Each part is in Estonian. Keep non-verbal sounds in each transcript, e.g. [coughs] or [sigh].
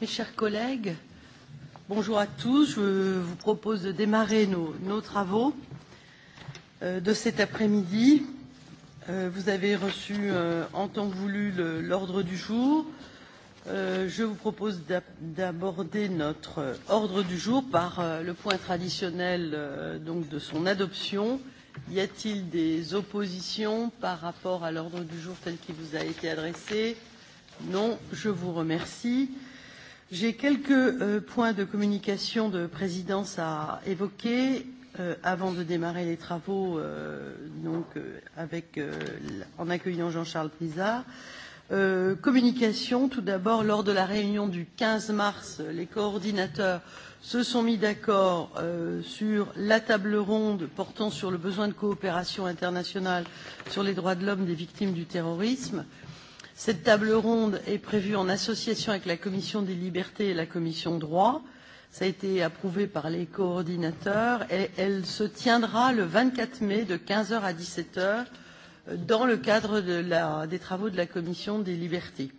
Mes chers collègues, bonjour à tous. Je vous propose de démarrer nos, nos travaux euh, de cet après-midi. Euh, vous avez reçu euh, en temps voulu l'ordre du jour. Euh, je vous propose d'aborder notre euh, ordre du jour par euh, le point traditionnel euh, donc de son adoption. Y a-t-il des oppositions par rapport à l'ordre du jour tel qu'il vous a été adressé Non, je vous remercie. Euh, J'ai quelques euh, points de communication de présidence à évoquer euh, avant de démarrer les travaux euh, donc, euh, avec, euh, en accueillant Jean-Charles Pizarre. Euh, communication, tout d'abord, lors de la réunion du 15 mars, les coordinateurs se sont mis d'accord euh, sur la table ronde portant sur le besoin de coopération internationale sur les droits de l'homme des victimes du terrorisme Cette table ronde est prévue en association avec la Commission des libertés et la Commission droit. Ça a été approuvé par les coordinateurs et elle se tiendra le 24 mai de 15h à 17h euh, dans le cadre de la, des travaux de la Commission des libertés.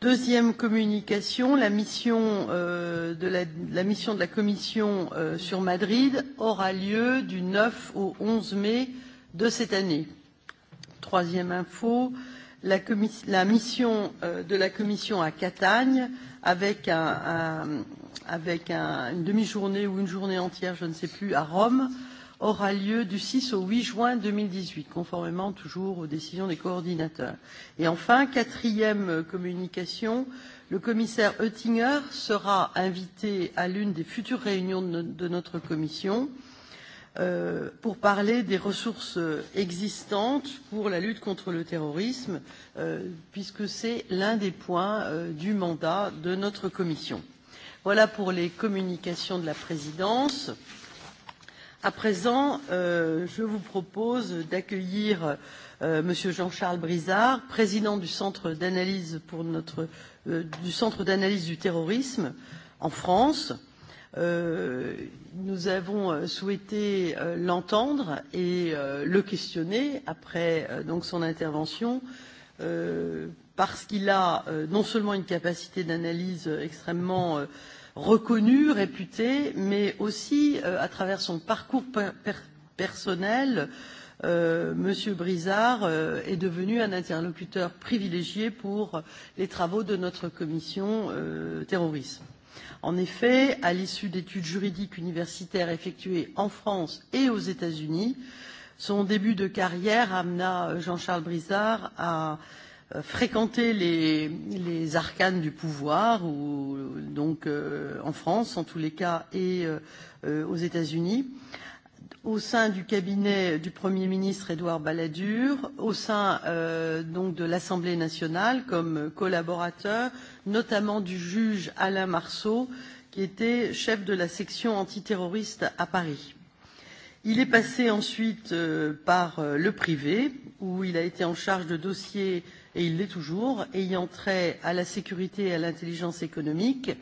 Deuxième communication, la mission, euh, de, la, la mission de la Commission euh, sur Madrid aura lieu du 9 au 11 mai de cette année. Troisième info, euh, la, la mission euh, de la Commission à Catagne avec, un, un, avec un, une demi-journée ou une journée entière, je ne sais plus, à Rome, aura lieu du 6 au 8 juin 2018, conformément toujours aux décisions des coordinateurs. Et enfin, quatrième communication, le commissaire Oettinger sera invité à l'une des futures réunions de, no de notre commission. Euh, Euh, pour parler des ressources existantes pour la lutte contre le terrorisme, euh, puisque c'est l'un des points euh, du mandat de notre commission. Voilà pour les communications de la présidence. À présent, euh, je vous propose d'accueillir euh, Monsieur Jean-Charles Brizard, président du Centre d'analyse pour notre euh, du Centre d'analyse du terrorisme en France. Euh, Euh, nous avons euh, souhaité euh, l'entendre et le questionner après donc son intervention parce qu'il a non seulement une capacité d'analyse extrêmement reconnue, réputée, mais aussi à travers son parcours per personnel, euh, Monsieur Brizard euh, est devenu un interlocuteur privilégié pour les travaux de notre commission euh, terrorisme. En effet, à l'issue d'études juridiques universitaires effectuées en France et aux États-Unis, son début de carrière amena euh, Jean-Charles Brizard à euh, fréquenter les, les arcanes du pouvoir, ou, euh, donc euh, en France en tous les cas et euh, aux États-Unis. Euh, au sein du cabinet du Premier ministre Édouard Balladur, au sein euh, donc de l'Assemblée nationale comme collaborateur, notamment du juge Alain Marceau, qui était chef de la section antiterroriste à Paris. Il est passé ensuite euh, par euh, le privé, où il a été en charge de dossiers, et il l'est toujours, ayant trait à la sécurité et à l'intelligence économique, euh,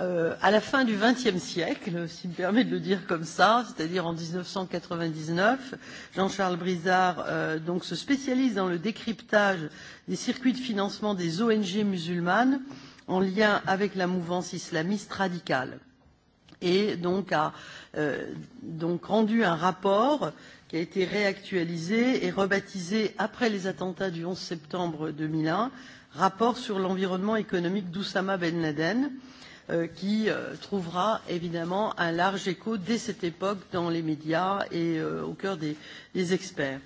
euh, à la fin du XXe siècle, s'il me permet de le dire comme ça, c'est-à-dire en 1999, Jean-Charles Brizard euh, donc se spécialise dans le décryptage des circuits de financement des ONG musulmanes en lien avec la mouvance islamiste radicale et donc a euh, donc rendu un rapport qui a été réactualisé et rebaptisé après les attentats du 11 septembre 2001, rapport sur l'environnement économique d'Oussama Ben Laden, euh, euh, qui euh, trouvera évidemment un large écho dès cette époque dans les médias et euh, au cœur des, des experts.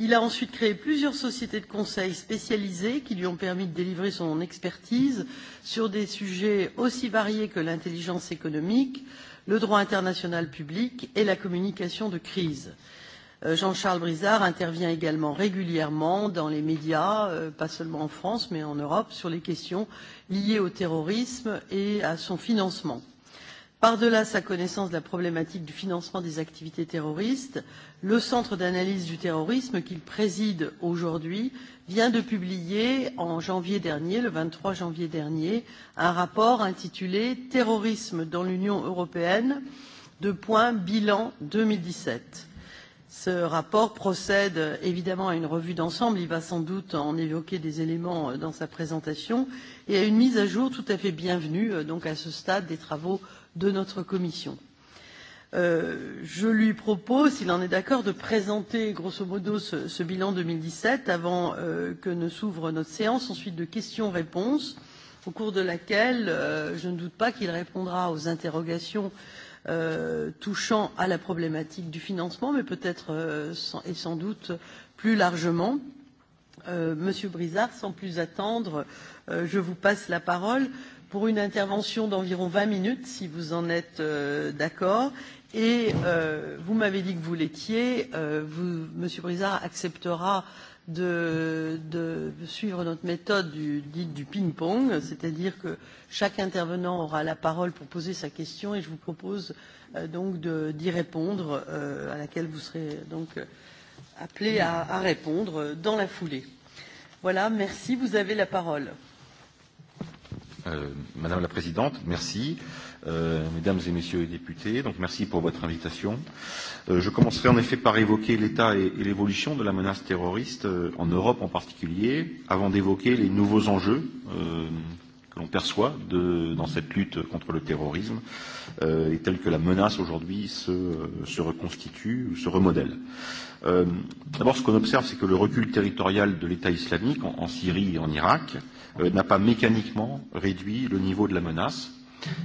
Il a ensuite créé plusieurs sociétés de conseil spécialisées qui lui ont permis de délivrer son expertise sur des sujets aussi variés que l'intelligence économique, le droit international public et la communication de crise. Euh, Euh, Jean-Charles Brizard intervient également régulièrement dans les médias, euh, pas seulement en France, mais en Europe, sur les questions liées au terrorisme et à son financement. Par-delà sa connaissance de la problématique du financement des activités terroristes, le Centre d'analyse du terrorisme qu'il préside aujourd'hui vient de publier en janvier dernier, le 23 janvier dernier, un rapport intitulé Terrorisme dans l'Union européenne, de points bilan 2017. Ce rapport procède évidemment à une revue d'ensemble, il va sans doute en évoquer des éléments euh, dans sa présentation, et à une mise à jour tout à fait bienvenue euh, donc à ce stade des travaux de notre commission. Euh, je lui propose, s'il en est d'accord, de présenter grosso modo ce, ce bilan 2017 avant euh, que ne s'ouvre notre séance, ensuite de questions-réponses, au cours de laquelle euh, je ne doute pas qu'il répondra aux interrogations euh, euh, touchant à la problématique du financement, mais peut-être euh, sans, et sans doute plus largement. Euh, Monsieur Brizard, sans plus attendre, euh, je vous passe la parole pour une intervention d'environ 20 minutes, si vous en êtes euh, d'accord. Et euh, vous m'avez dit que vous l'étiez. Euh, vous, Monsieur Brizard acceptera euh, de, de suivre notre méthode du, dite du ping-pong, c'est-à-dire que chaque intervenant aura la parole pour poser sa question et je vous propose euh, donc d'y répondre, euh, à laquelle vous serez donc appelé à, à répondre dans la foulée. Voilà, merci, vous avez la parole. Euh, Madame la Présidente, merci. Euh, mesdames et Messieurs les députés, donc merci pour votre invitation. Euh, je commencerai en effet par évoquer l'état et, et l'évolution de la menace terroriste euh, en Europe en particulier, avant d'évoquer les nouveaux enjeux euh, que l'on perçoit de, dans cette lutte contre le terrorisme euh, et telle que la menace aujourd'hui se, se reconstitue ou se remodèle. Euh, D'abord, ce qu'on observe, c'est que le recul territorial de l'État islamique en, en Syrie et en Irak euh, n'a pas mécaniquement réduit le niveau de la menace.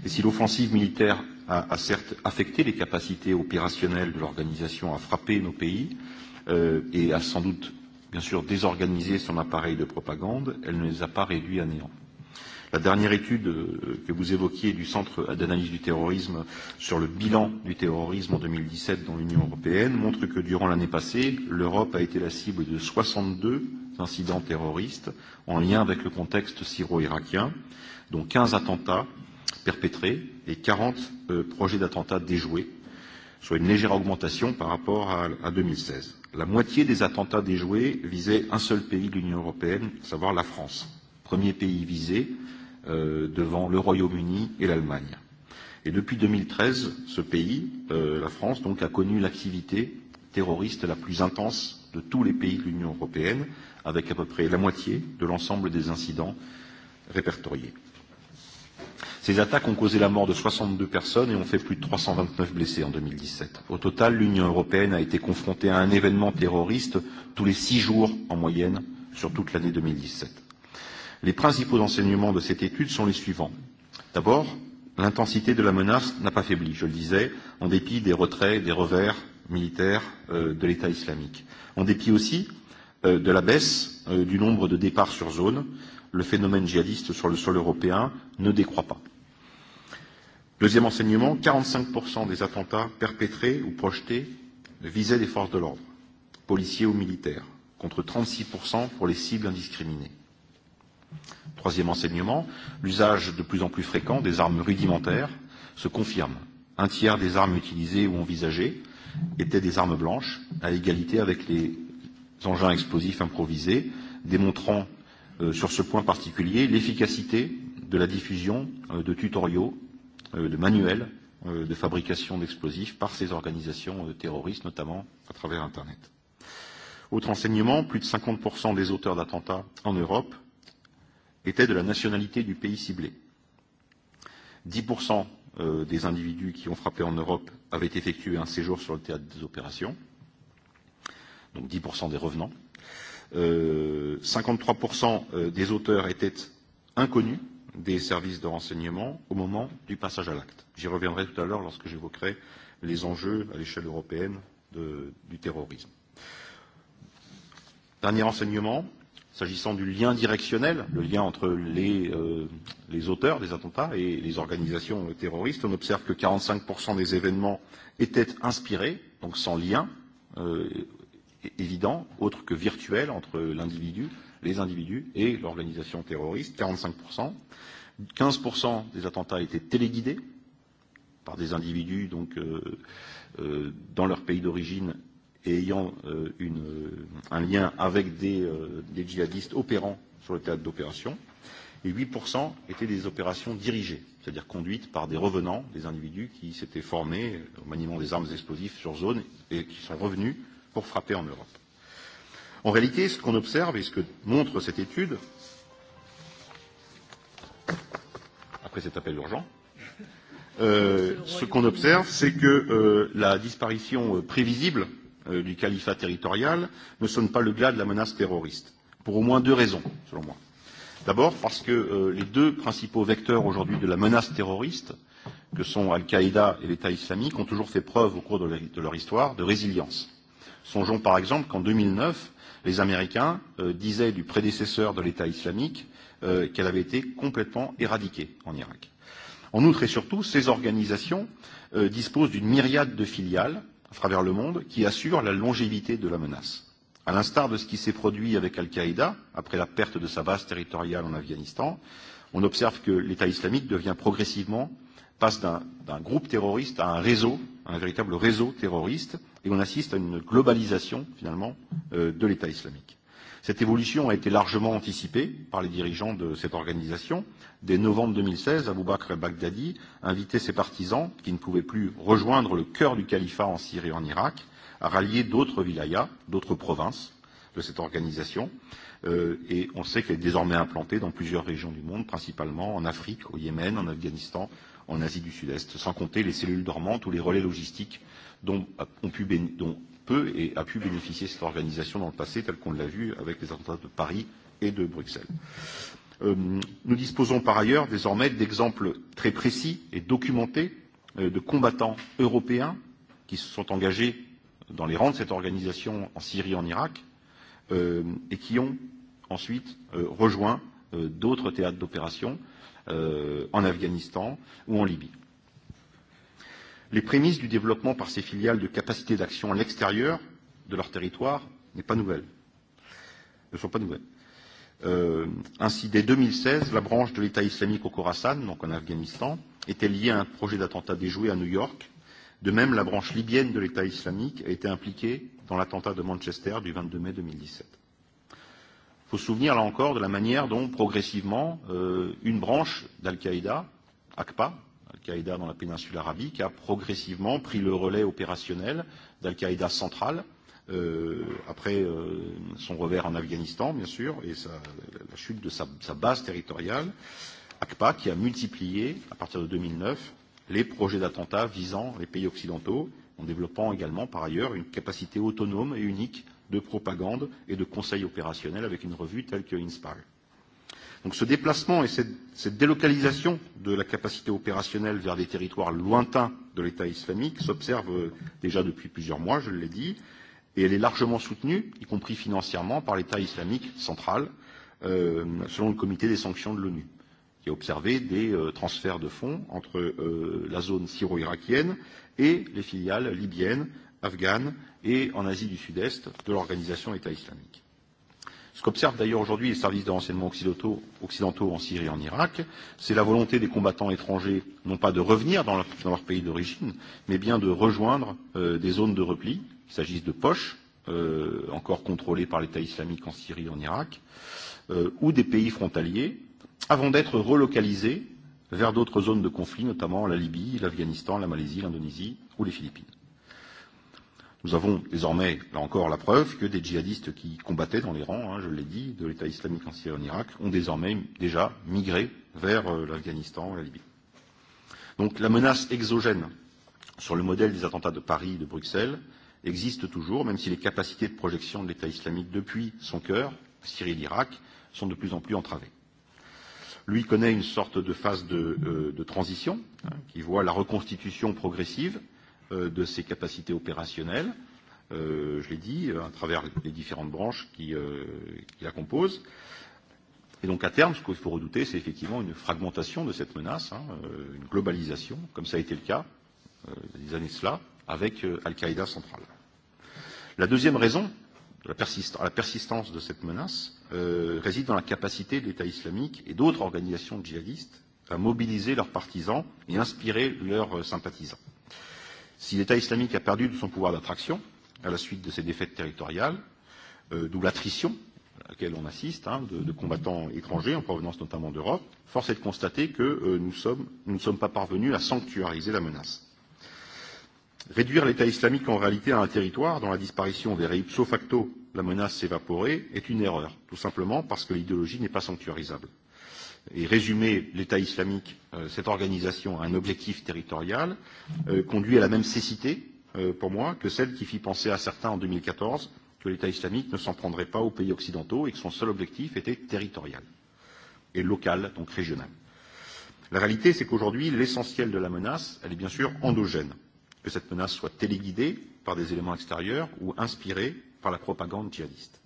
Et si l'offensive militaire a, a certes affecté les capacités opérationnelles de l'organisation à frapper nos pays euh, et a sans doute bien sûr désorganisé son appareil de propagande, elle ne les a pas réduits à néant. La dernière étude euh, que vous évoquiez du Centre d'analyse du terrorisme sur le bilan du terrorisme en 2017 dans l'Union européenne montre que durant l'année passée, l'Europe a été la cible de 62 incidents terroristes en lien avec le contexte syro-irakien, dont 15 attentats perpétrés et 40 euh, projets d'attentats déjoués, soit une légère augmentation par rapport à, à 2016. La moitié des attentats déjoués visaient un seul pays de l'Union européenne, à savoir la France. Premier pays visé, euh, devant le Royaume-Uni et l'Allemagne. Et depuis 2013, ce pays, euh, la France, donc, a connu l'activité terroriste la plus intense de tous les pays de l'Union européenne, avec à peu près la moitié de l'ensemble des incidents répertoriés. Ces attaques ont causé la mort de 62 personnes et ont fait plus de 329 blessés en 2017. Au total, l'Union européenne a été confrontée à un événement terroriste tous les six jours en moyenne sur toute l'année 2017. Les principaux enseignements de cette étude sont les suivants. D'abord, l'intensité de la menace n'a pas faibli, je le disais, en dépit des retraits, des revers militaires euh, de l'État islamique. En dépit aussi euh, de la baisse euh, du nombre de départs sur zone, le phénomène djihadiste sur le sol européen ne décroît pas. Deuxième enseignement, 45% des attentats perpétrés ou projetés visaient des forces de l'ordre, policiers ou militaires, contre 36% pour les cibles indiscriminées. Troisième enseignement, l'usage de plus en plus fréquent des armes rudimentaires se confirme. Un tiers des armes utilisées ou envisagées étaient des armes blanches, à égalité avec les engins explosifs improvisés, démontrant euh, sur ce point particulier l'efficacité de la diffusion euh, de tutoriaux, euh, de manuels euh, de fabrication d'explosifs par ces organisations euh, terroristes, notamment à travers Internet. Autre enseignement, plus de 50% des auteurs d'attentats en Europe étaient de la nationalité du pays ciblé. 10% euh, des individus qui ont frappé en Europe avaient effectué un séjour sur le théâtre des opérations, donc 10% des revenants. Euh, 53% euh, des auteurs étaient inconnus des services de renseignement au moment du passage à l'acte. J'y reviendrai tout à l'heure lorsque j'évoquerai les enjeux à l'échelle européenne de, du terrorisme. Dernier renseignement, S'agissant du lien directionnel, le lien entre les, euh, les auteurs des attentats et les organisations terroristes, on observe que 45% des événements étaient inspirés, donc sans lien euh, évident, autre que virtuel, entre l'individu, les individus et l'organisation terroriste, 45%. 15% des attentats étaient téléguidés par des individus donc, euh, euh, dans leur pays d'origine et ayant euh, une, euh, un lien avec des, euh, des djihadistes opérant sur le théâtre d'opération, et 8% étaient des opérations dirigées, c'est-à-dire conduites par des revenants, des individus qui s'étaient formés au maniement des armes explosives sur zone et qui sont revenus pour frapper en Europe. En réalité, ce qu'on observe et ce que montre cette étude, après cet appel urgent, euh, ce qu'on observe, c'est que euh, la disparition euh, prévisible euh, euh, du califat territorial ne sonne pas le glas de la menace terroriste, pour au moins deux raisons, selon moi. D'abord parce que euh, les deux principaux vecteurs aujourd'hui de la menace terroriste, que sont Al-Qaïda et l'État islamique, ont toujours fait preuve au cours de, la, de leur histoire de résilience. Songeons par exemple qu'en 2009, les Américains euh, disaient du prédécesseur de l'État islamique euh, qu'elle avait été complètement éradiquée en Irak. En outre et surtout, ces organisations euh, disposent d'une myriade de filiales à travers le monde qui assurent la longévité de la menace. À l'instar de ce qui s'est produit avec Al-Qaïda après la perte de sa base territoriale en Afghanistan, on observe que l'État islamique devient progressivement passe d'un groupe terroriste à un réseau, à un véritable réseau terroriste, et on assiste à une globalisation finalement euh, de l'État islamique. Cette évolution a été largement anticipée par les dirigeants de cette organisation Dès novembre 2016, Abu Bakr al-Baghdadi invitait ses partisans, qui ne pouvaient plus rejoindre le cœur du califat en Syrie et en Irak, à rallier d'autres wilayas, d'autres provinces de cette organisation. Euh, et on sait qu'elle est désormais implantée dans plusieurs régions du monde, principalement en Afrique, au Yémen, en Afghanistan, en Asie du Sud-Est, sans compter les cellules dormantes ou les relais logistiques dont, ont pu dont peut et a pu bénéficier cette organisation dans le passé, tel qu'on l'a vu avec les attentats de Paris et de Bruxelles. Euh, Euh, nous disposons par ailleurs désormais d'exemples très précis et documentés euh, de combattants européens qui se sont engagés dans les rangs de cette organisation en Syrie et en Irak euh, et qui ont ensuite euh, rejoint euh, d'autres théâtres d'opération euh, en Afghanistan ou en Libye. Les prémices du développement par ces filiales de capacités d'action à l'extérieur de leur territoire n'est pas nouvelle, ne sont pas nouvelles. Euh, ainsi, dès 2016, la branche de l'État islamique au Khorasan, donc en Afghanistan, était liée à un projet d'attentat déjoué à New York. De même, la branche libyenne de l'État islamique a été impliquée dans l'attentat de Manchester du 22 mai 2017. Il faut se souvenir, là encore, de la manière dont, progressivement, euh, une branche d'Al-Qaïda, ACPA, Al-Qaïda dans la péninsule arabique, a progressivement pris le relais opérationnel d'Al-Qaïda centrale, euh, euh, après euh, son revers en Afghanistan, bien sûr, et sa, la chute de sa, sa base territoriale, ACPA qui a multiplié, à partir de 2009, les projets d'attentats visant les pays occidentaux, en développant également, par ailleurs, une capacité autonome et unique de propagande et de conseil opérationnel avec une revue telle que INSPIRE. Donc ce déplacement et cette, cette délocalisation de la capacité opérationnelle vers des territoires lointains de l'État islamique s'observe euh, déjà depuis plusieurs mois, je l'ai dit, euh, et elle est largement soutenue, y compris financièrement, par l'État islamique central, euh, selon le comité des sanctions de l'ONU, qui a observé des euh, transferts de fonds entre euh, la zone syro-irakienne et les filiales libyennes, afghanes et en Asie du Sud-Est de l'organisation État islamique. Ce qu'observent d'ailleurs aujourd'hui les services de renseignement occidentaux, occidentaux en Syrie et en Irak, c'est la volonté des combattants étrangers, non pas de revenir dans leur, dans leur pays d'origine, mais bien de rejoindre euh, des zones de repli, Il s'agisse de poches, euh, encore contrôlées par l'État islamique en Syrie, en Irak, euh, ou des pays frontaliers, avant d'être relocalisés vers d'autres zones de conflit, notamment la Libye, l'Afghanistan, la Malaisie, l'Indonésie ou les Philippines. Nous avons désormais, là encore, la preuve que des djihadistes qui combattaient dans les rangs, hein, je l'ai dit, de l'État islamique en Syrie et en Irak, ont désormais déjà migré vers euh, l'Afghanistan et la Libye. Donc la menace exogène, sur le modèle des attentats de Paris et de Bruxelles, euh, existe toujours, même si les capacités de projection de l'État islamique depuis son cœur, Syrie et l'Irak, sont de plus en plus entravées. Lui connaît une sorte de phase de, euh, de transition, hein, qui voit la reconstitution progressive euh, de ses capacités opérationnelles, euh, je l'ai dit, euh, à travers les différentes branches qui, euh, qui la composent. Et donc à terme, ce qu'il faut redouter, c'est effectivement une fragmentation de cette menace, hein, euh, une globalisation, comme ça a été le cas euh, des années de cela, avec euh, Al-Qaïda centrale. La deuxième raison de la, persist la persistance de cette menace euh, réside dans la capacité de l'État islamique et d'autres organisations djihadistes à mobiliser leurs partisans et inspirer leurs euh, sympathisants. Si l'État islamique a perdu de son pouvoir d'attraction à la suite de ses défaites territoriales, euh, d'où l'attrition à laquelle on assiste, hein, de, de combattants étrangers en provenance notamment d'Europe, force est de constater que euh, nous, sommes, nous ne sommes pas parvenus à sanctuariser la menace. Réduire l'État islamique en réalité à un territoire dont la disparition des ipso facto la menace s'évaporer est une erreur, tout simplement parce que l'idéologie n'est pas sanctuarisable. Et résumer l'État islamique, euh, cette organisation, à un objectif territorial, euh, conduit à la même cécité, euh, pour moi, que celle qui fit penser à certains en 2014 que l'État islamique ne s'en prendrait pas aux pays occidentaux et que son seul objectif était territorial et local, donc régional. La réalité, c'est qu'aujourd'hui, l'essentiel de la menace, elle est bien sûr endogène que cette menace soit téléguidée par des éléments extérieurs ou inspirée par la propagande djihadiste.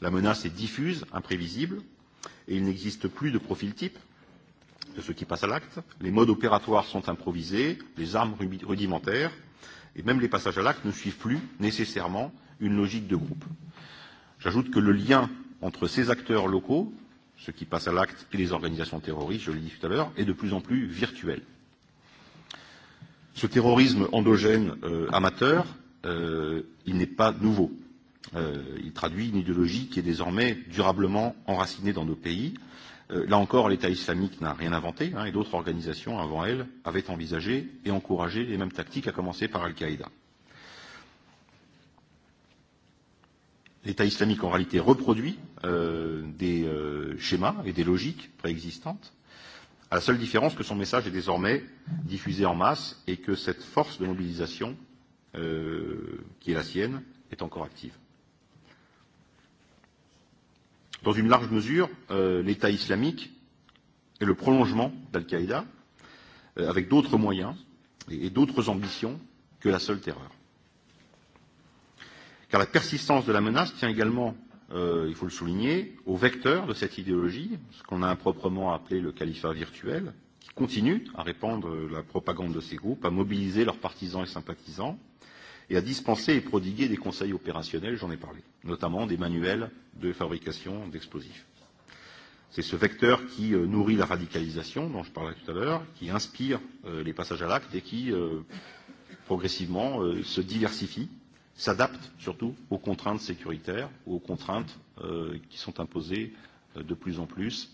La menace est diffuse, imprévisible, et il n'existe plus de profil type de ceux qui passent à l'acte. Les modes opératoires sont improvisés, les armes rudimentaires, et même les passages à l'acte ne suivent plus nécessairement une logique de groupe. J'ajoute que le lien entre ces acteurs locaux, ceux qui passent à l'acte et les organisations terroristes, je l'ai dit tout à l'heure, est de plus en plus virtuel. Ce terrorisme endogène euh, amateur, euh, il n'est pas nouveau. Euh, il traduit une idéologie qui est désormais durablement enracinée dans nos pays. Euh, là encore, l'État islamique n'a rien inventé, hein, et d'autres organisations avant elle avaient envisagé et encouragé les mêmes tactiques, à commencer par Al-Qaïda. L'État islamique, en réalité, reproduit euh, des euh, schémas et des logiques préexistantes à la seule différence que son message est désormais diffusé en masse et que cette force de mobilisation euh, qui est la sienne est encore active. Dans une large mesure, euh, l'État islamique est le prolongement d'Al-Qaïda euh, avec d'autres moyens et, et d'autres ambitions que la seule terreur. Car la persistance de la menace tient également euh, il faut le souligner, au vecteur de cette idéologie, ce qu'on a improprement appelé le califat virtuel, qui continue à répandre la propagande de ces groupes, à mobiliser leurs partisans et sympathisants, et à dispenser et prodiguer des conseils opérationnels, j'en ai parlé, notamment des manuels de fabrication d'explosifs. C'est ce vecteur qui euh, nourrit la radicalisation dont je parlais tout à l'heure, qui inspire euh, les passages à l'acte et qui, euh, progressivement, euh, se diversifie s'adaptent surtout aux contraintes sécuritaires ou aux contraintes euh, qui sont imposées euh, de plus en plus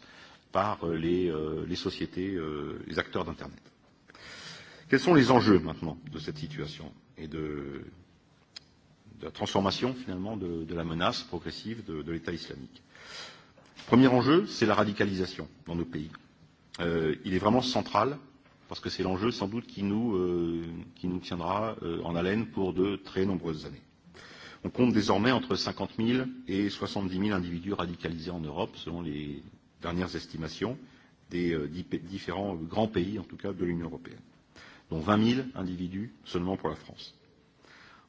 par euh, les, euh, les sociétés, euh, les acteurs d'Internet. Quels sont les enjeux maintenant de cette situation et de, de la transformation finalement de, de la menace progressive de, de l'État islamique Premier enjeu, c'est la radicalisation dans nos pays. Euh, il est vraiment central euh, parce que c'est l'enjeu sans doute qui nous, euh, qui nous tiendra euh, en haleine pour de très nombreuses années. On compte désormais entre 50 000 et 70 000 individus radicalisés en Europe, selon les dernières estimations des euh, différents euh, grands pays, en tout cas de l'Union européenne, dont 20 000 individus seulement pour la France.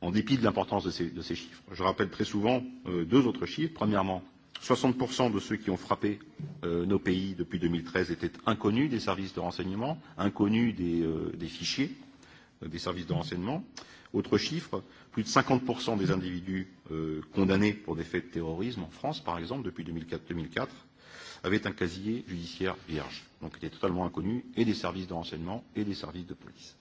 En dépit de l'importance de ces, de ces chiffres, je rappelle très souvent euh, deux autres chiffres. Premièrement, 60% de ceux qui ont frappé euh, nos pays depuis 2013 étaient inconnus des services de renseignement, inconnus des, euh, des fichiers euh, des services de renseignement. Autre chiffre, plus de 50% des individus euh, condamnés pour des faits de terrorisme en France, par exemple, depuis 2004-2004, avaient un casier judiciaire vierge, donc étaient totalement inconnus et des services de renseignement et des services de police.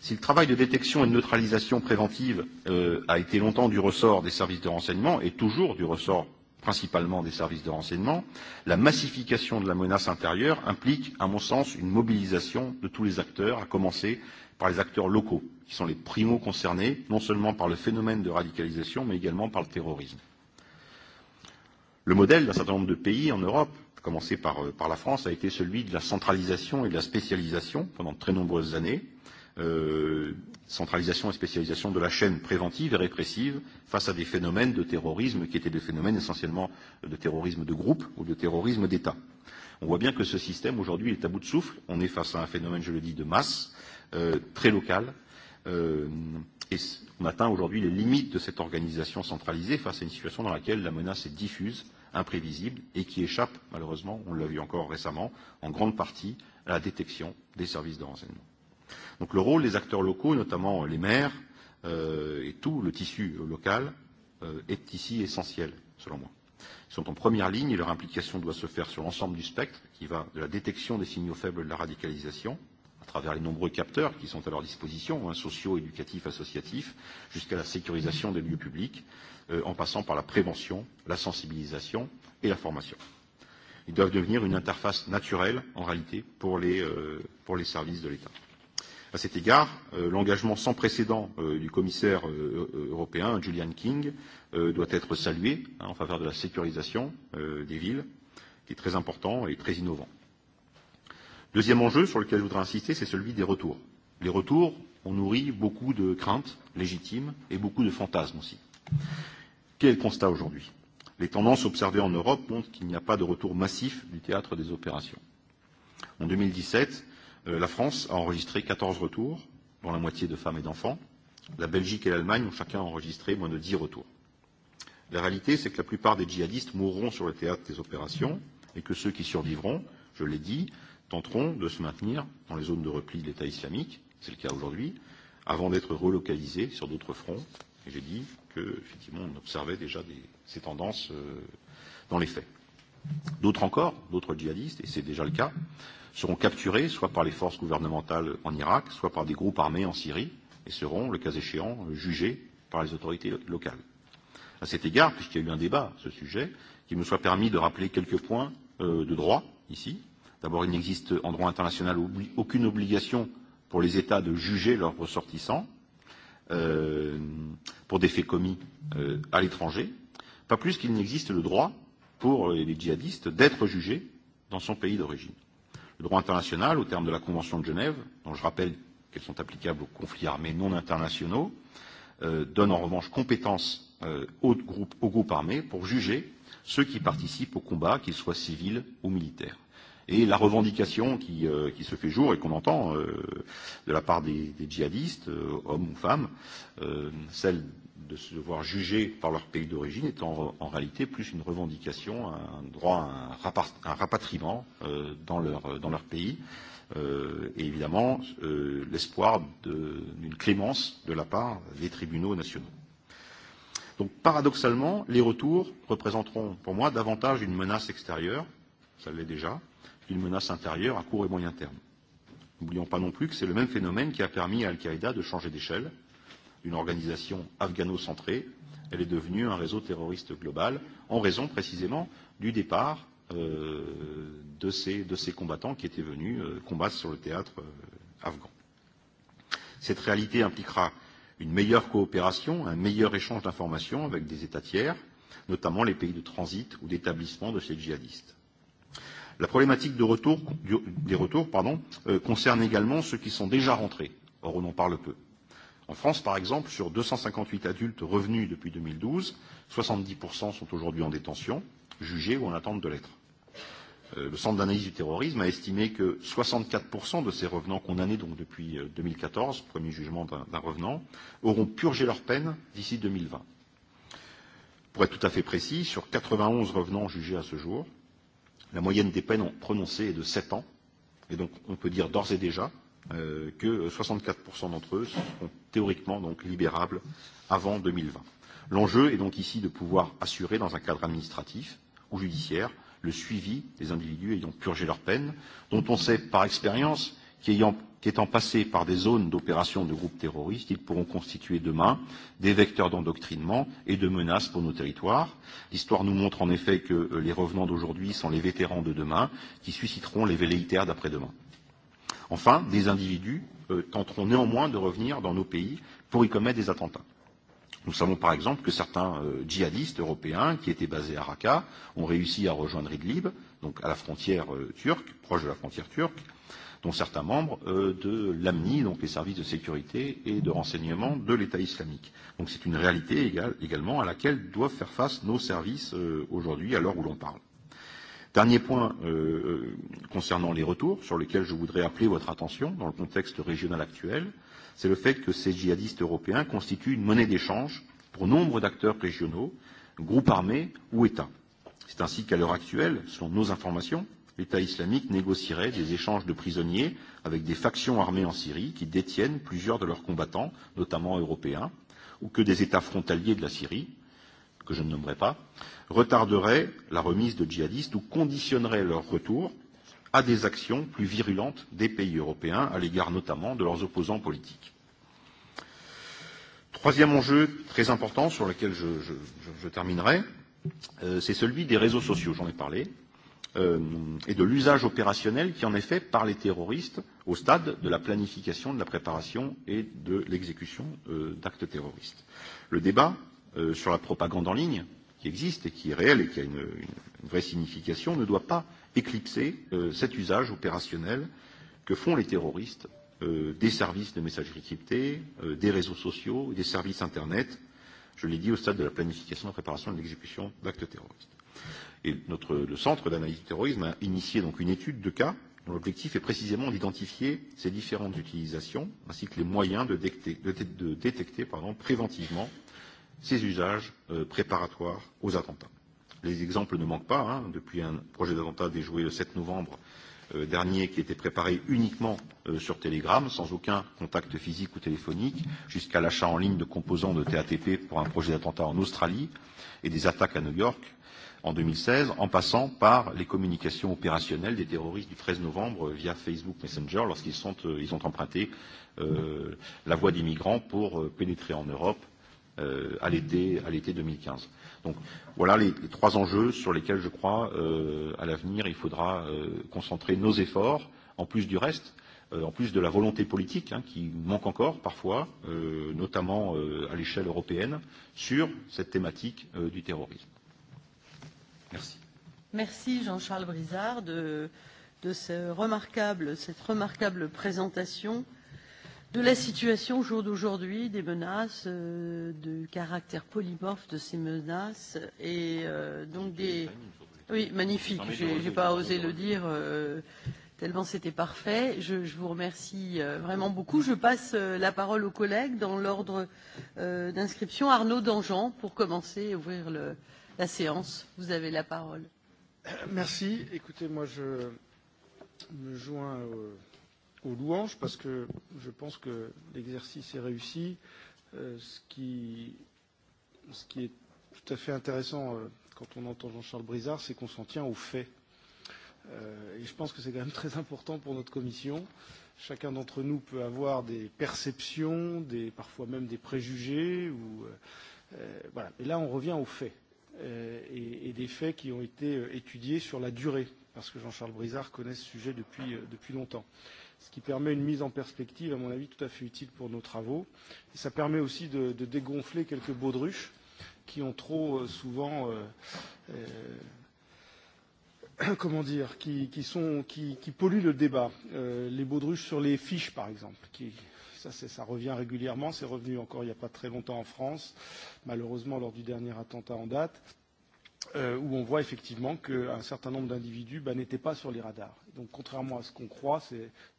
Si le travail de détection et de neutralisation préventive euh, a été longtemps du ressort des services de renseignement et toujours du ressort principalement des services de renseignement, la massification de la menace intérieure implique, à mon sens, une mobilisation de tous les acteurs, à commencer par les acteurs locaux, qui sont les primo concernés, non seulement par le phénomène de radicalisation, mais également par le terrorisme. Le modèle d'un certain nombre de pays en Europe, à commencer par, euh, par la France, a été celui de la centralisation et de la spécialisation pendant de très nombreuses années, euh, centralisation et spécialisation de la chaîne préventive et répressive face à des phénomènes de terrorisme qui étaient des phénomènes essentiellement de terrorisme de groupe ou de terrorisme d'État. On voit bien que ce système aujourd'hui est à bout de souffle. On est face à un phénomène, je le dis, de masse, euh, très local. Euh, et on atteint aujourd'hui les limites de cette organisation centralisée face à une situation dans laquelle la menace est diffuse, imprévisible et qui échappe, malheureusement, on l'a vu encore récemment, en grande partie à la détection des services de renseignement. Donc le rôle des acteurs locaux, notamment les maires euh, et tout le tissu local, euh, est ici essentiel, selon moi. Ils sont en première ligne et leur implication doit se faire sur l'ensemble du spectre, qui va de la détection des signaux faibles de la radicalisation, à travers les nombreux capteurs qui sont à leur disposition, hein, sociaux, éducatifs, associatifs, jusqu'à la sécurisation des lieux publics, euh, en passant par la prévention, la sensibilisation et la formation. Ils doivent devenir une interface naturelle, en réalité, pour les, euh, pour les services de l'État. À cet égard, euh, l'engagement sans précédent euh, du commissaire euh, euh, européen Julian King euh, doit être salué hein, en faveur de la sécurisation euh, des villes, qui est très important et très innovant. Deuxième enjeu sur lequel je voudrais insister, c'est celui des retours. Les retours ont nourri beaucoup de craintes légitimes et beaucoup de fantasmes aussi. Quel est le constat aujourd'hui Les tendances observées en Europe montrent qu'il n'y a pas de retour massif du théâtre des opérations. En 2017, Euh, la France a enregistré 14 retours, dont la moitié de femmes et d'enfants. La Belgique et l'Allemagne ont chacun enregistré moins de 10 retours. La réalité, c'est que la plupart des djihadistes mourront sur le théâtre des opérations et que ceux qui survivront, je l'ai dit, tenteront de se maintenir dans les zones de repli de l'État islamique, c'est le cas aujourd'hui, avant d'être relocalisés sur d'autres fronts. Et j'ai dit qu'effectivement, on observait déjà des, ces tendances euh, dans les faits. D'autres encore, d'autres djihadistes, et c'est déjà le cas, seront capturés soit par les forces gouvernementales en Irak, soit par des groupes armés en Syrie, et seront, le cas échéant, jugés par les autorités locales. À cet égard, puisqu'il y a eu un débat à ce sujet, qu'il me soit permis de rappeler quelques points euh, de droit ici. D'abord, il n'existe en droit international obli aucune obligation pour les États de juger leurs ressortissants euh, pour des faits commis euh, à l'étranger, pas plus qu'il n'existe le droit pour euh, les djihadistes d'être jugés dans son pays d'origine le droit international au terme de la Convention de Genève, dont je rappelle qu'elles sont applicables aux conflits armés non internationaux, euh, donne en revanche compétence euh, aux, groupes, aux groupes armés pour juger ceux qui participent au combat, qu'ils soient civils ou militaires. Et la revendication qui, euh, qui se fait jour et qu'on entend euh, de la part des, des djihadistes, euh, hommes ou femmes, euh, celle de se voir jugés par leur pays d'origine est en, en réalité plus une revendication, un droit, un, rapat, un rapatriement euh, dans, leur, euh, dans leur pays. Euh, et évidemment, euh, l'espoir d'une clémence de la part des tribunaux nationaux. Donc paradoxalement, les retours représenteront pour moi davantage une menace extérieure, ça l'est déjà, qu'une menace intérieure à court et moyen terme. N'oublions pas non plus que c'est le même phénomène qui a permis à Al-Qaïda de changer d'échelle une organisation afghano-centrée, elle est devenue un réseau terroriste global en raison précisément du départ euh, de, ces, de ces combattants qui étaient venus euh, combattre sur le théâtre euh, afghan. Cette réalité impliquera une meilleure coopération, un meilleur échange d'informations avec des États tiers, notamment les pays de transit ou d'établissement de ces djihadistes. La problématique de retour, du, des retours pardon, euh, concerne également ceux qui sont déjà rentrés, or on en parle peu. Euh, En France, par exemple, sur 258 adultes revenus depuis 2012, 70% sont aujourd'hui en détention, jugés ou en attente de l'être. Euh, le Centre d'analyse du terrorisme a estimé que 64% de ces revenants condamnés donc depuis 2014, euh, premier jugement d'un revenant, auront purgé leur peine d'ici 2020. Pour être tout à fait précis, sur 91 revenants jugés à ce jour, la moyenne des peines prononcées est de 7 ans. Et donc, on peut dire d'ores et déjà euh, que 64% d'entre eux seront théoriquement donc libérables avant 2020. L'enjeu est donc ici de pouvoir assurer, dans un cadre administratif ou judiciaire, le suivi des individus ayant purgé leur peine, dont on sait par expérience qu'ayant qu'étant passés par des zones d'opération de groupes terroristes, ils pourront constituer demain des vecteurs d'endoctrinement et de menaces pour nos territoires. L'histoire nous montre en effet que euh, les revenants d'aujourd'hui sont les vétérans de demain qui susciteront les velléitaires d'après-demain. Enfin, des individus euh, tenteront néanmoins de revenir dans nos pays pour y commettre des attentats. Nous savons par exemple que certains euh, djihadistes européens qui étaient basés à Raqqa ont réussi à rejoindre Idlib, donc à la frontière euh, turque, proche de la frontière turque, dont certains membres euh, de l'AMNI, donc les services de sécurité et de renseignement de l'État islamique. Donc c'est une réalité égale, également à laquelle doivent faire face nos services euh, aujourd'hui, à l'heure où l'on parle. Dernier point euh, euh, concernant les retours, sur lesquels je voudrais appeler votre attention dans le contexte régional actuel, c'est le fait que ces djihadistes européens constituent une monnaie d'échange pour nombre d'acteurs régionaux, groupes armés ou États. C'est ainsi qu'à l'heure actuelle, selon nos informations, l'État islamique négocierait des échanges de prisonniers avec des factions armées en Syrie qui détiennent plusieurs de leurs combattants, notamment européens, ou que des États frontaliers de la Syrie, que je ne nommerai pas, retarderaient la remise de djihadistes ou conditionneraient leur retour à des actions plus virulentes des pays européens, à l'égard notamment de leurs opposants politiques. Troisième enjeu très important sur lequel je, je, je, je terminerai, euh, c'est celui des réseaux sociaux, j'en ai parlé, euh, et de l'usage opérationnel qui en est fait par les terroristes au stade de la planification, de la préparation et de l'exécution euh, d'actes terroristes. Le débat euh, sur la propagande en ligne, qui existe et qui est réelle et qui a une, une, une vraie signification, ne doit pas éclipser euh, cet usage opérationnel que font les terroristes euh, des services de messagerie cryptée, euh, des réseaux sociaux et des services Internet, je l'ai dit, au stade de la planification, de la préparation et de l'exécution d'actes terroristes. Et notre, le Centre d'analyse du terrorisme a initié donc une étude de cas dont l'objectif est précisément d'identifier ces différentes utilisations ainsi que les moyens de détecter, de, de détecter pardon, préventivement ces usages euh, préparatoires aux attentats. Les exemples ne manquent pas, hein, depuis un projet d'attentat déjoué le 7 novembre euh, dernier qui était préparé uniquement euh, sur Telegram, sans aucun contact physique ou téléphonique, jusqu'à l'achat en ligne de composants de TATP pour un projet d'attentat en Australie et des attaques à New York en 2016, en passant par les communications opérationnelles des terroristes du 13 novembre euh, via Facebook Messenger lorsqu'ils sont, euh, ils ont emprunté euh, la voie des migrants pour euh, pénétrer en Europe euh, à l'été à l'été 2015. Donc voilà les, les trois enjeux sur lesquels je crois euh, à l'avenir il faudra euh, concentrer nos efforts en plus du reste euh, en plus de la volonté politique hein, qui manque encore parfois, euh, notamment euh, à l'échelle européenne, sur cette thématique euh, du terrorisme. Merci. Merci Jean-Charles Brizard de, de ce remarquable, cette remarquable présentation euh, de la situation au jour d'aujourd'hui, des menaces, euh, du caractère polymorphe de ces menaces et euh, donc des. Oui, magnifique, j'ai pas osé le dire. Euh, tellement c'était parfait. Je, je vous remercie euh, vraiment beaucoup. Je passe euh, la parole aux collègues dans l'ordre euh, d'inscription. Arnaud Dangean, pour commencer et ouvrir le, la séance. Vous avez la parole. Merci. Écoutez, moi, je me joins aux aux louanges parce que je pense que l'exercice est réussi. Euh, ce, qui, ce qui est tout à fait intéressant euh, quand on entend Jean-Charles Brizard, c'est qu'on s'en tient aux faits. Euh, et je pense que c'est quand même très important pour notre commission. Chacun d'entre nous peut avoir des perceptions, des, parfois même des préjugés. Ou, euh, euh voilà. Et là, on revient aux faits euh, et, et des faits qui ont été euh, étudiés sur la durée, parce que Jean-Charles Brizard connaît ce sujet depuis, euh, depuis longtemps. Euh, ce qui permet une mise en perspective, à mon avis, tout à fait utile pour nos travaux. Et ça permet aussi de, de dégonfler quelques baudruches qui ont trop euh, souvent, euh, euh, [coughs] comment dire, qui, qui, sont, qui, qui polluent le débat. Euh, les baudruches sur les fiches, par exemple, qui, ça, ça revient régulièrement, c'est revenu encore il n'y a pas très longtemps en France, malheureusement lors du dernier attentat en date euh, où on voit effectivement qu'un certain nombre d'individus bah, n'étaient pas sur les radars. Donc, contrairement à ce qu'on croit,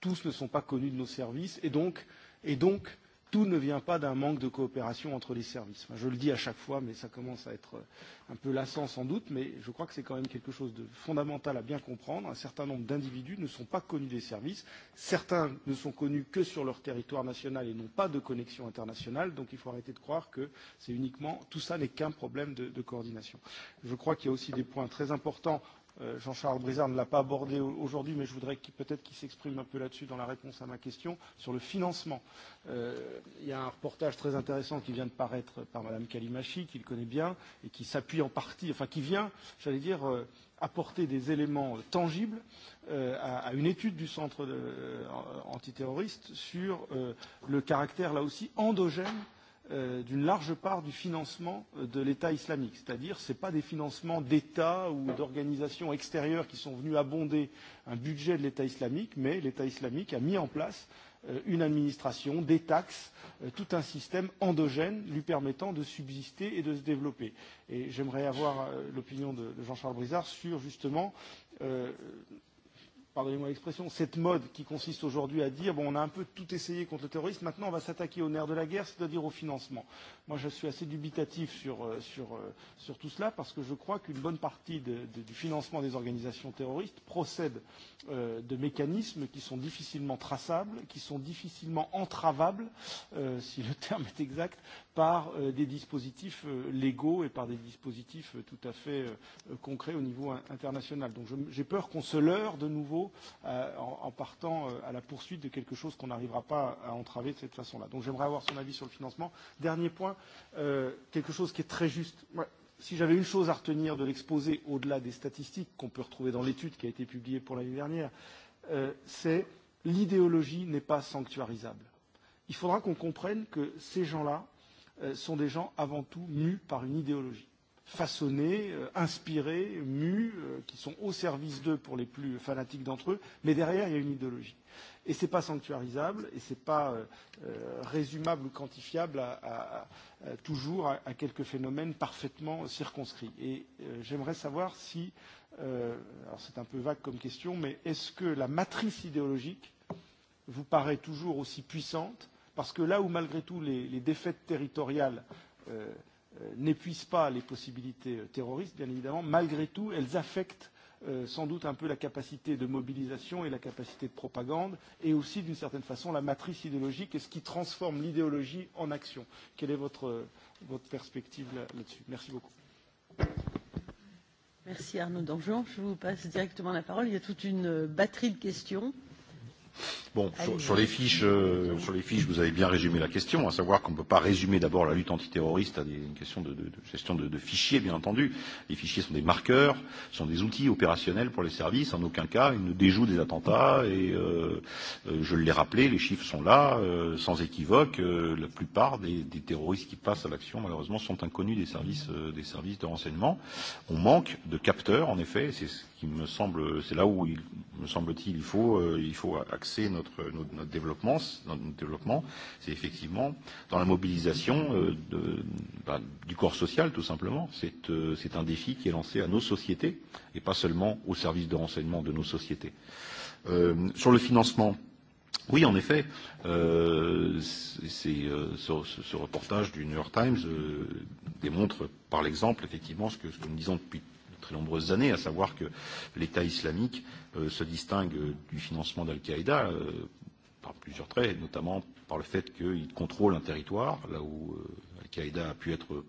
tous ne sont pas connus de nos services et donc, et donc tout ne vient pas d'un manque de coopération entre les services. Enfin, je le dis à chaque fois, mais ça commence à être euh, un peu lassant sans doute, mais je crois que c'est quand même quelque chose de fondamental à bien comprendre. Un certain nombre d'individus ne sont pas connus des services, certains ne sont connus que sur leur territoire national et n'ont pas de connexion internationale, donc il faut arrêter de croire que c'est uniquement tout ça n'est qu'un problème de, de coordination. Je crois qu'il y a aussi des points très importants Euh, Jean-Charles Brizard ne l'a pas abordé aujourd'hui, mais je voudrais qu peut-être qu'il s'exprime un peu là-dessus dans la réponse à ma question, sur le financement. Euh, il y a un reportage très intéressant qui vient de paraître par Mme Kalimachi, qu'il connaît bien, et qui s'appuie en partie, enfin qui vient, j'allais dire, euh, apporter des éléments euh, tangibles euh, à, à une étude du centre de, euh, antiterroriste sur euh, le caractère, là aussi, endogène euh, d'une large part du financement euh, de l'État islamique. C'est-à-dire, ce n'est pas des financements d'États ou d'organisations extérieures qui sont venus abonder un budget de l'État islamique, mais l'État islamique a mis en place euh, une administration, des taxes, euh, tout un système endogène lui permettant de subsister et de se développer. Et j'aimerais avoir euh, l'opinion de, de Jean-Charles Brizard sur justement euh, pardonnez-moi l'expression, cette mode qui consiste aujourd'hui à dire bon, on a un peu tout essayé contre le terrorisme, maintenant on va s'attaquer au nerf de la guerre, c'est-à-dire au financement. Moi, je suis assez dubitatif sur, euh, sur, euh, sur tout cela parce que je crois qu'une bonne partie de, de, du financement des organisations terroristes procède euh, de mécanismes qui sont difficilement traçables, qui sont difficilement entravables, euh, si le terme est exact, par euh, des dispositifs euh, légaux et par des dispositifs euh, tout à fait euh, euh concrets au niveau international. Donc j'ai peur qu'on se leurre de nouveau euh, en, en partant euh, à la poursuite de quelque chose qu'on n'arrivera pas à entraver de cette façon-là. Donc j'aimerais avoir son avis sur le financement. Dernier point, point euh, quelque chose qui est très juste. Moi, si j'avais une chose à retenir de l'exposé, au-delà des statistiques qu'on peut retrouver dans l'étude qui a été publiée pour l'année dernière, euh, c'est l'idéologie n'est pas sanctuarisable. Il faudra qu'on comprenne que ces gens-là euh, sont des gens avant tout mus par une idéologie façonnés, euh, inspirés, mus, euh, qui sont au service d'eux pour les plus fanatiques d'entre eux, mais derrière, il y a une idéologie. Euh, Et ce n'est pas sanctuarisable et ce n'est pas euh, euh, résumable ou quantifiable à, à, à, toujours à, à quelques phénomènes parfaitement circonscrits. Et euh, j'aimerais savoir si, euh, alors c'est un peu vague comme question, mais est-ce que la matrice idéologique vous paraît toujours aussi puissante Parce que là où malgré tout les, les défaites territoriales euh, euh, n'épuisent pas les possibilités euh, terroristes, bien évidemment, malgré tout, elles affectent euh, sans doute un peu la capacité de mobilisation et la capacité de propagande, et aussi d'une certaine façon la matrice idéologique et ce qui transforme l'idéologie en action. Quelle est votre, euh, votre perspective là-dessus là Merci beaucoup. Merci Arnaud Dangean. Je vous passe directement la parole. Il y a toute une euh, batterie de questions. Euh, Bon, sur, sur, les fiches, euh, sur les fiches, vous avez bien résumé la question, à savoir qu'on ne peut pas résumer d'abord la lutte antiterroriste à des, une question de, de, de gestion de, de fichiers, bien entendu. Les fichiers sont des marqueurs, sont des outils opérationnels pour les services. En aucun cas, ils ne déjouent des attentats. Et euh, euh, je l'ai rappelé, les chiffres sont là, euh, sans équivoque. Euh, la plupart des, des terroristes qui passent à l'action, malheureusement, sont inconnus des services, euh, des services de renseignement. On manque de capteurs, en effet. C'est ce qui me semble, c'est là où, il, me semble-t-il, il faut, euh, il faut axer notre notre, notre, notre développement, dans notre développement, c'est effectivement dans la mobilisation euh, de, bah, du corps social, tout simplement. C'est euh, un défi qui est lancé à nos sociétés et pas seulement aux services de renseignement de nos sociétés. Euh, sur le financement, euh, Oui, en effet, euh, c'est, euh, ce, ce reportage du New York Times euh, démontre par l'exemple effectivement ce que, ce que nous disons depuis très nombreuses années, à savoir que l'État islamique euh, se distingue euh, du financement d'Al-Qaïda euh, par plusieurs traits, notamment par le fait qu'il contrôle un territoire, là où euh, Al-Qaïda a pu être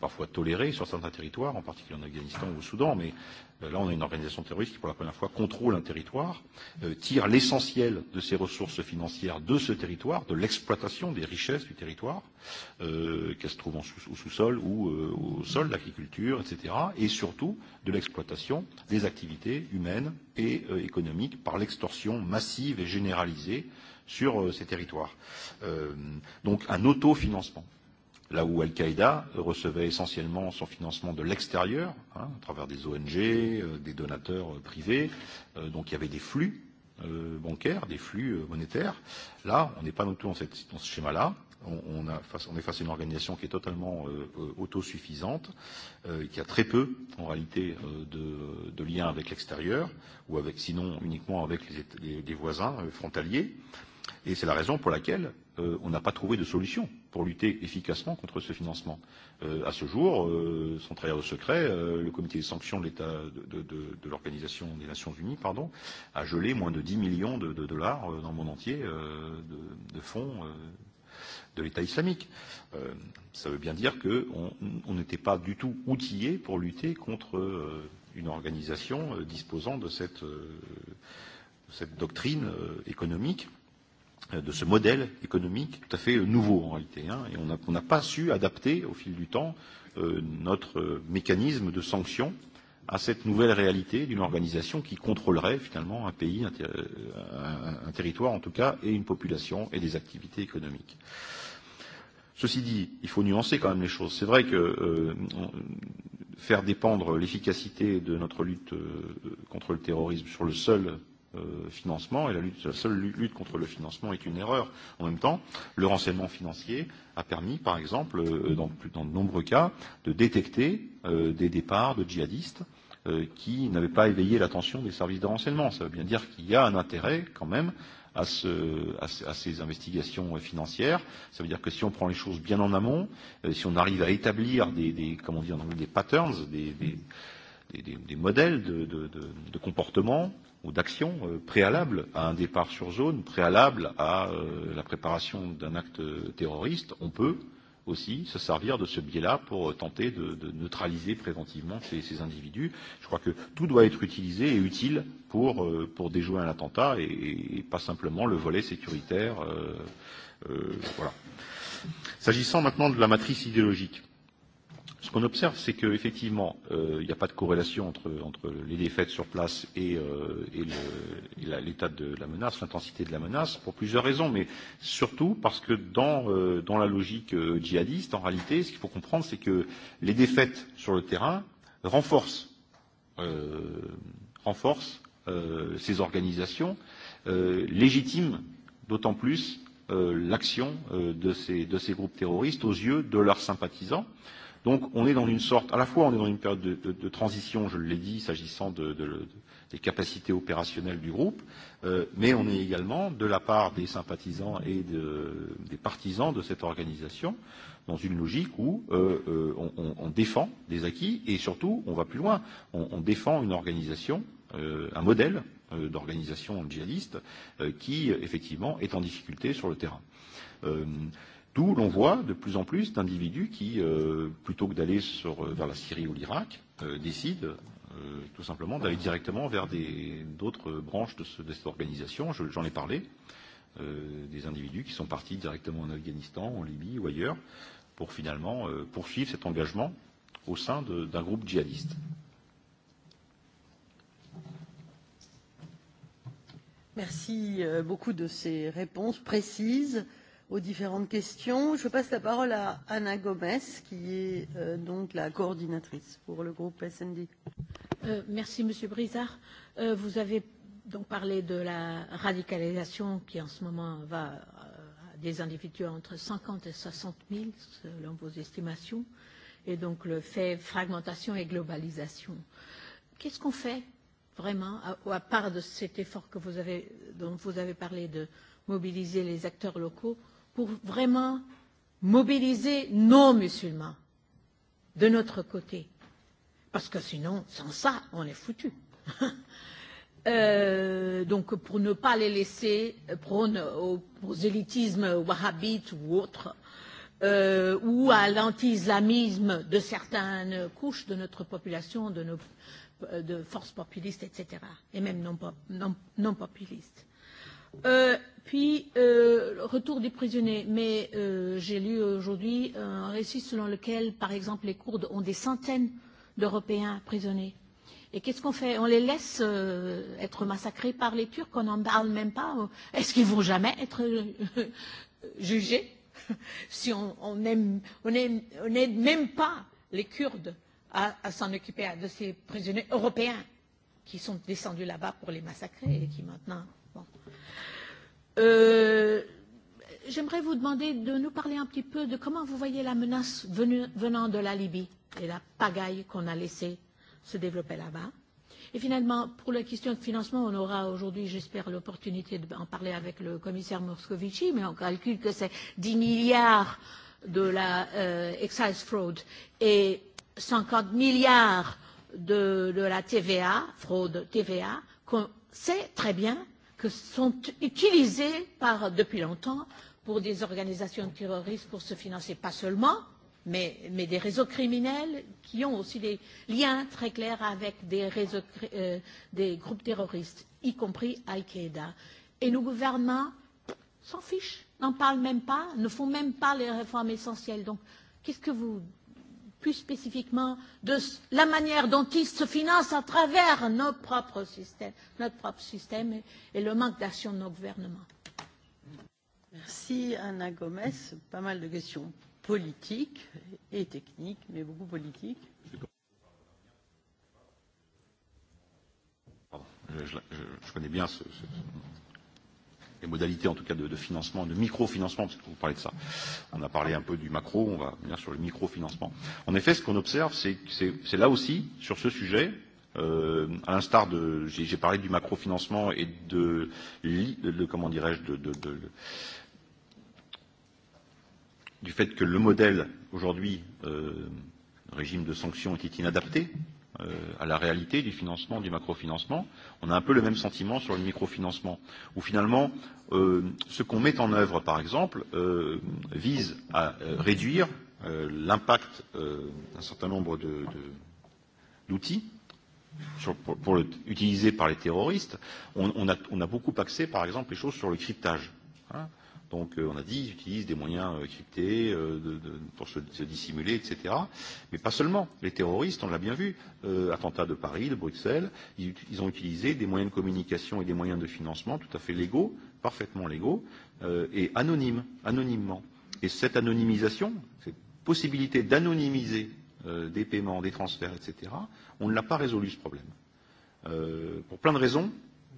parfois tolérée sur certains territoires, en particulier en Afghanistan ou au Soudan, mais euh, là on a une organisation terroriste qui pour la première fois contrôle un territoire, euh, tire l'essentiel de ses ressources financières de ce territoire, de l'exploitation des richesses du territoire, euh, qu'elles se trouvent en sous, au sous-sol ou euh, au sol, l'agriculture, etc., et surtout de l'exploitation des activités humaines et euh, économiques par l'extorsion massive et généralisée sur euh, ces territoires. Euh, donc un autofinancement. Euh, là où Al-Qaïda recevait essentiellement son financement de l'extérieur, hein, à travers des ONG, euh, des donateurs euh, privés. Euh, donc il y avait des flux euh, bancaires, des flux euh, monétaires. Là, on n'est pas du tout dans, cette, dans ce schéma-là. On, on, a face, on est face à une organisation qui est totalement euh, euh, autosuffisante, euh, qui a très peu, en réalité, euh, de, de liens avec l'extérieur, ou avec, sinon uniquement avec les, les, les voisins euh, frontaliers. Euh, Et c'est la raison pour laquelle euh, on n'a pas trouvé de solution pour lutter efficacement contre ce financement. Euh, à ce jour, euh, sans trahir de secret, euh, le comité des sanctions de l'État de, de, de, de l'Organisation des Nations Unies pardon, a gelé moins de 10 millions de, de dollars euh, dans le monde entier euh, de, de fonds euh, de l'État islamique. Euh, ça veut bien dire qu'on n'était on pas du tout outillé pour lutter contre euh, une organisation euh, disposant de cette, euh, de cette doctrine euh, économique euh, de ce modèle économique tout à fait euh, nouveau en réalité. Hein, et on n'a pas su adapter au fil du temps euh, notre euh, mécanisme de sanction à cette nouvelle réalité d'une organisation qui contrôlerait finalement un pays, un, euh, un, un territoire en tout cas, et une population et des activités économiques. Ceci dit, il faut nuancer quand même les choses. C'est vrai que euh, on, faire dépendre l'efficacité de notre lutte euh, contre le terrorisme sur le seul euh, financement et la, lutte, la seule lutte contre le financement est une erreur. En même temps, le renseignement financier a permis, par exemple, euh, dans, dans de nombreux cas, de détecter euh, des départs de djihadistes euh, qui n'avaient pas éveillé l'attention des services de renseignement. Ça veut bien dire qu'il y a un intérêt quand même à, ce, à, à ces investigations financières. Ça veut dire que si on prend les choses bien en amont, euh, si on arrive à établir des, des comment on dit en anglais, des patterns, des, des, des, des, des modèles de, de, de, de comportement, ou d'action euh, préalable à un départ sur zone, préalable à euh, la préparation d'un acte terroriste, on peut aussi se servir de ce biais-là pour euh, tenter de, de neutraliser préventivement ces, ces individus. Je crois que tout doit être utilisé et utile pour, euh, pour déjouer un attentat et, et pas simplement le volet sécuritaire. Euh, euh, voilà. S'agissant maintenant de la matrice idéologique, Ce qu'on observe, c'est qu'effectivement, euh, il n'y a pas de corrélation entre, entre les défaites sur place et, euh, et l'état de la menace, l'intensité de la menace, pour plusieurs raisons, mais surtout parce que dans, euh, dans la logique euh, djihadiste, en réalité, ce qu'il faut comprendre, c'est que les défaites sur le terrain renforcent, euh, renforcent euh, ces organisations, euh, légitiment d'autant plus euh, l'action euh, de, ces, de ces groupes terroristes aux yeux de leurs sympathisants. Euh, Donc on est dans une sorte, à la fois on est dans une période de, de, de transition, je l'ai dit, s'agissant de, de, de, des capacités opérationnelles du groupe, euh, mais on est également, de la part des sympathisants et de, des partisans de cette organisation, dans une logique où euh, euh, on, on, on défend des acquis et surtout, on va plus loin, on, on défend une organisation, euh, un modèle euh, d'organisation djihadiste euh, qui, effectivement, est en difficulté sur le terrain. Euh, D'où l'on voit de plus en plus d'individus qui, euh, plutôt que d'aller sur, euh, vers la Syrie ou l'Irak, euh, décident euh, tout simplement d'aller directement vers d'autres euh, branches de, ce, de cette organisation. J'en Je, ai parlé. Euh, des individus qui sont partis directement en Afghanistan, en Libye ou ailleurs, pour finalement euh, poursuivre cet engagement au sein d'un groupe djihadiste. Merci euh, beaucoup de ces réponses précises. Euh, aux différentes questions. Je passe la parole à Anna Gomez, qui est euh, donc la coordinatrice pour le groupe SND. Euh, merci, Monsieur Brizard. Euh, vous avez donc parlé de la radicalisation qui en ce moment va euh, à des individus entre 50 et 60 000, selon vos estimations, et donc le fait fragmentation et globalisation. Qu'est-ce qu'on fait vraiment, à, à part de cet effort que vous avez, dont vous avez parlé de mobiliser les acteurs locaux, pour vraiment mobiliser nos musulmans de notre côté. Parce que sinon, sans ça, on est foutu. [laughs] euh, donc, pour ne pas les laisser prône aux, aux élitismes wahhabites ou autres, euh, ou à l'anti-islamisme de certaines couches de notre population, de, nos, de forces populistes, etc., et même non, non, non populistes. Euh, puis, euh, le retour des prisonniers. Mais euh, j'ai lu aujourd'hui un récit selon lequel, par exemple, les Kurdes ont des centaines d'Européens prisonniers. Et qu'est-ce qu'on fait On les laisse euh, être massacrés par les Turcs, on n'en parle même pas. Est-ce qu'ils vont jamais être euh, jugés [laughs] si on n'aime on aime, on aime même pas les Kurdes à, à s'en occuper de ces prisonniers européens qui sont descendus là-bas pour les massacrer et qui maintenant euh, Euh, J'aimerais vous demander de nous parler un petit peu de comment vous voyez la menace venue, venant de la Libye et la pagaille qu'on a laissée se développer là-bas. Et finalement, pour la question de financement, on aura aujourd'hui, j'espère, l'opportunité d'en parler avec le commissaire Moscovici, mais on calcule que c'est 10 milliards de la euh, excise fraud et 50 milliards de, de la TVA, fraude TVA, qu'on sait très bien que sont utilisés par, depuis longtemps pour des organisations terroristes pour se financer, pas seulement, mais, mais des réseaux criminels qui ont aussi des liens très clairs avec des, réseaux, euh, des groupes terroristes, y compris Al-Qaïda. Et nos gouvernements s'en fichent, n'en parlent même pas, ne font même pas les réformes essentielles. Donc, qu'est-ce que vous plus spécifiquement de la manière dont ils se financent à travers nos propres systèmes, notre propre système et, et le manque d'action de nos gouvernements. Merci Anna Gomez. Pas mal de questions politiques et techniques, mais beaucoup politiques. Pardon, je, je, je connais bien ce, ce, les modalités en tout cas de, de financement, de microfinancement, parce que vous parlez de ça. On a parlé un peu du macro, on va venir sur le microfinancement. En effet, ce qu'on observe, c'est là aussi, sur ce sujet, euh, à l'instar de, j'ai parlé du macrofinancement et de, de, de comment dirais-je, de, de, de, du fait que le modèle aujourd'hui, euh, régime de sanctions, était inadapté euh, à la réalité du financement, du macrofinancement, on a un peu le même sentiment sur le microfinancement, où finalement, euh, ce qu'on met en œuvre, par exemple, euh, vise à euh, réduire euh, l'impact euh, d'un certain nombre d'outils sur, pour, pour le, utilisés par les terroristes. On, on, a, on a beaucoup axé, par exemple, les choses sur le cryptage. Hein Donc, euh, on a dit, ils utilisent des moyens euh, cryptés euh, de, de, pour se, se dissimuler, etc. Mais pas seulement. Les terroristes, on l'a bien vu, euh, attentats de Paris, de Bruxelles, ils, ils ont utilisé des moyens de communication et des moyens de financement tout à fait légaux, parfaitement légaux, euh, et anonymes, anonymement. Et cette anonymisation, cette possibilité d'anonymiser euh, des paiements, des transferts, etc., on ne l'a pas résolu ce problème. Euh, pour plein de raisons,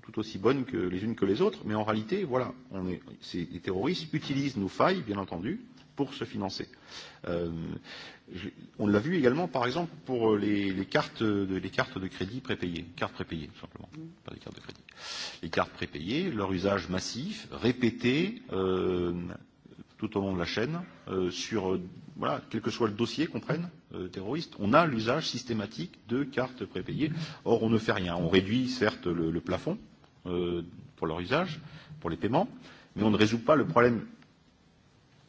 tout aussi bonnes que les unes que les autres, mais en réalité, voilà, on est, est, les terroristes utilisent nos failles, bien entendu, pour se financer. Euh, je, on l'a vu également, par exemple, pour les, les, cartes, de, les cartes de crédit prépayées, cartes prépayées, tout simplement, mm. pas les cartes de crédit. Les cartes prépayées, leur usage massif, répété euh, tout au long de la chaîne, euh, sur, euh, voilà, quel que soit le dossier qu'on prenne, euh, terroriste, on a l'usage systématique de cartes prépayées. Or, on ne fait rien. On réduit, certes, le, le plafond, euh, pour leur usage, pour les paiements, mais on ne résout pas le problème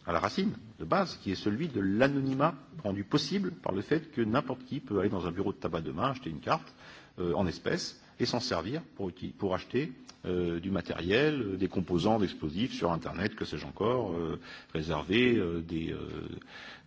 à la racine, de base, qui est celui de l'anonymat rendu possible par le fait que n'importe qui peut aller dans un bureau de tabac demain, acheter une carte euh, en espèces, et s'en servir pour, pour acheter euh, du matériel, euh, des composants d'explosifs sur Internet, que sais-je encore, euh, réserver euh, des, euh,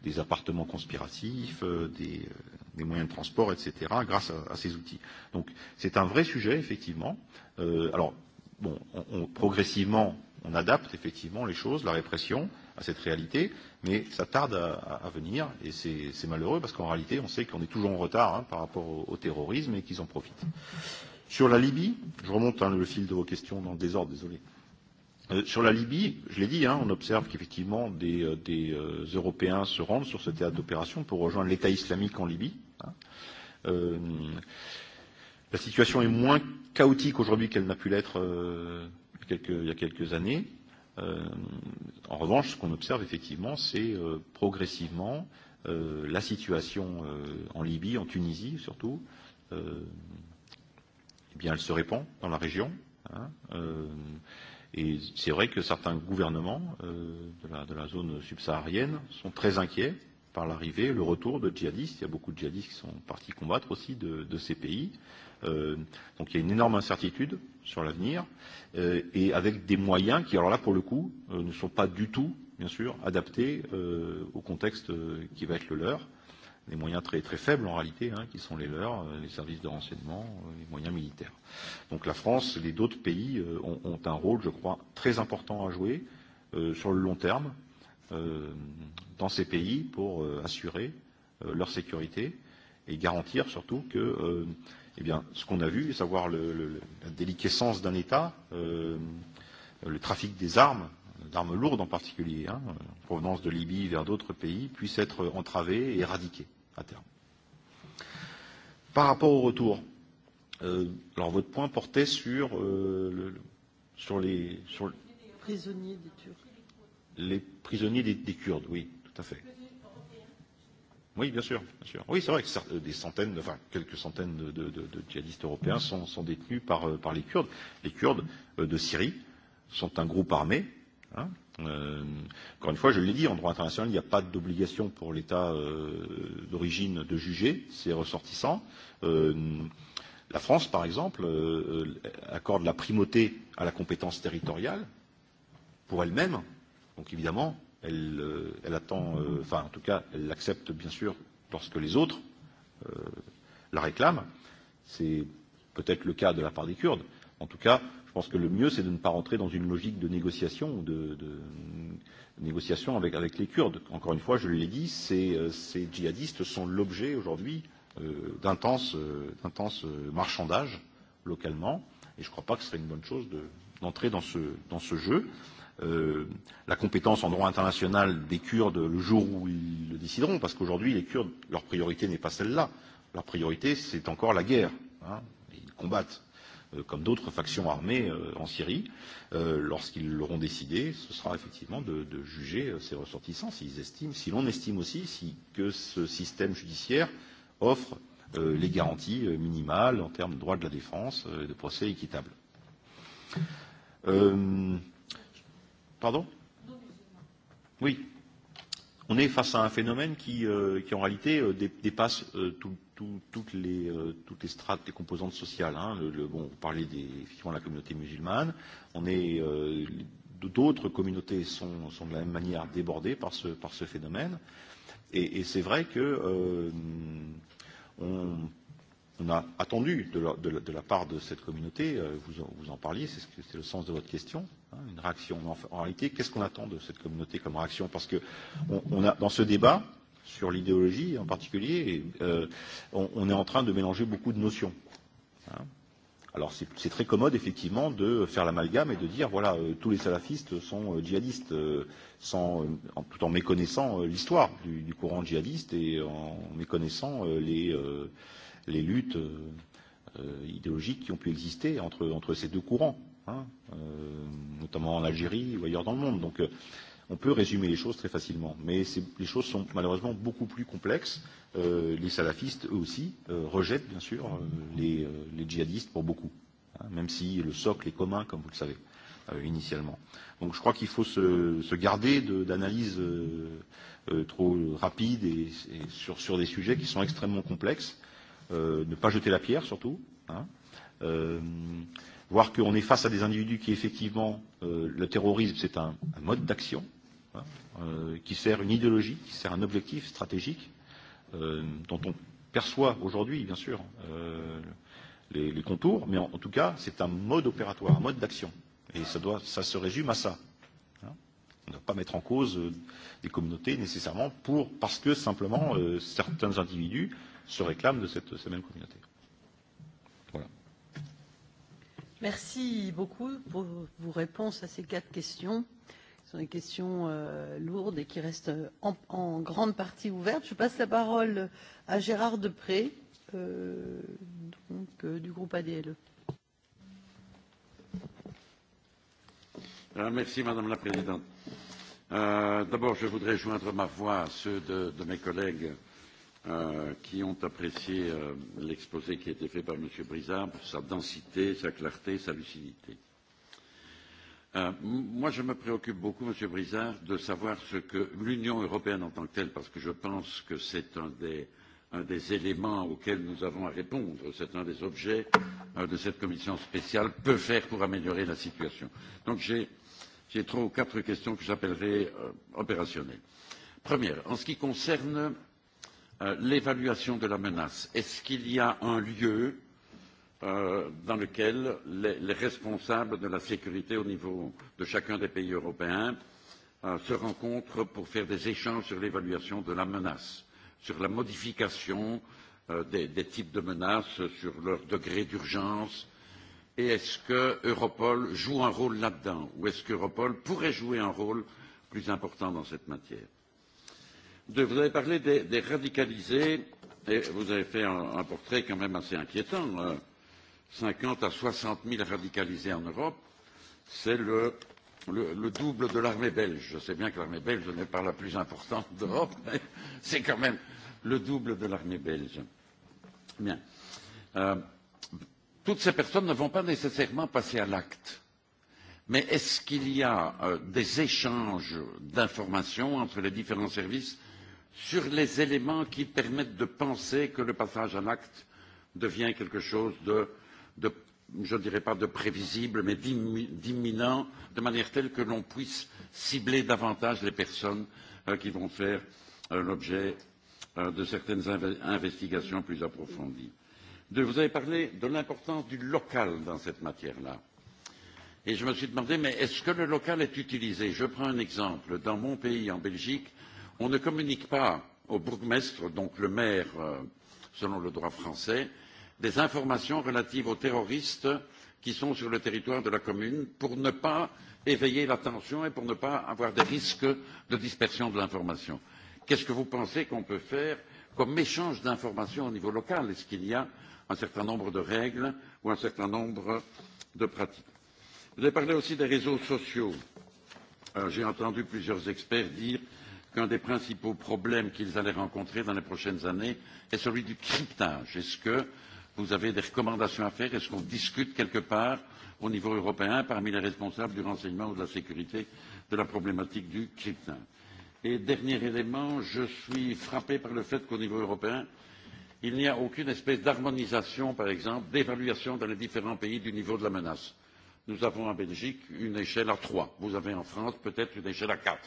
des appartements conspiratifs, euh, des, euh, des moyens de transport, etc., grâce à, à ces outils. Donc c'est un vrai sujet, effectivement. Euh, alors, bon, on, on, progressivement, on adapte effectivement les choses, la répression à cette réalité, mais ça tarde à, à venir et c'est malheureux parce qu'en réalité, on sait qu'on est toujours en retard hein, par rapport au, au terrorisme et qu'ils en profitent. Euh, Sur la Libye, je remonte hein, le fil de vos questions dans le désordre, désolé. Euh, sur la Libye, je l'ai dit, hein, on observe qu'effectivement des, euh, des euh, Européens se rendent sur ce théâtre d'opération pour rejoindre l'État islamique en Libye. Hein. Euh, la situation est moins chaotique aujourd'hui qu'elle n'a pu l'être euh, quelques, il y a quelques années. Euh, en revanche, ce qu'on observe effectivement, c'est euh, progressivement euh, la situation euh, en Libye, en Tunisie surtout, euh, Eh bien, elle se répand dans la région. Hein, euh, et c'est vrai que certains gouvernements euh, de, la, de la zone subsaharienne sont très inquiets par l'arrivée, le retour de djihadistes. Il y a beaucoup de djihadistes qui sont partis combattre aussi de, de ces pays. Euh, donc il y a une énorme incertitude sur l'avenir euh, et avec des moyens qui, alors là pour le coup, euh, ne sont pas du tout, bien sûr, adaptés euh, au contexte euh, qui va être le leur des moyens très très faibles en réalité, hein, qui sont les leurs, euh, les services de renseignement, euh, les moyens militaires. Donc la France, les d'autres pays euh, ont, ont un rôle, je crois, très important à jouer euh, sur le long terme euh, dans ces pays pour euh, assurer euh, leur sécurité et garantir surtout que euh, eh bien, ce qu'on a vu, savoir le, le, la déliquescence d'un État, euh, le trafic des armes, d'armes lourdes en particulier, hein, en provenance de Libye vers d'autres pays, puisse être entravé et éradiqué à terme. Par rapport au retour, euh, alors votre point portait sur, euh, le, sur les sur prisonniers des Turcs. Les prisonniers des, des Kurdes, oui, tout à fait. Oui, bien sûr, bien sûr. Oui, c'est vrai que euh, des centaines, enfin quelques centaines de, de, de, de djihadistes européens sont, sont détenus par, euh, par les Kurdes. Les Kurdes euh, de Syrie sont un groupe armé Hein euh, encore une fois, je l'ai dit, en droit international, il n'y a pas d'obligation pour l'État euh, d'origine de juger ses ressortissants. Euh, la France, par exemple, euh, accorde la primauté à la compétence territoriale pour elle-même. Donc évidemment, elle, euh, elle attend, euh, enfin en tout cas, elle l'accepte bien sûr lorsque les autres euh, la réclament. C'est peut-être le cas de la part des Kurdes. En tout cas, pense que le mieux, c'est de ne pas rentrer dans une logique de négociation, de, de négociation avec, avec les Kurdes. Encore une fois, je l'ai dit, ces, euh, ces djihadistes sont l'objet aujourd'hui euh, d'intenses euh, euh, marchandages localement, et je ne crois pas que ce serait une bonne chose d'entrer de, dans, ce, dans ce jeu. Euh, la compétence en droit international des Kurdes le jour où ils le décideront, parce qu'aujourd'hui, les Kurdes, leur priorité n'est pas celle-là. Leur priorité, c'est encore la guerre. Hein. Ils combattent euh, comme d'autres factions armées euh, en Syrie. Euh, Lorsqu'ils l'auront décidé, ce sera effectivement de, de juger ces euh, ressortissants s'ils estiment, si l'on estime aussi si, que ce système judiciaire offre euh, les garanties euh, minimales en termes de droits de la défense euh, et de procès équitable. Euh, pardon Oui. On est face à un phénomène qui, euh, qui en réalité, euh, dé, dépasse euh, tout, tout, toutes, les, euh, toutes les strates, les composantes sociales. Hein. Le, le, bon, vous parlez des, effectivement de la communauté musulmane. On est, euh, d'autres communautés sont, sont de la même manière débordées par ce, par ce phénomène. Et, et c'est vrai que euh, on, on a attendu de la, de, la, de la part de cette communauté, euh, vous, en, vous en parliez, c'est ce le sens de votre question, hein, une réaction. En, en réalité, qu'est-ce qu'on attend de cette communauté comme réaction Parce que on, on a, dans ce débat, sur l'idéologie en particulier, et, euh, on, on est en train de mélanger beaucoup de notions. Hein. Alors c'est très commode effectivement de faire l'amalgame et de dire voilà euh, tous les salafistes sont euh, djihadistes euh, sans, euh, en, tout en méconnaissant euh, l'histoire du, du courant djihadiste et en méconnaissant euh, les, euh, les luttes euh, euh, idéologiques qui ont pu exister entre, entre ces deux courants, hein, euh, notamment en Algérie ou ailleurs dans le monde. Donc euh, on peut résumer les choses très facilement. Mais les choses sont malheureusement beaucoup plus complexes. Euh, les salafistes, eux aussi, euh, rejettent bien sûr euh, les, euh, les djihadistes pour beaucoup, hein, même si le socle est commun, comme vous le savez, euh, initialement. Donc je crois qu'il faut se, se garder d'analyses euh, euh, trop rapides et, et sur, sur des sujets qui sont extrêmement complexes. Euh, ne pas jeter la pierre surtout. Hein, euh, voir qu'on est face à des individus qui effectivement, euh, le terrorisme c'est un, un mode d'action, hein, euh, qui sert une idéologie, qui sert un objectif stratégique, euh, dont on perçoit aujourd'hui, bien sûr, euh, les, les contours, mais en, en tout cas, c'est un mode opératoire, un mode d'action. Et ça, doit, ça se résume à ça. Hein. On ne doit pas mettre en cause euh, des communautés nécessairement pour, parce que simplement euh, certains individus se réclament de cette, cette même communauté. Voilà. Merci beaucoup pour vos réponses à ces quatre questions. Euh, sont des questions euh, lourdes et qui restent euh, en, en grande partie ouvertes. Je passe la parole à Gérard Depré, euh, donc, euh, du groupe ADLE. Euh, merci Madame la Présidente. Euh, D'abord, je voudrais joindre ma voix à ceux de, de mes collègues euh, qui ont apprécié euh, l'exposé qui a été fait par M. Brizard, sa densité, sa clarté, sa lucidité. Euh, moi, je me préoccupe beaucoup, Monsieur Brizard, de savoir ce que l'Union européenne en tant que telle, parce que je pense que c'est un des, un des éléments auxquels nous avons à répondre, c'est un des objets euh, de cette commission spéciale, peut faire pour améliorer la situation. Donc j'ai trois ou quatre questions que j'appellerai euh, opérationnelles. Première, en ce qui concerne euh, l'évaluation de la menace, est-ce qu'il y a un lieu euh, dans lequel les, les responsables de la sécurité au niveau de chacun des pays européens euh, se rencontrent pour faire des échanges sur l'évaluation de la menace, sur la modification euh, des, des types de menaces, sur leur degré d'urgence. Et est-ce que Europol joue un rôle là-dedans ou est-ce qu'Europol pourrait jouer un rôle plus important dans cette matière de, Vous avez parlé des, des radicalisés et vous avez fait un, un portrait quand même assez inquiétant. Euh, 50 à 60 000 radicalisés en Europe. C'est le, le, le double de l'armée belge. Je sais bien que l'armée belge n'est pas la plus importante d'Europe, [laughs] mais c'est quand même le double de l'armée belge. Bien. Euh, toutes ces personnes ne vont pas nécessairement passer à l'acte. Mais est-ce qu'il y a euh, des échanges d'informations entre les différents services sur les éléments qui permettent de penser que le passage à l'acte devient quelque chose de de, je ne dirais pas de prévisible, mais d'imminent, de manière telle que l'on puisse cibler davantage les personnes euh, qui vont faire euh, l'objet euh, de certaines inv investigations plus approfondies. De, vous avez parlé de l'importance du local dans cette matière-là. Et je me suis demandé, mais est-ce que le local est utilisé Je prends un exemple. Dans mon pays, en Belgique, on ne communique pas au bourgmestre, donc le maire, euh, selon le droit français, euh, des informations relatives aux terroristes qui sont sur le territoire de la commune pour ne pas éveiller l'attention et pour ne pas avoir de risque de dispersion de l'information. Qu'est-ce que vous pensez qu'on peut faire comme échange d'informations au niveau local Est-ce qu'il y a un certain nombre de règles ou un certain nombre de pratiques Vous avez parlé aussi des réseaux sociaux. Euh, J'ai entendu plusieurs experts dire qu'un des principaux problèmes qu'ils allaient rencontrer dans les prochaines années est celui du cryptage. Est-ce que vous avez des recommandations à faire Est-ce qu'on discute quelque part au niveau européen parmi les responsables du renseignement ou de la sécurité de la problématique du cryptin Et dernier élément, je suis frappé par le fait qu'au niveau européen, il n'y a aucune espèce d'harmonisation, par exemple, d'évaluation dans les différents pays du niveau de la menace. Nous avons en Belgique une échelle à 3. Vous avez en France peut-être une échelle à 4.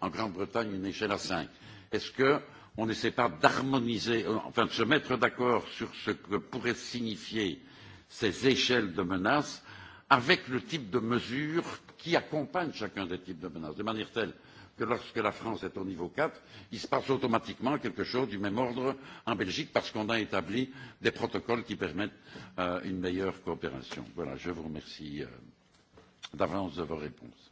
En Grande-Bretagne, une échelle à 5. Est-ce que euh, on n'essaie pas d'harmoniser, euh, enfin de se mettre d'accord sur ce que pourraient signifier ces échelles de menaces avec le type de mesures qui accompagnent chacun des types de menaces, de manière telle que lorsque la France est au niveau 4, il se passe automatiquement quelque chose du même ordre en Belgique parce qu'on a établi des protocoles qui permettent euh, une meilleure coopération. Voilà, je vous remercie euh, d'avance de vos réponses.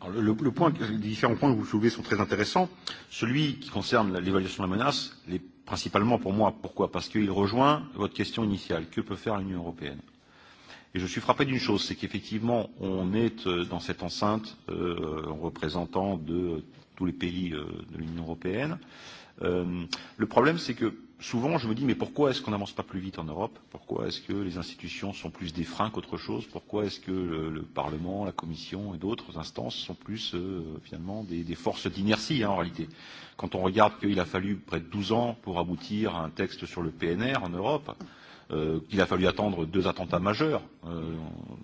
Alors, le, le point, les différents points que vous soulevez sont très intéressants. Celui qui concerne l'évaluation de la menace, les, principalement pour moi. Pourquoi Parce qu'il rejoint votre question initiale. Que peut faire l'Union européenne Et je suis frappé d'une chose, c'est qu'effectivement, on est euh, dans cette enceinte euh, représentant de tous les pays euh, de l'Union européenne. Euh, le problème, c'est que souvent, je me dis, mais pourquoi est-ce qu'on n'avance pas plus vite en Europe Pourquoi est-ce que les institutions sont plus des freins qu'autre chose Pourquoi est-ce que le, le Parlement, la Commission et d'autres instances sont plus, euh, finalement, des, des forces d'inertie, hein, en réalité Quand on regarde qu'il a fallu près de 12 ans pour aboutir à un texte sur le PNR en Europe, euh, qu'il a fallu attendre deux attentats majeurs, euh,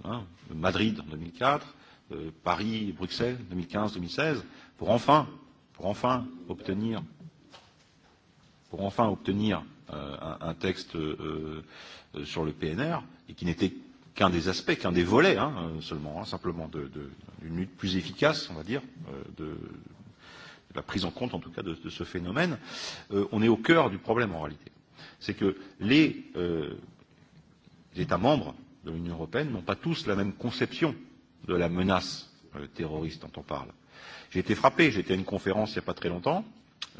hein, Madrid en 2004, euh, Paris et Bruxelles 2015-2016, pour enfin, pour enfin obtenir pour enfin obtenir euh, un, un texte euh, euh, sur le PNR, et qui n'était qu'un des aspects, qu'un des volets hein, seulement, hein, simplement, d'une de, de, lutte plus efficace, on va dire, euh, de, de la prise en compte en tout cas de, de ce phénomène, euh, on est au cœur du problème en réalité. C'est que les euh, États membres de l'Union européenne n'ont pas tous la même conception de la menace euh, terroriste dont on parle. J'ai été frappé, j'étais à une conférence il n'y a pas très longtemps,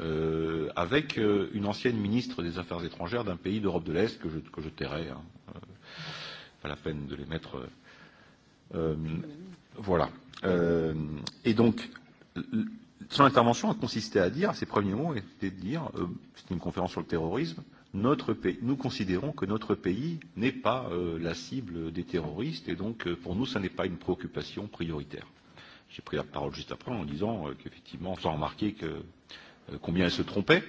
euh, avec euh, une ancienne ministre des Affaires étrangères d'un pays d'Europe de l'Est que je, que je tairai. Hein. Euh, pas la peine de les mettre. Euh, euh voilà. Euh, et donc, son intervention a consisté à dire, ses premiers mots étaient de dire, euh, c'était une conférence sur le terrorisme, notre pays, nous considérons que notre pays n'est pas euh, la cible des terroristes et donc euh, pour nous, ça n'est pas une préoccupation prioritaire. J'ai pris la parole juste après en disant euh, qu'effectivement, sans remarquer que euh, Euh, combien elle se trompait,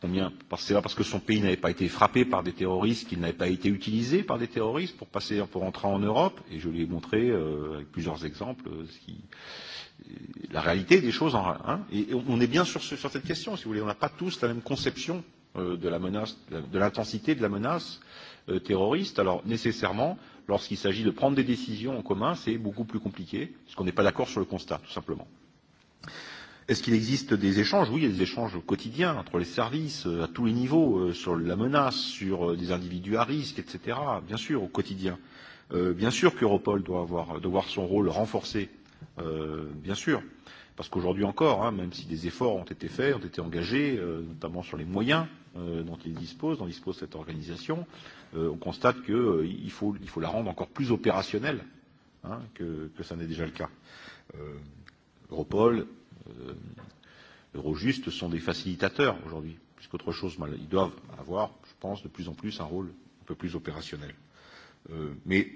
combien c'est pas parce que son pays n'avait pas été frappé par des terroristes qu'il n'avait pas été utilisé par des terroristes pour passer pour entrer en Europe et je lui ai montré euh, avec plusieurs exemples euh, ce qui euh, la réalité des choses en, hein, et on est bien sur, ce, sur cette question si vous voulez on n'a pas tous la même conception euh, de la menace de l'intensité de la menace euh, terroriste alors nécessairement lorsqu'il s'agit de prendre des décisions en commun c'est beaucoup plus compliqué parce qu'on n'est pas d'accord sur le constat tout simplement. Euh, Est-ce qu'il existe des échanges Oui, il y a des échanges quotidiens entre les services, euh, à tous les niveaux, euh, sur la menace, sur euh, des individus à risque, etc. Bien sûr, au quotidien. Euh, bien sûr qu'Europol doit avoir, devoir son rôle renforcé. Euh, bien sûr. Parce qu'aujourd'hui encore, hein, même si des efforts ont été faits, ont été engagés, euh, notamment sur les moyens euh, dont il dispose, dont dispose cette organisation, euh, on constate qu'il euh, il faut, il faut la rendre encore plus opérationnelle hein, que, que ça n'est déjà le cas. Euh, Europol, euh, Eurojust sont des facilitateurs aujourd'hui, plus qu'autre chose. Ils doivent avoir, je pense, de plus en plus un rôle un peu plus opérationnel. Euh, mais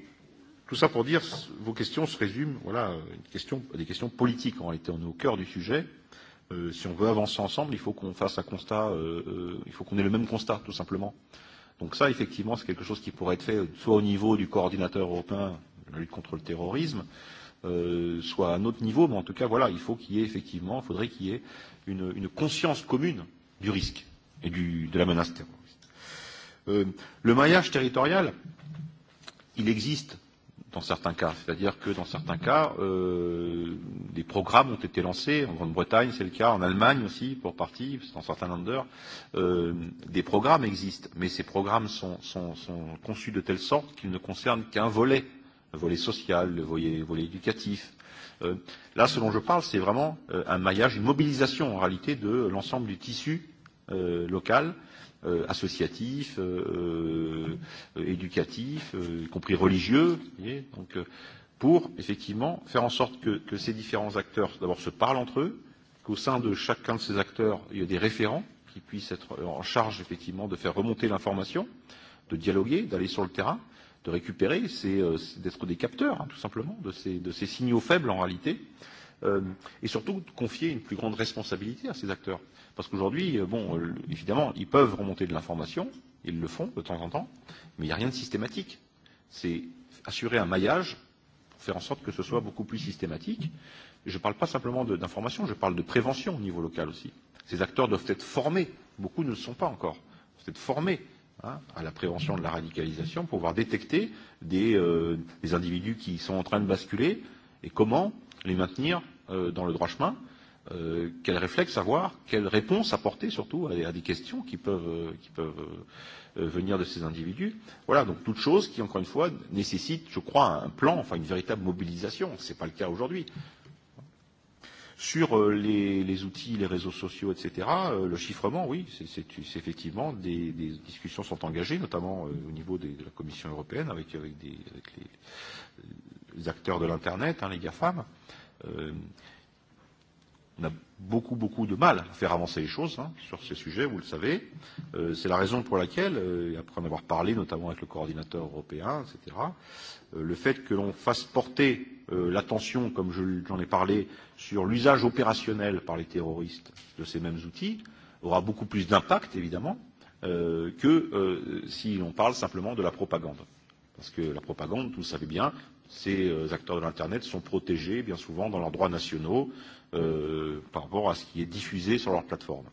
tout ça pour dire, vos questions se résument voilà, une question, à des questions politiques. En réalité, on est au cœur du sujet. Euh, si on veut avancer ensemble, il faut qu'on fasse un constat, euh, euh, il faut qu'on ait le même constat, tout simplement. Donc ça, effectivement, c'est quelque chose qui pourrait être fait euh, soit au niveau du coordinateur européen, la lutte contre le terrorisme, euh, euh, soit à un autre niveau, mais en tout cas, voilà, il faut qu'il y ait effectivement, il faudrait qu'il y ait une, une conscience commune du risque et du, de la menace terroriste. Euh, le maillage territorial, il existe dans certains cas. C'est-à-dire que dans certains cas, euh, des programmes ont été lancés. En Grande-Bretagne, c'est le cas. En Allemagne aussi, pour partie, dans certains landers, euh, des programmes existent. Mais ces programmes sont, sont, sont conçus de telle sorte qu'ils ne concernent qu'un volet un volet social, le volet, volet éducatif. Euh, là, ce dont je parle, c'est vraiment euh, un maillage, une mobilisation en réalité de l'ensemble du tissu euh, local euh, associatif, euh, euh, éducatif, euh, y compris religieux, vous voyez, donc, euh, pour effectivement faire en sorte que, que ces différents acteurs d'abord se parlent entre eux, qu'au sein de chacun de ces acteurs, il y ait des référents qui puissent être en charge effectivement de faire remonter l'information, de dialoguer, d'aller sur le terrain, de récupérer, c'est euh, d'être des capteurs, hein, tout simplement, de ces, de ces signaux faibles en réalité, euh, et surtout de confier une plus grande responsabilité à ces acteurs. Parce qu'aujourd'hui, euh, bon, euh, évidemment, ils peuvent remonter de l'information, ils le font de temps en temps, mais il n'y a rien de systématique. C'est assurer un maillage pour faire en sorte que ce soit beaucoup plus systématique. Je ne parle pas simplement d'information, je parle de prévention au niveau local aussi. Ces acteurs doivent être formés. Beaucoup ne le sont pas encore. Doivent être formés hein, à la prévention de la radicalisation, pour pouvoir détecter des, euh, des individus qui sont en train de basculer et comment les maintenir euh, dans le droit chemin. Euh, quel réflexe avoir, quelle réponse apporter surtout à, à des questions qui peuvent, euh, qui peuvent euh, euh venir de ces individus. Voilà, donc toute chose qui, encore une fois, nécessite, je crois, un plan, enfin une véritable mobilisation. Ce n'est pas le cas aujourd'hui. Euh, Sur euh, les, les outils, les réseaux sociaux, etc., euh, le chiffrement, oui, c'est effectivement des, des discussions sont engagées, notamment euh, au niveau des, de la Commission européenne avec, avec, des, avec les, les acteurs de l'Internet, hein, les GAFAM. Euh, on a beaucoup, beaucoup de mal à faire avancer les choses hein, sur ces sujets, vous le savez. Euh, c'est la raison pour laquelle, euh, après en avoir parlé notamment avec le coordinateur européen, etc., euh, le fait que l'on fasse porter euh, l'attention, comme j'en je, ai parlé, sur l'usage opérationnel par les terroristes de ces mêmes outils aura beaucoup plus d'impact, évidemment, euh, que euh, si l'on parle simplement de la propagande. Parce que la propagande, vous le savez bien, ces euh, acteurs de l'Internet sont protégés bien souvent dans leurs droits nationaux euh, par rapport à ce qui est diffusé sur leur plateforme.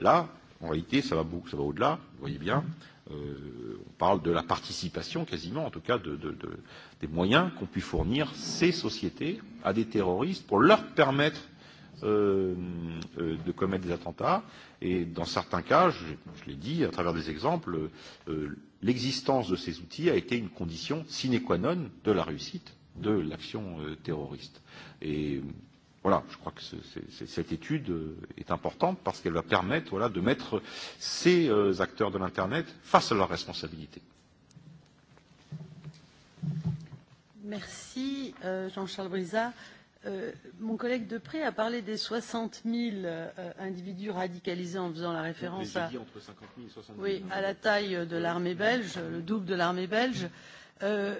Là, en réalité, ça va, beaucoup, ça va au-delà, vous voyez bien. Euh, on parle de la participation quasiment, en tout cas de, de, de, des moyens qu'ont pu fournir ces sociétés à des terroristes pour leur permettre euh, euh, de commettre des attentats. Et dans certains cas, je, je l'ai dit à travers des exemples, euh, l'existence de ces outils a été une condition sine qua non de la réussite de l'action euh, terroriste. Et euh, voilà, je crois que c est, c est, cette étude euh, est importante parce qu'elle va permettre voilà, de mettre ces euh, acteurs de l'Internet face à leurs responsabilités. Merci euh, Jean-Charles Brizard. Euh, mon collègue Depré a parlé des 60 000 euh, individus radicalisés en faisant la référence à, entre 50 000 et 60 000, oui, à la taille de l'armée belge, le double de l'armée belge. Euh,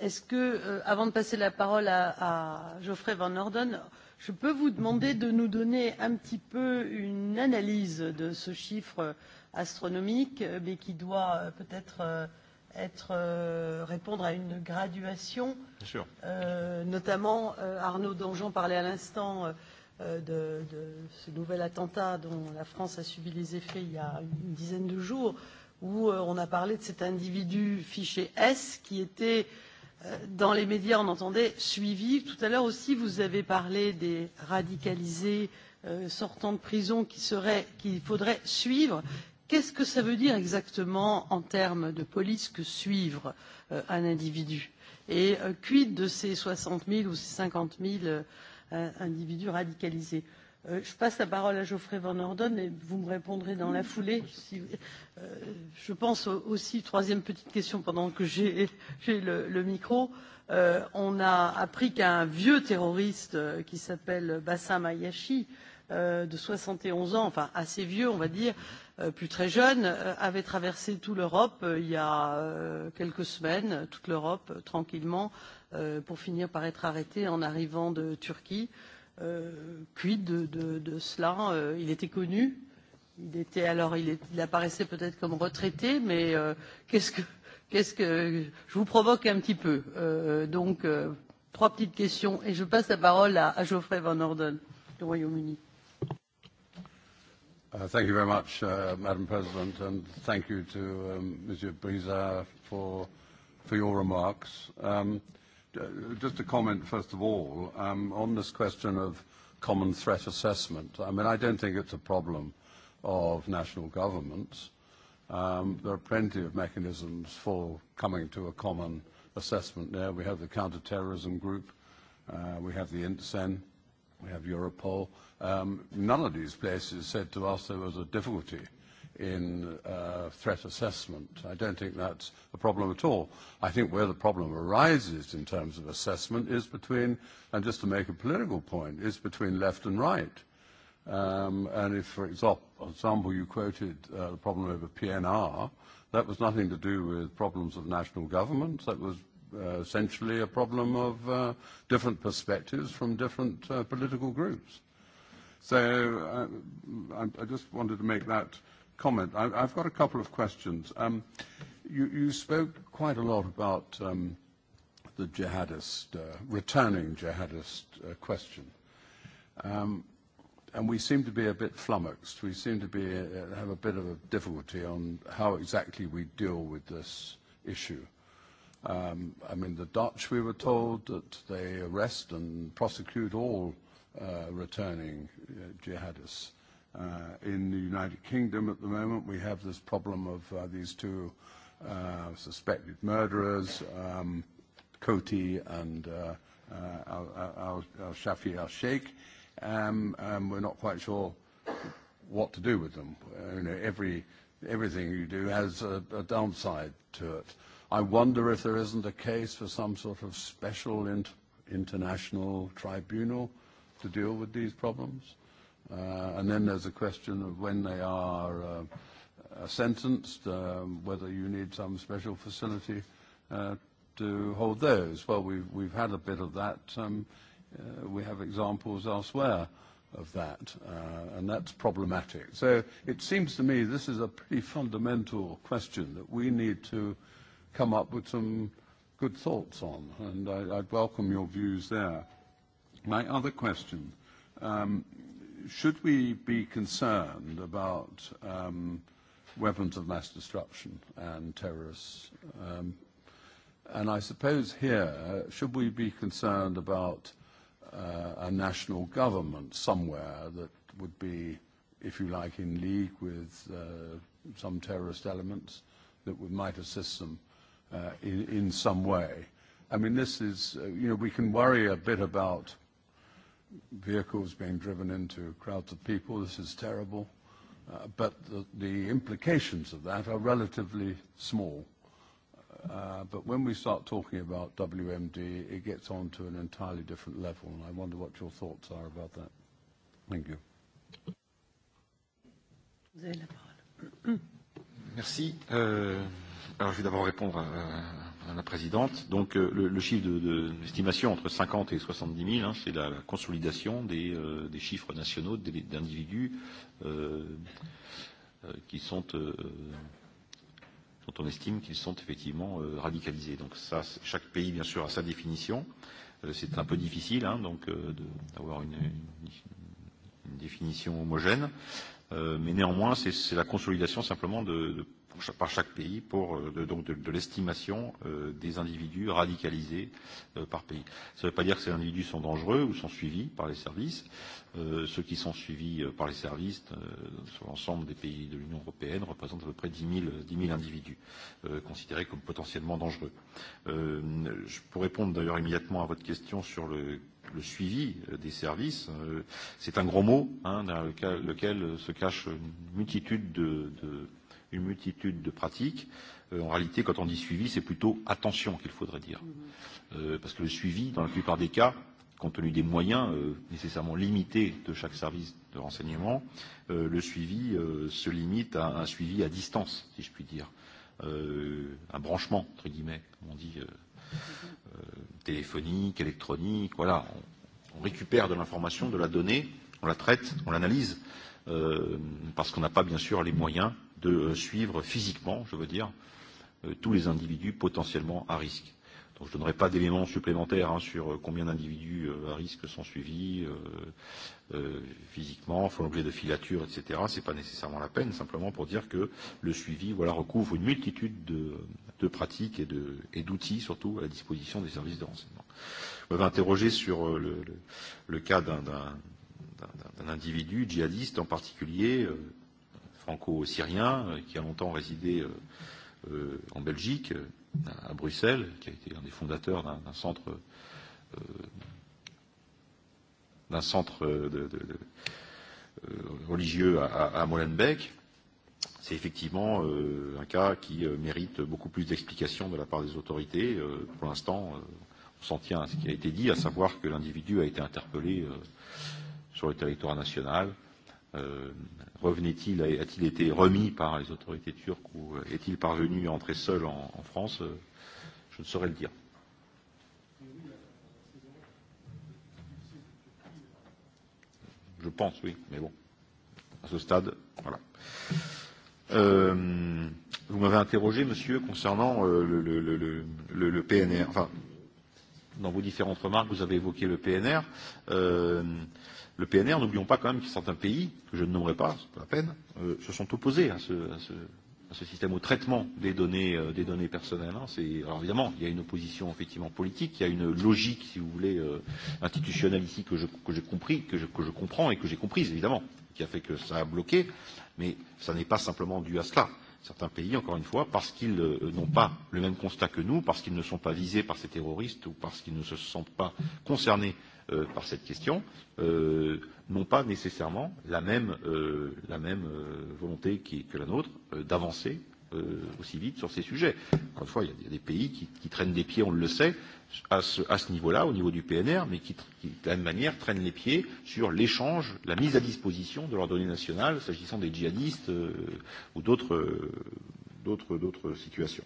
Est-ce que, euh, avant de passer la parole à, à Geoffrey Van Orden, je peux vous demander de nous donner un petit peu une analyse de ce chiffre euh, astronomique, euh, mais qui doit euh, peut-être euh, peut être, euh, répondre à une graduation. Bien sûr. Euh, notamment, euh, Arnaud Donjon parlait à l'instant euh, euh, de, de ce nouvel attentat dont la France a subi les effets il y a une dizaine de jours, où euh, on a parlé de cet individu fiché S qui était, euh, dans les médias, on entendait, suivi. Tout à l'heure aussi, vous avez parlé des radicalisés euh, sortant de prison qu'il qu faudrait suivre Qu'est-ce que ça veut dire exactement en termes de police que suivre euh, un individu Et euh, quid de ces 60 000 ou ces 50 000 euh, individus radicalisés euh, Je passe la parole à Geoffrey Van Orden et vous me répondrez dans la foulée. Si, euh, je pense aussi, troisième petite question pendant que j'ai le, le micro, euh, on a appris qu'un vieux terroriste euh, qui s'appelle Bassam Ayashi, euh, de 71 ans, enfin assez vieux on va dire, euh, Euh, plus très jeunes euh, avaient traversé toute l'Europe euh, il y a quelques semaines, toute l'Europe tranquillement, pour finir par être arrêtés en arrivant de Turquie. Quid de, de, de cela Il était connu. Il était alors, il, est, il apparaissait peut-être comme retraité, mais euh, qu'est-ce que, qu'est-ce que, je vous provoque un petit peu. Euh, donc, euh, trois petites questions et je passe la parole à, à Geoffrey Van Orden du Royaume-Uni. Euh, Uh, thank you very much, uh, Madam President, and thank you to um, Monsieur Brizard for, for your remarks. Um, just a comment, first of all, um, on this question of common threat assessment. I mean, I don't think it's a problem of national governments. Um, there are plenty of mechanisms for coming to a common assessment there. We have the counterterrorism group. Uh, we have the INTSEN we have Europol. Um, none of these places said to us there was a difficulty in uh, threat assessment. I don't think that's a problem at all. I think where the problem arises in terms of assessment is between, and just to make a political point, is between left and right. Um, and if, for example, you quoted uh, the problem over PNR, that was nothing to do with problems of national governments. That was uh, essentially a problem of uh, different perspectives from different uh, political groups. So uh, I, I just wanted to make that comment. I, I've got a couple of questions. Um, you, you spoke quite a lot about um, the jihadist, uh, returning jihadist uh, question. Um, and we seem to be a bit flummoxed. We seem to be, uh, have a bit of a difficulty on how exactly we deal with this issue. Uh, Um, I mean, the Dutch, we were told that they arrest and prosecute all uh, returning uh, jihadists. Uh, in the United Kingdom at the moment, we have this problem of uh, these two uh, suspected murderers, um, Koti and uh, uh, al-Shafi al, al al-Sheikh. Um, um, we're not quite sure what to do with them. Uh, you know, every, everything you do has a, a downside to it. Uh, I wonder if there isn't a case for some sort of special in, international tribunal to deal with these problems. Uh, and then there's a question of when they are uh, uh, sentenced, um, whether you need some special facility uh, to hold those. Well, we've, we've had a bit of that. Um, uh, we have examples elsewhere of that, uh, and that's problematic. So it seems to me this is a pretty fundamental question that we need to uh, come up with some good thoughts on, and I, I'd welcome your views there. My other question, um, should we be concerned about um, weapons of mass destruction and terrorists? Um, and I suppose here, should we be concerned about uh, a national government somewhere that would be, if you like, in league with uh, some terrorist elements that would, might assist them? Uh, uh, in, in some way. I mean, this is, uh, you know, we can worry a bit about vehicles being driven into crowds of people. This is terrible. Uh, but the, the implications of that are relatively small. Uh, but when we start talking about WMD, it gets on to an entirely different level, and I wonder what your thoughts are about that. Thank you. Vous avez la parole. Merci. Euh, Alors, je vais d'abord répondre à, à la présidente. Donc, euh, le, le chiffre d'estimation de, de, entre 50 et 70 000, hein, c'est la, la consolidation des, euh, des chiffres nationaux d'individus euh, euh, qui sont, euh, dont on estime qu'ils sont effectivement euh, radicalisés. Donc, ça, chaque pays, bien sûr, a sa définition. Euh, c'est un peu difficile, hein, donc, euh, d'avoir une, une, une définition homogène. Euh, mais néanmoins, c'est la consolidation simplement de, de pour chaque, par chaque pays pour euh, de, donc de, de l'estimation euh, des individus radicalisés euh, par pays. Ça ne veut pas dire que ces individus sont dangereux ou sont suivis par les services. Euh, ceux qui sont suivis euh, par les services euh, sur l'ensemble des pays de l'Union européenne représentent à peu près 10 000, 10 000 individus euh, considérés comme potentiellement dangereux. Euh, je pourrais répondre d'ailleurs immédiatement à votre question sur le le suivi euh, des services. Euh, c'est un gros mot hein, dans lequel, lequel se cache une multitude de, de, une multitude de pratiques. Euh, en réalité, quand on dit suivi, c'est plutôt attention qu'il faudrait dire. Mm-hmm. Euh, parce que le suivi, dans la plupart des cas, compte tenu des moyens euh, nécessairement limités de chaque service de renseignement, euh, le suivi euh, se limite à un suivi à distance, si je puis dire, euh, un branchement, entre guillemets, comme on dit, euh, euh, téléphonique, électronique, voilà. On, on récupère de l'information, de la donnée, on la traite, on l'analyse, euh, parce qu'on n'a pas, bien sûr, les moyens de euh, suivre physiquement, je veux dire, euh, tous les individus potentiellement à risque. Donc je ne donnerai pas d'éléments supplémentaires hein, sur euh, combien d'individus euh, à risque sont suivis euh, euh, physiquement, font l'objet de filatures, etc. Ce n'est pas nécessairement la peine, simplement pour dire que le suivi voilà, recouvre une multitude de, de pratiques et, de, et d'outils, surtout à la disposition des services de renseignement. Vous m'avez interrogé sur le, le, le cas d'un, d'un, d'un, d'un individu djihadiste en particulier. Euh, franco-syrien, euh, qui a longtemps résidé euh, euh en Belgique, euh, à Bruxelles, qui a été un des fondateurs d'un centre, euh, d'un centre de, de, de, euh, religieux à, à Molenbeek. C'est effectivement euh, un cas qui euh, mérite beaucoup plus d'explications de la part des autorités. Euh, pour l'instant, euh, on s'en tient à ce qui a été dit, à savoir que l'individu a été interpellé euh, sur le territoire national euh, euh, revenait-il, a-t-il été remis par les autorités turques ou euh, est-il parvenu à entrer seul en, en France euh, Je ne saurais le dire. Je pense, oui, mais bon, à ce stade, voilà. Euh, vous m'avez interrogé, monsieur, concernant euh, le, le, le, le, le PNR. Enfin, dans vos différentes remarques, vous avez évoqué le PNR. Euh, le PNR, n'oublions pas quand même que certains pays, que je ne nommerai pas, c'est pas la peine, euh, se sont opposés à ce, à, ce, à ce système, au traitement des données, euh, des données personnelles. Hein. Alors évidemment, il y a une opposition effectivement politique, il y a une logique, si vous voulez, euh, institutionnelle ici que je, que, compris, que, je, que je comprends et que j'ai comprise, évidemment, qui a fait que ça a bloqué, mais ça n'est pas simplement dû à cela certains pays, encore une fois, parce qu'ils euh, n'ont pas le même constat que nous, parce qu'ils ne sont pas visés par ces terroristes ou parce qu'ils ne se sentent pas concernés euh, par cette question euh, n'ont pas nécessairement la même, euh, la même euh, volonté qui, que la nôtre euh, d'avancer euh, aussi vite sur ces sujets. Encore une fois, il y a, il y a des pays qui, qui traînent des pieds, on le sait, à ce, à ce niveau-là, au niveau du PNR, mais qui, qui, de la même manière, traînent les pieds sur l'échange, la mise à disposition de leurs données nationales, s'agissant des djihadistes euh, ou d'autres euh, situations.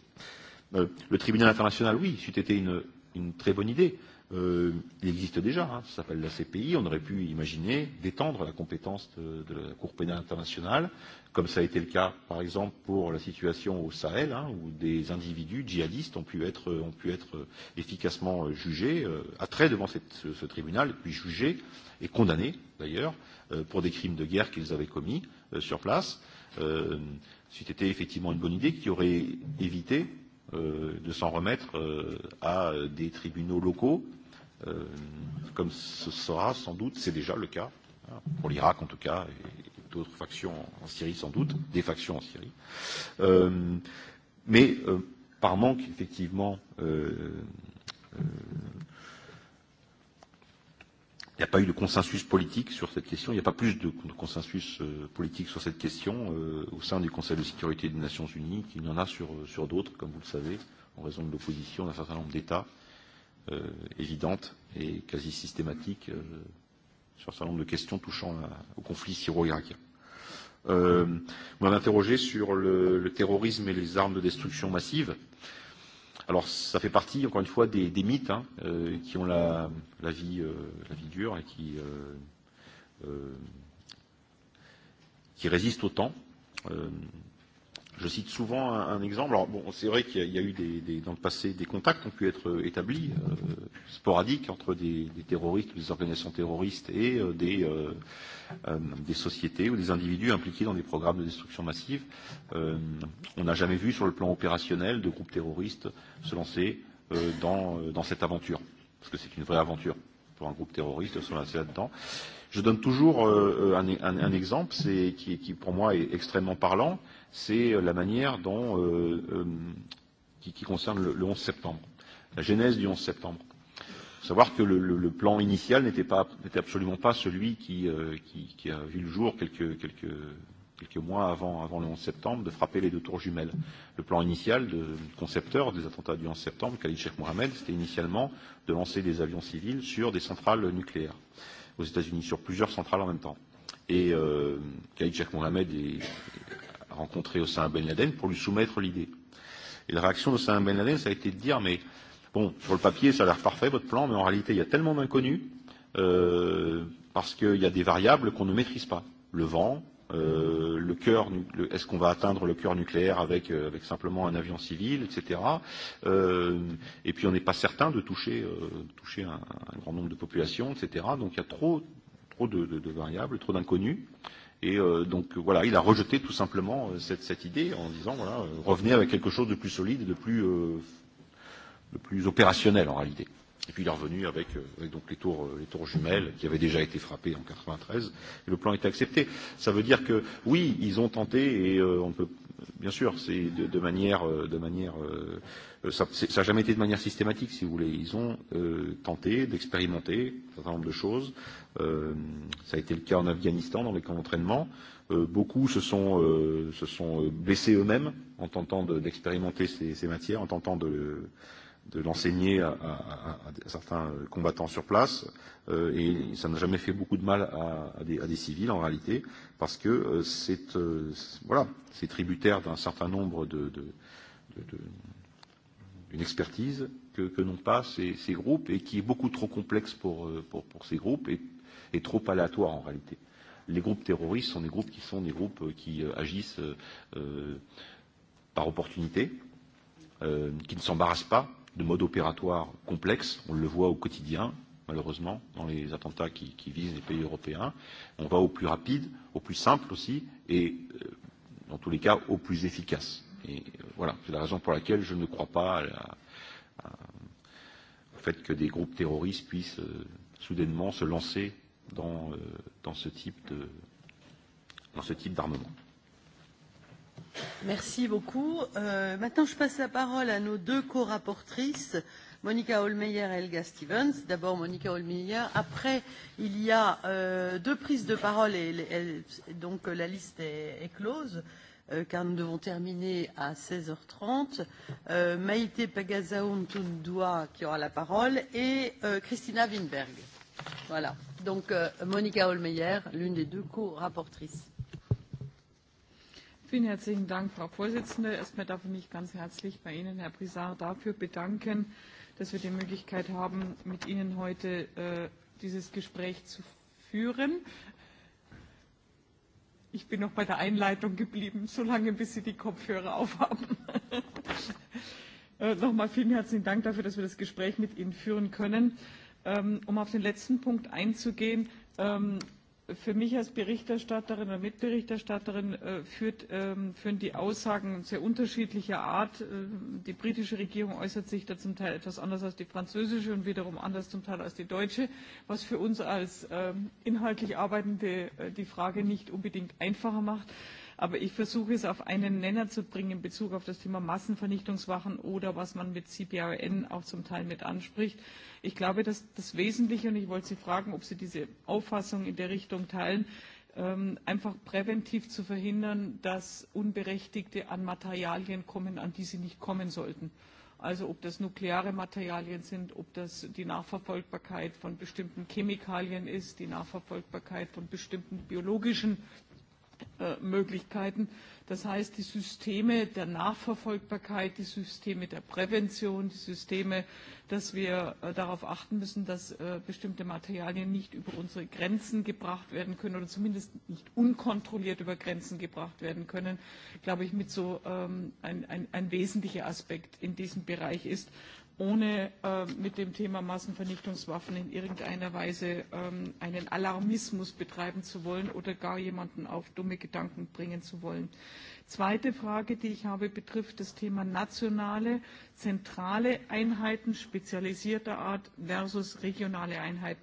Euh, le tribunal international, oui, c'eût été une, une très bonne idée. Euh, euh, il existe déjà, hein, ça s'appelle la CPI, on aurait pu imaginer d'étendre la compétence de, de la Cour pénale internationale, comme ça a été le cas par exemple pour la situation au Sahel, hein, où des individus djihadistes ont pu être, ont pu être euh, efficacement euh, jugés, euh, attraits devant cette, ce, ce tribunal, puis jugés et condamnés d'ailleurs euh, pour des crimes de guerre qu'ils avaient commis euh, sur place. Euh, C'eût été effectivement une bonne idée qui aurait évité euh, euh, de s'en remettre euh, à euh, des tribunaux locaux, euh, comme ce sera sans doute, c'est déjà le cas, hein, pour l'Irak en tout cas, et, et d'autres factions en Syrie sans doute, des factions en Syrie. Euh, mais euh, par manque effectivement euh, euh, Il n'y a pas eu de consensus politique sur cette question. Il n'y a pas plus de, de consensus euh, politique sur cette question euh, au sein du Conseil de sécurité des Nations Unies qu'il y en a sur, euh, sur d'autres, comme vous le savez, en raison de l'opposition d'un certain nombre d'États euh, évidente et quasi systématique euh, sur un certain nombre de questions touchant à, au conflit syro-irakien. Euh, vous m'avez interrogé sur le, le terrorisme et les armes de destruction massive. Euh, Alors ça fait partie, encore une fois, des, des mythes hein, euh, qui ont la, la, vie, euh, la vie dure et qui, euh, euh, qui résistent au temps. Euh, Je cite souvent un, un exemple. Alors bon, c'est vrai qu'il y, y a eu des, des, dans le passé des contacts qui ont pu être euh, établis, euh, sporadiques, entre des, des terroristes ou des organisations terroristes et euh, des, euh, euh, des sociétés ou des individus impliqués dans des programmes de destruction massive. Euh, on n'a jamais vu sur le plan opérationnel de groupes terroristes se lancer euh, dans, euh, dans cette aventure, parce que c'est une vraie aventure pour un groupe terroriste se lancer là-dedans. Je donne toujours euh, euh un, un, un exemple c'est, qui, qui pour moi est extrêmement parlant. Euh, c'est euh, la manière dont, euh, euh, qui, qui concerne le, le 11 septembre, la genèse du 11 septembre. Il faut savoir que le, le, le plan initial n'était pas, n'était absolument pas celui qui, euh, qui, qui a vu le jour quelques, quelques, quelques mois avant, avant le 11 septembre, de frapper les deux tours jumelles. Le plan initial de, du concepteur des attentats du 11 septembre, Khalid Sheikh Mohamed, c'était initialement de lancer des avions civils sur des centrales nucléaires aux États-Unis, sur plusieurs centrales en même temps. Et euh, Khalid Sheikh Mohamed est, rencontré Osama Ben Laden pour lui soumettre l'idée. Et la réaction d'Osama Ben Laden, ça a été de dire, mais bon, sur le papier, ça a l'air parfait, votre plan, mais en réalité, il y a tellement d'inconnus, euh, parce qu'il y a des variables qu'on ne maîtrise pas. Le vent, euh, le cœur, est-ce qu'on va atteindre le cœur nucléaire avec, euh, avec simplement un avion civil, etc. Euh, et puis on n'est pas certain de toucher, euh, toucher un, un grand nombre de populations, etc. Donc il y a trop, trop de, de, de variables, trop d'inconnus. Euh, Et euh, donc voilà, il a rejeté tout simplement euh, cette, cette idée en disant voilà, euh, revenez avec quelque chose de plus solide, de plus, euh, de plus opérationnel en réalité. Et puis il est revenu avec, euh, avec donc les tours, euh, les tours jumelles qui avaient déjà été frappées en 93 et le plan était accepté. Ça veut dire que oui, ils ont tenté et euh, on peut bien sûr, c'est de, de manière, euh, de manière, euh, ça n'a jamais été de manière systématique, si vous voulez. Ils ont euh, tenté d'expérimenter un certain nombre de choses. Euh, ça a été le cas en Afghanistan dans les camps d'entraînement. Euh, beaucoup se sont, euh, se sont euh, blessés eux-mêmes en tentant d'expérimenter de, ces, ces matières, en tentant de, de l'enseigner à, à, à, à certains combattants sur place, euh, et ça n'a jamais fait beaucoup de mal à, à, des, à des civils en réalité, parce que euh, c'est euh, voilà, c'est tributaire d'un certain nombre de, de, de, de une expertise que, que n'ont pas ces, ces groupes et qui est beaucoup trop complexe pour, euh, pour, pour ces groupes et, et trop aléatoire en réalité. Les groupes terroristes sont des groupes qui sont des groupes euh, qui euh, agissent euh, par opportunité, euh, qui ne s'embarrassent pas, euh, de mode opératoire complexe. On le voit au quotidien, malheureusement, dans les attentats qui, qui visent les pays européens. On va au plus rapide, au plus simple aussi, et euh, dans tous les cas, au plus efficace. Et euh, voilà, c'est la raison pour laquelle je ne crois pas à la, à, au fait que des groupes terroristes puissent euh, soudainement se lancer dans, euh, dans ce type de dans ce type d'armement. Merci beaucoup. Euh, maintenant, je passe la parole à nos deux co-rapportrices, Monica Holmeyer et Helga Stevens. D'abord Monica Holmeyer. Après, il y a euh, deux prises de parole et, et donc euh, la liste est, est close euh, car nous devons terminer à 16h30. Euh, Maïté Pagazaoun-Toundoua qui aura la parole et euh, Christina Winberg. Voilà. Donc euh, Monica Holmeyer, l'une des deux co-rapportrices. Vielen herzlichen Dank, Frau Vorsitzende. Erstmal darf ich mich ganz herzlich bei Ihnen, Herr Brisard, dafür bedanken, dass wir die Möglichkeit haben, mit Ihnen heute äh, dieses Gespräch zu führen. Ich bin noch bei der Einleitung geblieben, solange bis Sie die Kopfhörer aufhaben. [laughs] äh, Nochmal vielen herzlichen Dank dafür, dass wir das Gespräch mit Ihnen führen können. Ähm, um auf den letzten Punkt einzugehen, ähm, Für mich als Berichterstatterin und Mitberichterstatterin äh, führt, ähm, führen die Aussagen sehr unterschiedlicher Art. Äh, die britische Regierung äußert sich da zum Teil etwas anders als die französische und wiederum anders zum Teil als die deutsche, was für uns als äh, inhaltlich Arbeitende äh, die Frage nicht unbedingt einfacher macht. Äh, Aber ich versuche es auf einen Nenner zu bringen in Bezug auf das Thema Massenvernichtungswaffen oder was man mit CBRN auch zum Teil mit anspricht. Ich glaube, dass das Wesentliche, und ich wollte Sie fragen, ob Sie diese Auffassung in der Richtung teilen, ähm, einfach präventiv zu verhindern, dass Unberechtigte an Materialien kommen, an die sie nicht kommen sollten. Also ob das nukleare Materialien sind, ob das die Nachverfolgbarkeit von bestimmten Chemikalien ist, die Nachverfolgbarkeit von bestimmten biologischen Äh, Möglichkeiten. Das heißt, die Systeme der Nachverfolgbarkeit, die Systeme der Prävention, die Systeme, dass wir äh, darauf achten müssen, dass äh, bestimmte Materialien nicht über unsere Grenzen gebracht werden können oder zumindest nicht unkontrolliert über Grenzen gebracht werden können, glaube ich, mit so ähm, ein, ein, ein wesentlicher Aspekt in diesem Bereich ist ohne äh, mit dem Thema Massenvernichtungswaffen in irgendeiner Weise ähm, einen Alarmismus betreiben zu wollen oder gar jemanden auf dumme Gedanken bringen zu wollen. Zweite Frage, die ich habe, betrifft das Thema nationale, zentrale Einheiten spezialisierter Art versus regionale Einheiten.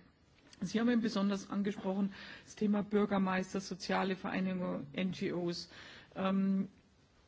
Sie haben besonders angesprochen das Thema Bürgermeister, soziale Vereinigungen, NGOs. Ähm,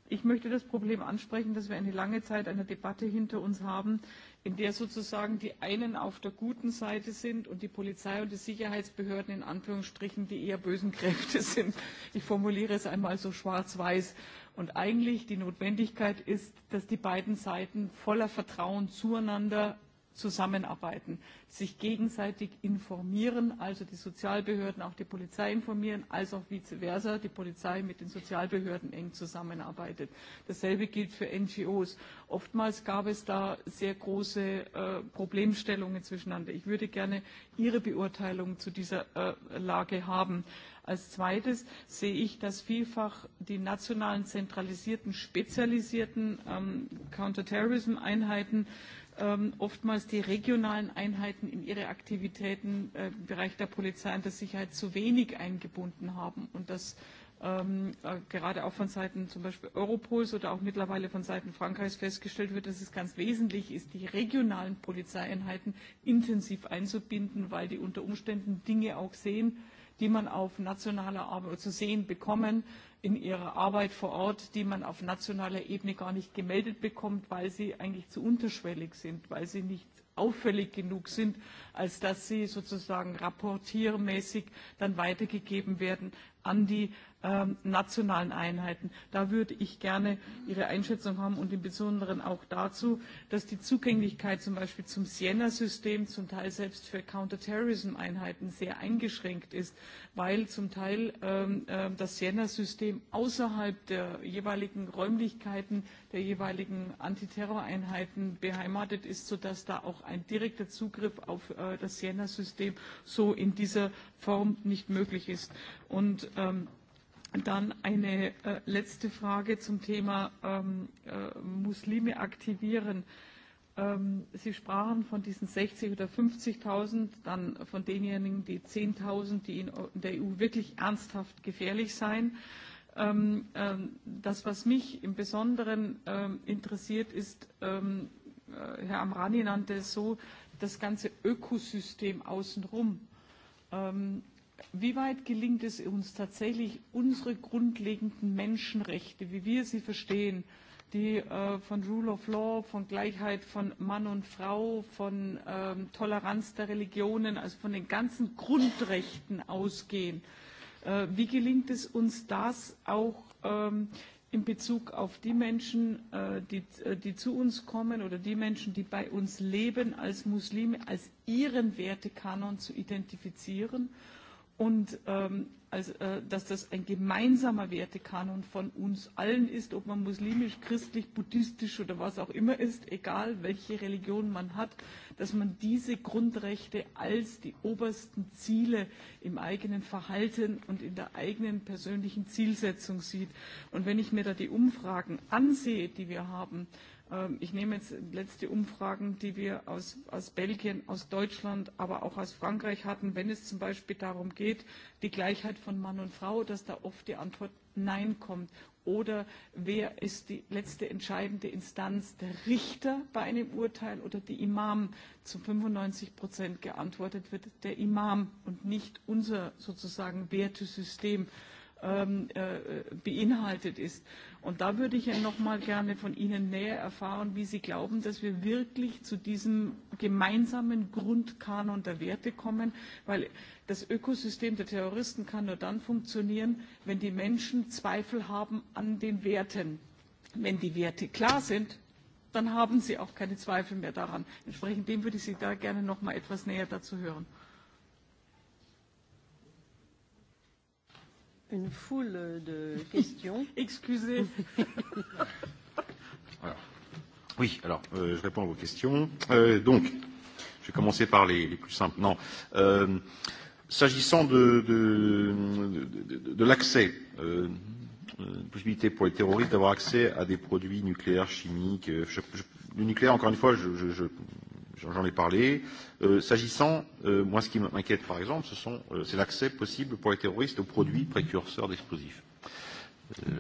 Ich möchte das Problem ansprechen, dass wir eine lange Zeit eine Debatte hinter uns haben, in der sozusagen die einen auf der guten Seite sind und die Polizei und die Sicherheitsbehörden in Anführungsstrichen die eher bösen Kräfte sind. Ich formuliere es einmal so schwarz-weiß. Und eigentlich die Notwendigkeit ist, dass die beiden Seiten voller Vertrauen zueinander zusammenarbeiten, sich gegenseitig informieren, also die Sozialbehörden auch die Polizei informieren, als auch vice versa, die Polizei mit den Sozialbehörden eng zusammenarbeitet. Dasselbe gilt für NGOs. Oftmals gab es da sehr große äh, Problemstellungen zwischeneinander. Ich würde gerne Ihre Beurteilung zu dieser äh, Lage haben. Als zweites sehe ich, dass vielfach die nationalen zentralisierten, spezialisierten ähm, Counterterrorism-Einheiten äh, ähm, oftmals die regionalen Einheiten in ihre Aktivitäten äh, im Bereich der Polizei und der Sicherheit zu wenig eingebunden haben und dass ähm, äh, gerade auch von Seiten zum Beispiel Europols oder auch mittlerweile von Seiten Frankreichs festgestellt wird, dass es ganz wesentlich ist, die regionalen Polizeieinheiten intensiv einzubinden, weil die unter Umständen Dinge auch sehen, äh, die man auf nationaler Arbeit zu sehen bekommen in ihrer Arbeit vor Ort, die man auf nationaler Ebene gar nicht gemeldet bekommt, weil sie eigentlich zu unterschwellig sind, weil sie nicht auffällig genug sind, als dass sie sozusagen rapportiermäßig dann weitergegeben werden an die ähm, nationalen Einheiten. Da würde ich gerne Ihre Einschätzung haben und im Besonderen auch dazu, dass die Zugänglichkeit zum Beispiel zum Siena-System zum Teil selbst für Counterterrorism-Einheiten sehr eingeschränkt ist, weil zum Teil ähm, äh, das Siena-System außerhalb der jeweiligen Räumlichkeiten der jeweiligen Antiterroreinheiten beheimatet ist, sodass da auch ein direkter Zugriff auf äh, das Siena-System so in dieser Form nicht möglich ist. Und ähm, dann eine äh, letzte Frage zum Thema ähm, äh, Muslime aktivieren. Ähm, Sie sprachen von diesen 60 oder 50.000, dann von denjenigen, die 10.000, die in, in der EU wirklich ernsthaft gefährlich seien. Ähm, ähm, das, was mich im Besonderen ähm, interessiert, ist, ähm, äh, Herr Amrani nannte es so, das ganze Ökosystem außenrum. Ähm, Wie weit gelingt es uns tatsächlich, unsere grundlegenden Menschenrechte, wie wir sie verstehen, die äh, von Rule of Law, von Gleichheit von Mann und Frau, von ähm, Toleranz der Religionen, also von den ganzen Grundrechten ausgehen, äh, wie gelingt es uns das auch ähm, in Bezug auf die Menschen, äh, die, äh, die zu uns kommen oder die Menschen, die bei uns leben, als Muslime, als ihren Wertekanon zu identifizieren? Äh, und ähm, also, äh, dass das ein gemeinsamer Wertekanon von uns allen ist, ob man muslimisch, christlich, buddhistisch oder was auch immer ist, egal welche Religion man hat, dass man diese Grundrechte als die obersten Ziele im eigenen Verhalten und in der eigenen persönlichen Zielsetzung sieht. Und wenn ich mir da die Umfragen ansehe, die wir haben, äh, Ähm, ich nehme jetzt letzte Umfragen, die wir aus, aus Belgien, aus Deutschland, aber auch aus Frankreich hatten, wenn es zum Beispiel darum geht, die Gleichheit von Mann und Frau, dass da oft die Antwort Nein kommt. Oder wer ist die letzte entscheidende Instanz, der Richter bei einem Urteil oder die Imam? Zu 95 Prozent geantwortet wird der Imam und nicht unser sozusagen Wertesystem. Äh, ähm, äh, beinhaltet ist. Und da würde ich ja noch mal gerne von Ihnen näher erfahren, wie Sie glauben, dass wir wirklich zu diesem gemeinsamen Grundkanon der Werte kommen, weil das Ökosystem der Terroristen kann nur dann funktionieren, wenn die Menschen Zweifel haben an den Werten. Wenn die Werte klar sind, dann haben sie auch keine Zweifel mehr daran. Entsprechend dem würde ich Sie da gerne noch mal etwas näher dazu hören. une foule de questions. [laughs] Excusez. [laughs] alors, oui, alors, euh, je réponds à vos questions. Euh, donc, je vais commencer par les, les plus simples. Non. Euh, S'agissant de, de, de, de, de l'accès, euh, euh possibilité pour les terroristes d'avoir accès à des produits nucléaires, chimiques, euh, je, je, le nucléaire, encore une fois, je, je, je j'en ai parlé. Euh, S'agissant, euh, moi ce qui m'inquiète par exemple, euh, c'est ce euh, l'accès possible pour les terroristes aux produits précurseurs d'explosifs. Euh,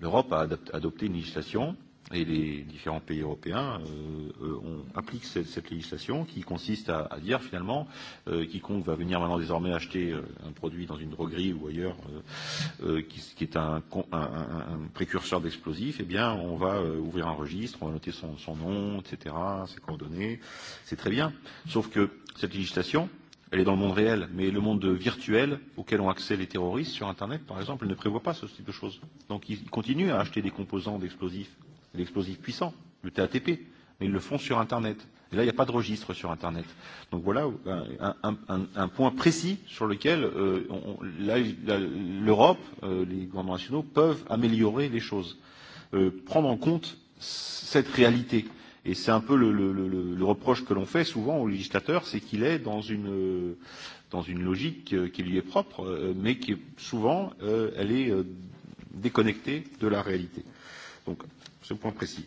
L'Europe a adopté une législation et les différents pays européens euh, euh, on applique cette, cette législation qui consiste à, à dire finalement euh, quiconque va venir maintenant désormais acheter euh, un produit dans une droguerie ou ailleurs euh, euh, qui, qui est un, un, un précurseur d'explosifs, eh bien on va euh, ouvrir un registre, on va noter son, son nom, etc., ses coordonnées, c'est très bien. Sauf que cette législation, elle est dans le monde réel, mais le monde virtuel auquel ont accès les terroristes sur Internet, par exemple, elle ne prévoit pas ce type de choses. Donc ils continuent à acheter des composants d'explosifs l'explosif puissant, le TATP, mais ils le font sur Internet. Et là, il n'y a pas de registre sur Internet. Donc voilà un, un, un, un point précis sur lequel euh, on, là, l'Europe, euh, les gouvernements nationaux peuvent améliorer les choses, euh, prendre en compte cette réalité. Et c'est un peu le, le, le, le reproche que l'on fait souvent au législateur, c'est qu'il est dans une, dans une logique euh, qui lui est propre, euh, mais qui souvent euh, elle est euh, déconnectée de la réalité. Donc ce point précis.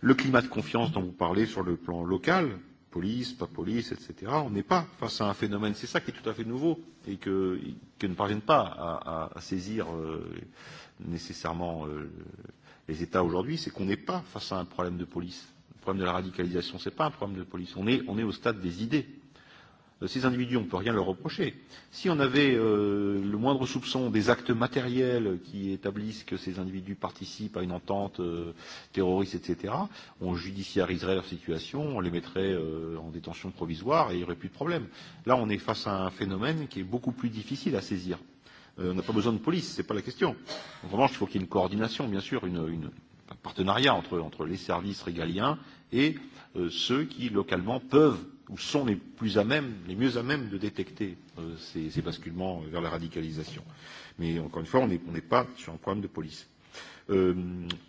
Le climat de confiance dont vous parlez sur le plan local, police, pas police, etc., on n'est pas face à un phénomène, c'est ça qui est tout à fait nouveau et que, que ne parviennent pas à, à, à saisir euh, nécessairement euh, les États aujourd'hui, c'est qu'on n'est pas face à un problème de police. Le problème de la radicalisation, ce n'est pas un problème de police. On est, on est au stade des idées Euh, ces individus, on ne peut rien leur reprocher. Si on avait euh, le moindre soupçon des actes matériels qui établissent que ces individus participent à une entente euh, terroriste, etc., on judiciariserait leur situation, on les mettrait euh, en détention provisoire et il n'y aurait plus de problème. Là, on est face à un phénomène qui est beaucoup plus difficile à saisir. Euh, on n'a pas besoin de police, ce n'est pas la question. En revanche, il faut qu'il y ait une coordination, bien sûr, une, une, un partenariat entre, entre les services régaliens et euh, ceux qui, localement, peuvent ou sont les plus à même, les mieux à même de détecter euh, ces, ces basculements vers la radicalisation. Mais encore une fois, on n'est on pas sur un problème de police. Euh,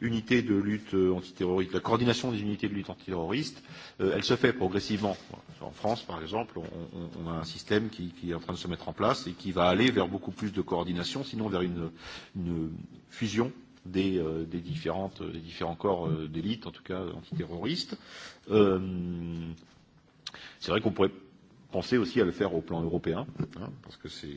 unité de lutte euh, antiterroriste, la coordination des unités de lutte antiterroriste, euh, elle se fait progressivement. En France, par exemple, on, on, on a un système qui, qui est en train de se mettre en place et qui va aller vers beaucoup plus de coordination, sinon vers une, une fusion des, euh, des, différentes, des différents corps euh, d'élite, en tout cas antiterroristes. Euh, C'est vrai qu'on pourrait penser aussi à le faire au plan européen, hein, mm. parce que c'est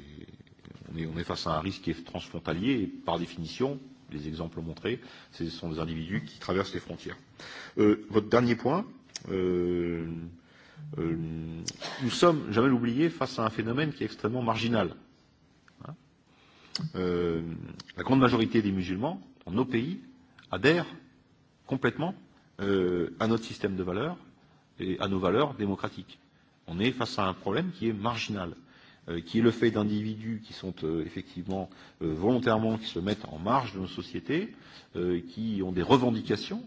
on est, on est face à un risque qui est transfrontalier et par définition, les exemples l'ont montré, ce sont des individus qui traversent les frontières. Euh, votre dernier point, euh, euh, nous sommes, jamais l'oublier, face à un phénomène qui est extrêmement marginal. Hein euh, la grande majorité des musulmans, dans nos pays, adhèrent complètement euh, à notre système de valeurs et à nos valeurs démocratiques. On est face à un problème qui est marginal, euh, qui est le fait d'individus qui sont euh, effectivement euh, volontairement, qui se mettent en marge de nos sociétés, euh, qui ont des revendications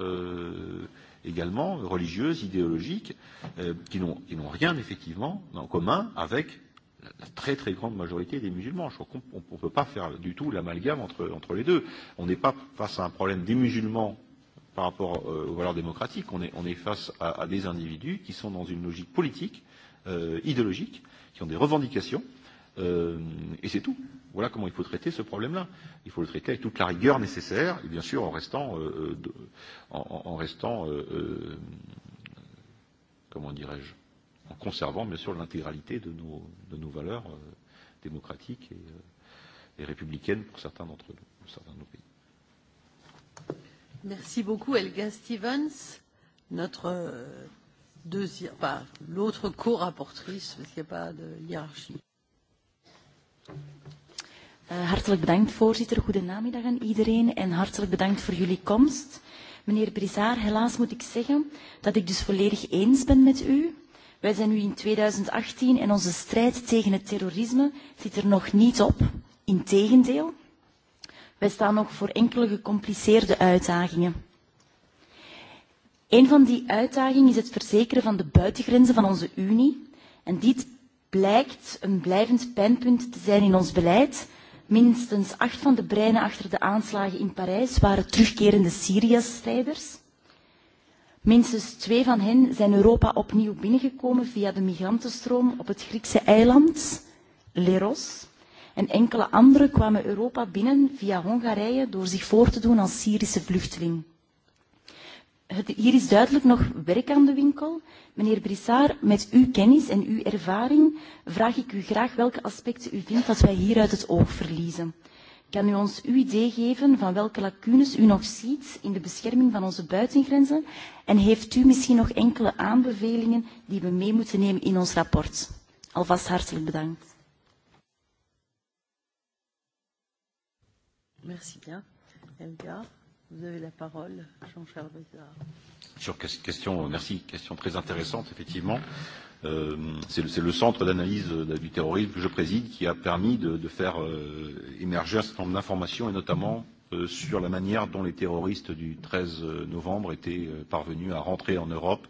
euh, également religieuses, idéologiques, euh, qui n'ont rien effectivement en commun avec la très très grande majorité des musulmans. Je crois qu'on ne peut pas faire du tout l'amalgame entre, entre les deux. On n'est pas face à un problème des musulmans par rapport euh, aux valeurs démocratiques. On est, on est face à, à des individus qui sont dans une logique politique, euh, idéologique, qui ont des revendications, euh, et c'est tout. Voilà comment il faut traiter ce problème-là. Il faut le traiter avec toute la rigueur nécessaire, et bien sûr en restant, euh, euh de, en, en restant, euh, euh, comment dirais-je, en conservant bien sûr l'intégralité de nos, de nos valeurs euh, démocratiques et, euh, et républicaines pour certains d'entre nous, pour certains de nos pays. Merci beaucoup, Helga Stevens, notre euh, deuxième, enfin, l'autre co-rapportrice, parce qu'il n'y a pas de hiérarchie. Uh, hartelijk bedankt, voorzitter. Goedenamiddag aan iedereen en hartelijk bedankt voor jullie komst. Meneer Brizaar, helaas moet ik zeggen dat ik dus volledig eens ben met u. Wij zijn nu in 2018 en onze strijd tegen het terrorisme zit er nog niet op. Integendeel. Wij staan nog voor enkele gecompliceerde uitdagingen. Een van die uitdagingen is het verzekeren van de buitengrenzen van onze Unie. En dit blijkt een blijvend pijnpunt te zijn in ons beleid. Minstens acht van de breinen achter de aanslagen in Parijs waren terugkerende Syrië-strijders. Minstens twee van hen zijn Europa opnieuw binnengekomen via de migrantenstroom op het Griekse eiland Leros. En enkele anderen kwamen Europa binnen via Hongarije door zich voor te doen als Syrische vluchteling. Het, hier is duidelijk nog werk aan de winkel. Meneer Brissaar, met uw kennis en uw ervaring vraag ik u graag welke aspecten u vindt dat wij hier uit het oog verliezen. Kan u ons uw idee geven van welke lacunes u nog ziet in de bescherming van onze buitengrenzen? En heeft u misschien nog enkele aanbevelingen die we mee moeten nemen in ons rapport? Alvast hartelijk bedankt. Merci bien. Elga, vous avez la parole, Jean-Charles Bézard. Sur question, merci, question très intéressante, effectivement. Euh, C'est le, le centre d'analyse euh, du terrorisme que je préside qui a permis de, de faire euh, émerger un certain nombre d'informations et notamment euh, sur la manière dont les terroristes du 13 euh, novembre étaient euh, parvenus à rentrer en Europe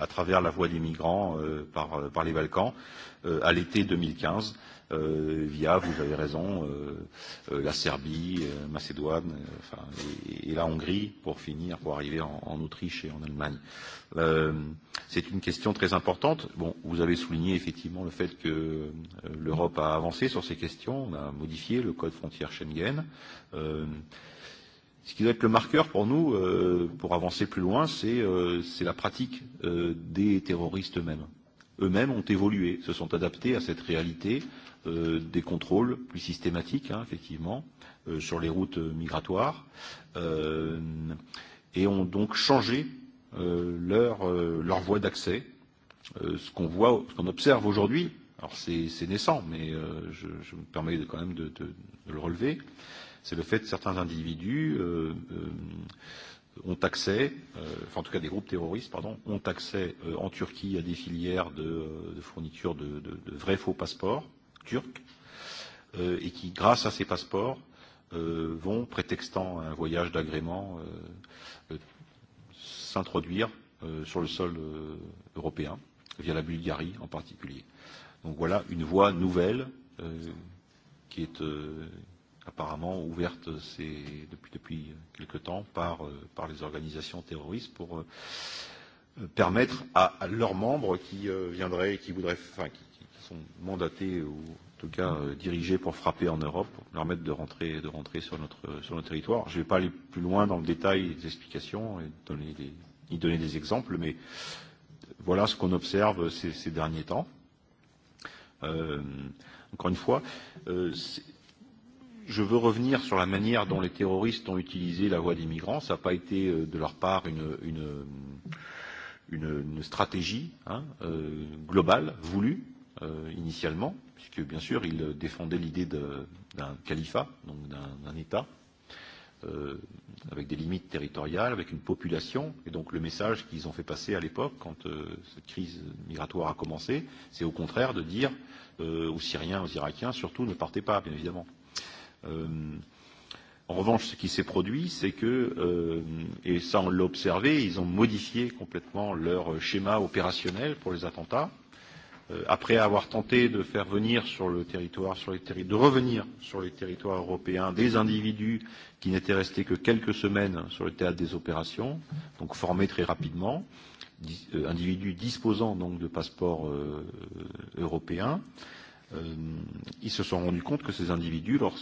à travers la voie des migrants euh, par, euh, par les Balkans euh, à l'été 2015. Euh, euh, via, vous avez raison, euh, euh, la Serbie, euh, Macédoine, euh, enfin, et, et la Hongrie, pour finir, pour arriver en, en Autriche et en Allemagne. Euh, c'est une question très importante. Bon, vous avez souligné effectivement le fait que euh, l'Europe a avancé sur ces questions, on a modifié le code frontière Schengen. Euh, ce qui doit être le marqueur pour nous, euh, pour avancer plus loin, c'est euh, la pratique euh, des terroristes eux-mêmes. Eux-mêmes ont évolué, se sont adaptés à cette réalité, euh, euh, des contrôles plus systématiques, hein, effectivement, euh, sur les routes euh, migratoires, euh, et ont donc changé euh, leur, euh, leur voie d'accès. Euh, ce qu'on voit, ce qu'on observe aujourd'hui, alors c'est naissant, mais euh, je, je me permets de, quand même de, de, de le relever, c'est le fait que certains individus euh, euh, ont accès, euh, enfin en tout cas des groupes terroristes, pardon, ont accès euh, en Turquie à des filières de, euh, de fourniture de, de, de vrais faux passeports turcs euh, et qui, grâce à ces passeports, euh, vont, prétextant un voyage d'agrément, euh, euh, s'introduire euh, sur le sol euh, européen, via la Bulgarie en particulier. Donc voilà une voie nouvelle euh, qui est euh, apparemment ouverte ces, depuis, depuis quelque temps par, euh, par les organisations terroristes pour euh, permettre à, à leurs membres qui euh, viendraient, qui voudraient, enfin, qui sont mandatés ou en tout cas euh, dirigés pour frapper en Europe, pour permettre de rentrer, de rentrer sur, notre, sur notre territoire. Je ne vais pas aller plus loin dans le détail des explications et donner des, y donner des exemples, mais voilà ce qu'on observe ces, ces derniers temps. Euh, encore une fois, euh, je veux revenir sur la manière dont les terroristes ont utilisé la voie des migrants. Ça n'a pas été euh, de leur part une, une, une, une stratégie hein, euh, globale, voulue euh, initialement, puisque bien sûr il défendait l'idée d'un califat, donc d'un État, euh, avec des limites territoriales, avec une population, et donc le message qu'ils ont fait passer à l'époque, quand euh, cette crise migratoire a commencé, c'est au contraire de dire euh, aux Syriens, aux Irakiens, surtout ne partez pas, bien évidemment. Euh, en revanche, ce qui s'est produit, c'est que, euh, et ça on l'a observé, ils ont modifié complètement leur schéma opérationnel pour les attentats, euh, euh, après avoir tenté de faire venir sur le territoire, sur les terri de revenir sur le territoire européen des individus qui n'étaient restés que quelques semaines sur le théâtre des opérations, donc formés très rapidement, di euh, individus disposant donc de passeports euh, européens. Euh, ils se sont rendus compte que ces individus, lors,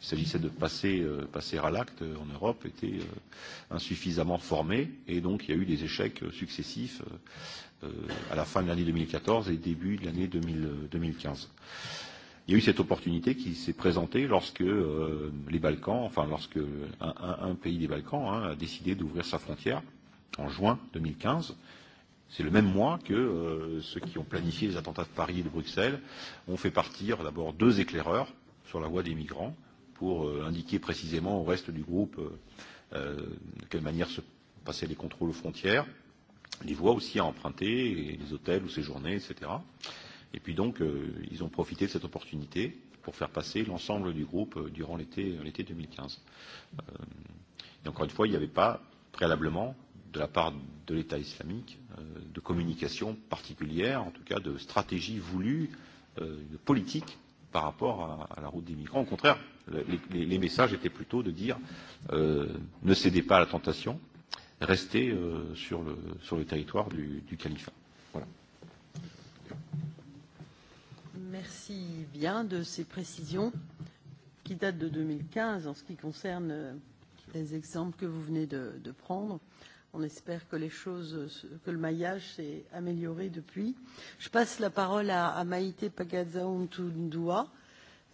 il s'agissait de passer, euh, passer à l'acte en Europe, était euh, insuffisamment formé et donc il y a eu des échecs euh, successifs euh, euh, à la fin de l'année 2014 et début de l'année 2015. Il y a eu cette opportunité qui s'est présentée lorsque euh, les Balkans, enfin lorsque un, un, un pays des Balkans hein, a décidé d'ouvrir sa frontière en juin 2015. C'est le même mois que euh, ceux qui ont planifié les attentats de Paris et de Bruxelles ont fait partir d'abord deux éclaireurs sur la voie des migrants pour euh, indiquer précisément au reste du groupe euh, euh de quelle manière se passaient les contrôles aux frontières, les voies aussi à emprunter, les hôtels où séjourner, etc. Et puis donc, euh, ils ont profité de cette opportunité pour faire passer l'ensemble du groupe euh, durant l'été, euh, l'été 2015. Euh, et encore une fois, il n'y avait pas préalablement de la part de l'État islamique euh, de communication particulière, en tout cas de stratégie voulue, euh, de politique par rapport à, à la route des migrants. Au contraire, les, les, les messages étaient plutôt de dire euh, ne cédez pas à la tentation, rester euh, sur, le, sur le territoire du, du califat. Voilà. Merci bien de ces précisions qui datent de 2015 en ce qui concerne euh, les exemples que vous venez de, de prendre. On espère que les choses, que le maillage s'est amélioré depuis. Je passe la parole à, à Maïté Pagazaountundoua,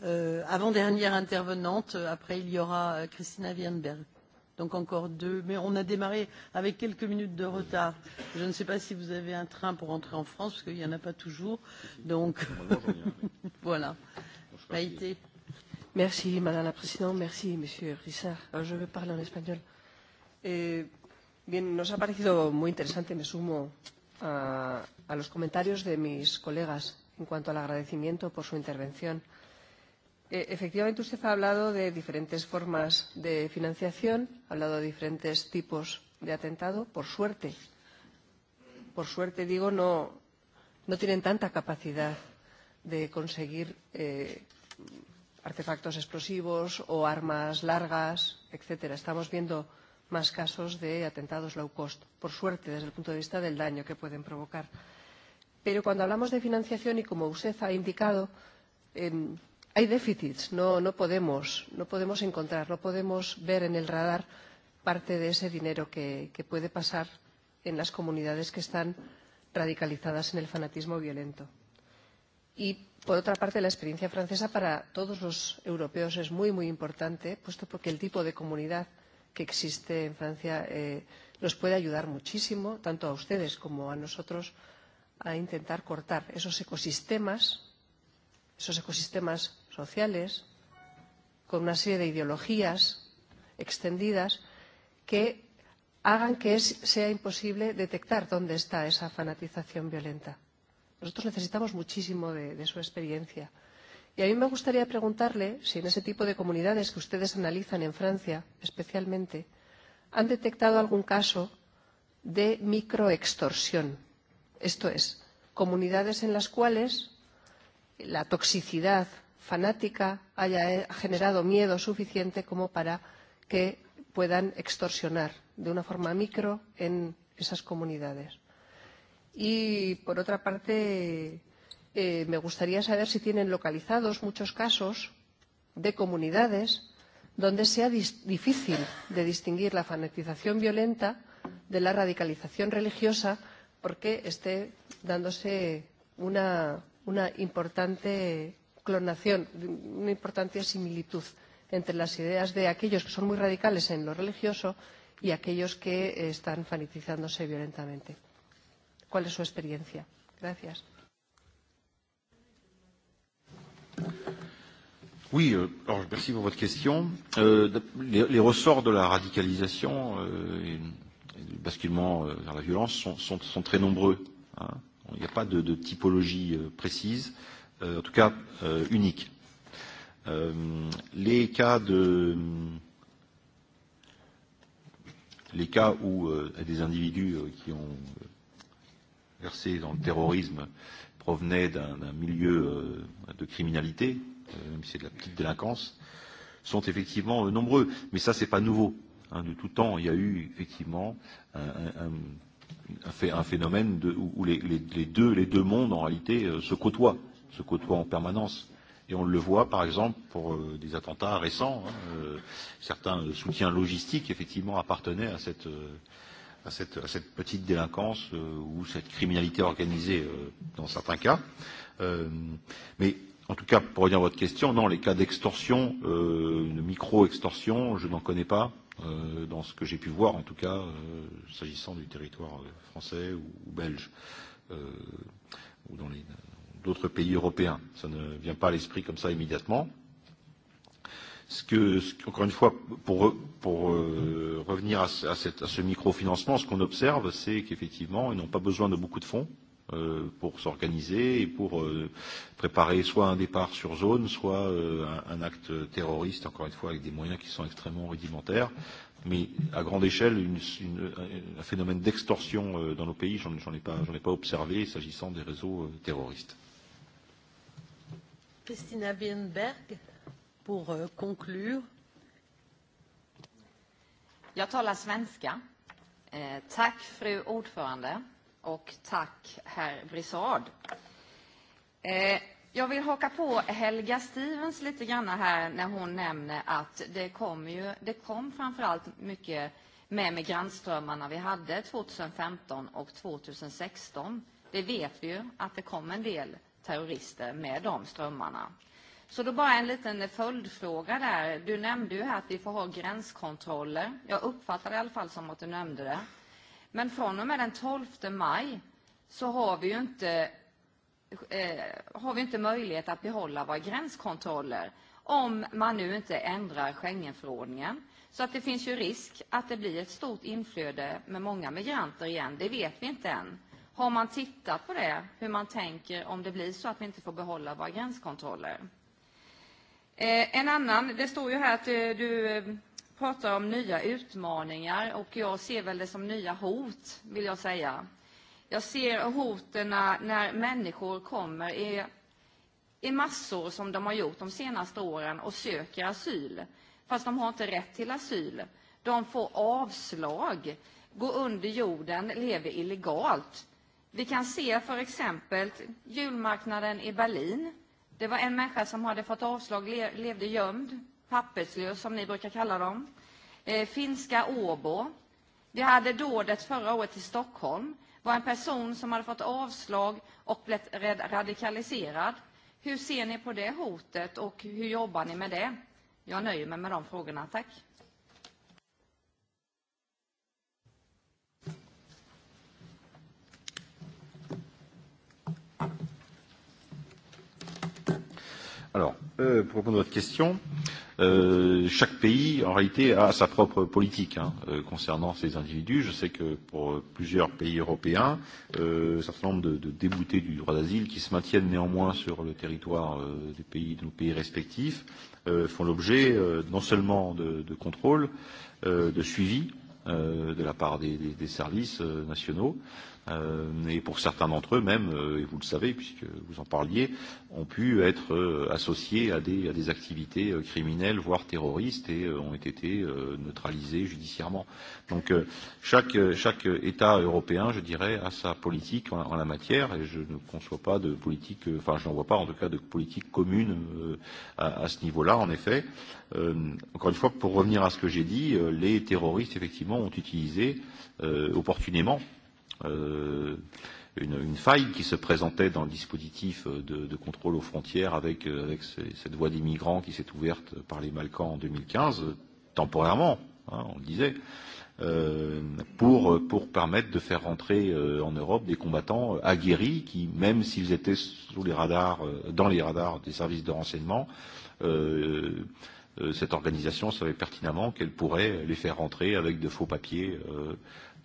euh, avant-dernière intervenante. Après, il y aura euh, Christina Wienberg donc encore deux. Mais on a démarré avec quelques minutes de retard. Je ne sais pas si vous avez un train pour rentrer en France, parce qu'il n'y en a pas toujours. Donc [laughs] voilà. Maïté. Merci Madame la Présidente, merci Monsieur Rissard. Alors, ah, je vais parler en espagnol. Eh, bien, nos ha parecido muy interesante, me sumo a, a los comentarios de mis colegas en cuanto al agradecimiento por su intervención. Eh, Eh, efectivamente, usted ha hablado de diferentes formas de financiación, ha hablado de diferentes tipos de atentado. Por suerte, por suerte digo, no, no tienen tanta capacidad de conseguir eh, artefactos explosivos o armas largas, etcétera. Estamos viendo más casos de atentados low cost, por suerte, desde el punto de vista del daño que pueden provocar. Pero cuando hablamos de financiación, y como usted ha indicado, eh, hay déficits, no, no, podemos, no podemos encontrar, no podemos ver en el radar parte de ese dinero que, que puede pasar en las comunidades que están radicalizadas en el fanatismo violento. Y, por otra parte, la experiencia francesa para todos los europeos es muy, muy importante, puesto porque el tipo de comunidad que existe en Francia eh, nos puede ayudar muchísimo, tanto a ustedes como a nosotros, a intentar cortar esos ecosistemas, esos ecosistemas sociales, con una serie de ideologías extendidas que hagan que es, sea imposible detectar dónde está esa fanatización violenta. Nosotros necesitamos muchísimo de, de su experiencia. Y a mí me gustaría preguntarle si en ese tipo de comunidades que ustedes analizan en Francia, especialmente, han detectado algún caso de microextorsión. Esto es, comunidades en las cuales la toxicidad fanática haya eh, generado miedo suficiente como para que puedan extorsionar de una forma micro en esas comunidades. Y, por otra parte, eh, me gustaría saber si tienen localizados muchos casos de comunidades donde sea difícil de distinguir la fanatización violenta de la radicalización religiosa porque esté dándose una, una importante clonación, una importante similitud entre las ideas de aquellos que son muy radicales en lo religioso y aquellos que eh, están fanatizándose violentamente. ¿Cuál es su experiencia? Gracias. Oui, euh, alors merci pour votre question. Euh, les, les ressorts de la radicalisation euh, et, et du basculement euh, vers la violence sont, sont, sont très nombreux. Hein. Il n'y a pas de, de typologie euh, précise. Euh, euh, en tout cas euh, unique. Euh, les cas de les cas où euh, des individus euh, qui ont euh, versé dans le terrorisme provenaient d'un milieu euh, de criminalité, euh, même si c'est de la petite délinquance, sont effectivement euh, nombreux. Mais ça, c'est pas nouveau. Hein, de tout temps, il y a eu effectivement un, un, un, un phénomène de, où, où les, les, les, deux, les deux mondes, en réalité, euh, se côtoient. Euh, se côtoient en permanence. Et on le voit, par exemple, pour euh, des attentats récents. Hein, euh, certains soutiens logistiques, effectivement, appartenaient à cette, euh, à cette, à cette petite délinquance euh, ou cette criminalité organisée euh, dans certains cas. Euh, mais en tout cas, pour revenir à votre question, non, les cas d'extorsion, euh, de micro-extorsion, je n'en connais pas, euh, dans ce que j'ai pu voir, en tout cas, euh, s'agissant du territoire euh, français ou, ou belge, euh, ou dans les d'autres pays européens. Ça ne vient pas à l'esprit comme ça immédiatement. Ce que, ce, encore une fois, pour, pour euh, revenir à, à, cette, à ce microfinancement, ce qu'on observe, c'est qu'effectivement, ils n'ont pas besoin de beaucoup de fonds euh, pour s'organiser et pour euh, préparer soit un départ sur zone, soit euh, un, un acte terroriste, encore une fois, avec des moyens qui sont extrêmement rudimentaires mais à grande échelle, une, une, un phénomène d'extorsion euh, dans nos pays, j'en ai pas, j'en ai pas observé s'agissant des réseaux euh, terroristes. Christina Wienberg pour euh, conclure. Jag talar svenska. Eh, tack fru ordförande och tack herr Brissard. Eh, jag vill haka på Helga Stevens lite grann här när hon nämner att det kom, ju, det kom framförallt mycket med migrantströmmarna vi hade 2015 och 2016. Det vet vi ju att det kom en del terrorister med de strömmarna. Så då bara en liten följdfråga där. Du nämnde ju här att vi får ha gränskontroller. Jag uppfattade i alla fall som att du nämnde det. Men från och med den 12 maj så har vi ju inte, eh, har vi inte möjlighet att behålla våra gränskontroller om man nu inte ändrar Schengenförordningen. Så att det finns ju risk att det blir ett stort inflöde med många migranter igen. Det vet vi inte än. Har man tittat på det, hur man tänker om det blir så att vi inte får behålla våra gränskontroller? Eh, en annan, det står ju här att eh, du, du eh, pratar om nya utmaningar och jag ser väl det som nya hot, vill jag säga. Jag ser hoten när människor kommer i, i massor som de har gjort de senaste åren och söker asyl. Fast de har inte rätt till asyl. De får avslag, går under jorden, lever illegalt. Vi kan se för exempel julmarknaden i Berlin. Det var en människa som hade fått avslag, le levde gömd, papperslös som ni brukar kalla dem. Eh, finska Åbo. Vi hade dådet förra året i Stockholm. var en person som hade fått avslag och blivit radikaliserad. Hur ser ni på det hotet och hur jobbar ni med det? Jag nöjer mig med de frågorna. Tack. Alors, euh, pour répondre à votre question, euh, chaque pays, en réalité, a sa propre politique hein, euh, concernant ces individus. Je sais que pour euh, plusieurs pays européens, euh, un certain nombre de, de déboutés du droit d'asile qui se maintiennent néanmoins sur le territoire euh, des pays, de nos pays respectifs euh, font l'objet euh, non seulement de, de contrôles, euh, de suivi euh, de la part des, des, des services euh, nationaux, euh, et pour certains d'entre eux même, euh, et vous le savez puisque vous en parliez, ont pu être euh, associés à des, à des activités euh, criminelles, voire terroristes, et euh, ont été euh, neutralisés judiciairement. Donc euh, chaque, chaque État européen, je dirais, a sa politique en, en la matière, et je ne conçois pas de politique, euh, enfin euh, je n'en vois pas en tout cas de politique commune euh, à, à ce niveau-là, en effet. Euh, encore une fois, pour revenir à ce que j'ai dit, euh, les terroristes, effectivement, ont utilisé euh, opportunément euh, euh, une, une faille qui se présentait dans le dispositif euh, de, de contrôle aux frontières avec, euh, avec ces, cette voie des migrants qui s'est ouverte par les Balkans en 2015, temporairement, hein, on le disait, euh, pour, pour permettre de faire rentrer euh, en Europe des combattants euh, aguerris qui, même s'ils étaient sous les radars, dans les radars des services de renseignement, euh, cette organisation savait pertinemment qu'elle pourrait les faire rentrer avec de faux papiers euh,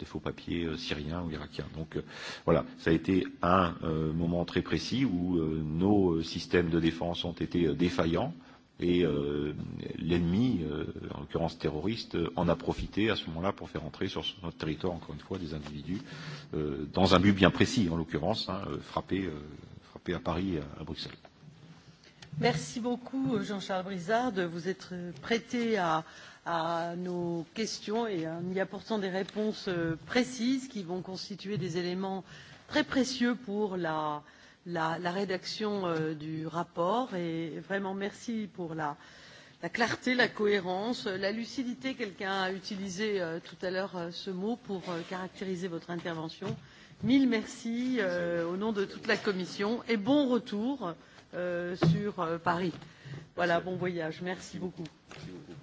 des faux papiers euh, syriens ou irakiens. Donc euh, voilà, ça a été un euh, moment très précis où euh, nos euh, systèmes de défense ont été euh, défaillants et euh, l'ennemi, euh, en l'occurrence terroriste, euh, en a profité à ce moment-là pour faire entrer sur notre territoire, encore une fois, des individus euh, dans un but bien précis, en l'occurrence, hein, euh, frapper, euh, frapper à Paris et euh, à, à Bruxelles. Merci beaucoup, Jean-Charles Brizard, de vous être prêté à, à nos questions et en y apportant des réponses euh, précises qui vont constituer des éléments très précieux pour la, la, la rédaction euh, du rapport. Et vraiment, merci pour la, la clarté, la cohérence, la lucidité. Quelqu'un a utilisé euh, tout à l'heure euh, ce mot pour euh, caractériser votre intervention. Mille merci euh, au nom de toute la Commission et bon retour euh, sur euh, Paris. Voilà, bon voyage. Merci beaucoup. Merci beaucoup.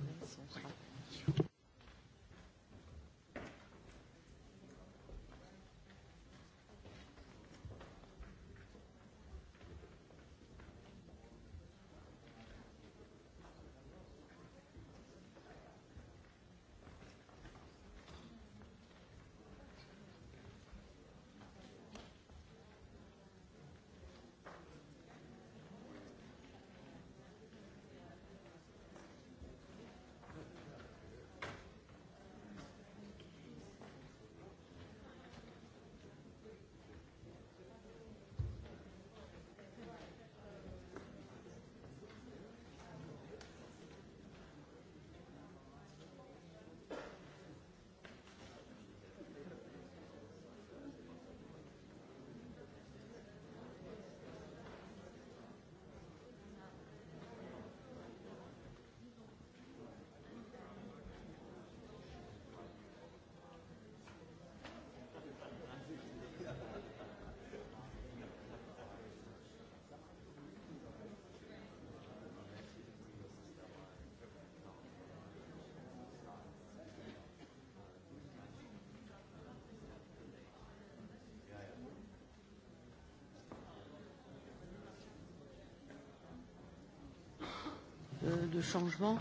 de changement.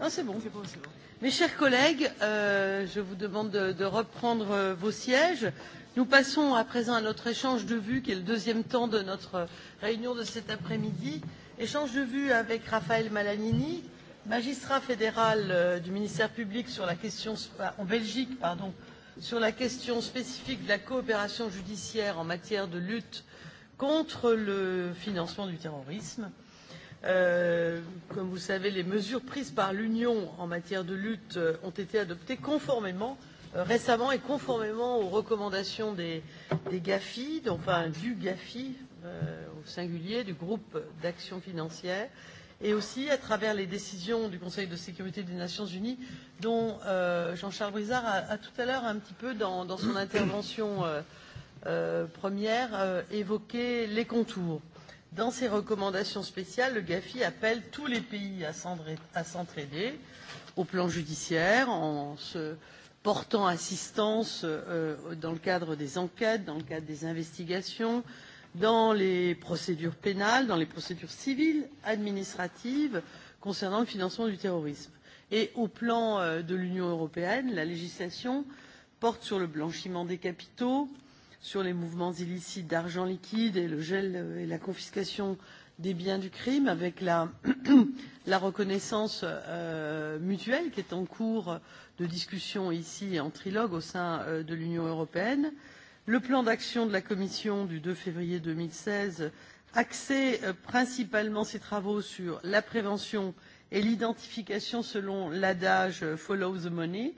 Ah, c'est bon. bon, bon. Mes chers collègues, euh, je vous demande de, de reprendre euh, vos sièges. Nous passons à présent à notre échange de vues, qui est le deuxième temps de notre réunion de cet après-midi. Échange de vues avec Raphaël Malanini, magistrat fédéral euh, du ministère public sur la question, ah, en Belgique, pardon, sur la question spécifique de la coopération judiciaire en matière de lutte contre le financement du terrorisme. Euh, Euh, comme vous le savez, les mesures prises par l'Union en matière de lutte euh, ont été adoptées conformément euh, récemment et conformément aux recommandations des, des GAFI, donc, enfin du GAFI euh, au singulier, du groupe d'action financière, et aussi à travers les décisions du Conseil de sécurité des Nations Unies, dont euh, Jean-Charles Brizard a, a tout à l'heure un petit peu dans, dans son intervention euh, euh, première euh, évoqué les contours. Euh, Dans ses recommandations spéciales, le GAFI appelle tous les pays à s'entraider au plan judiciaire en se portant assistance euh, dans le cadre des enquêtes, dans le cadre des investigations, dans les procédures pénales, dans les procédures civiles, administratives concernant le financement du terrorisme. Et au plan euh, de l'Union européenne, la législation porte sur le blanchiment des capitaux, sur les mouvements illicites d'argent liquide et le gel euh, et la confiscation des biens du crime avec la, [coughs] la reconnaissance euh, mutuelle qui est en cours de discussion ici en trilogue au sein euh, de l'Union européenne, le plan d'action de la Commission du 2 février 2016 axé euh, principalement ses travaux sur la prévention et l'identification selon l'adage euh, Follow the money,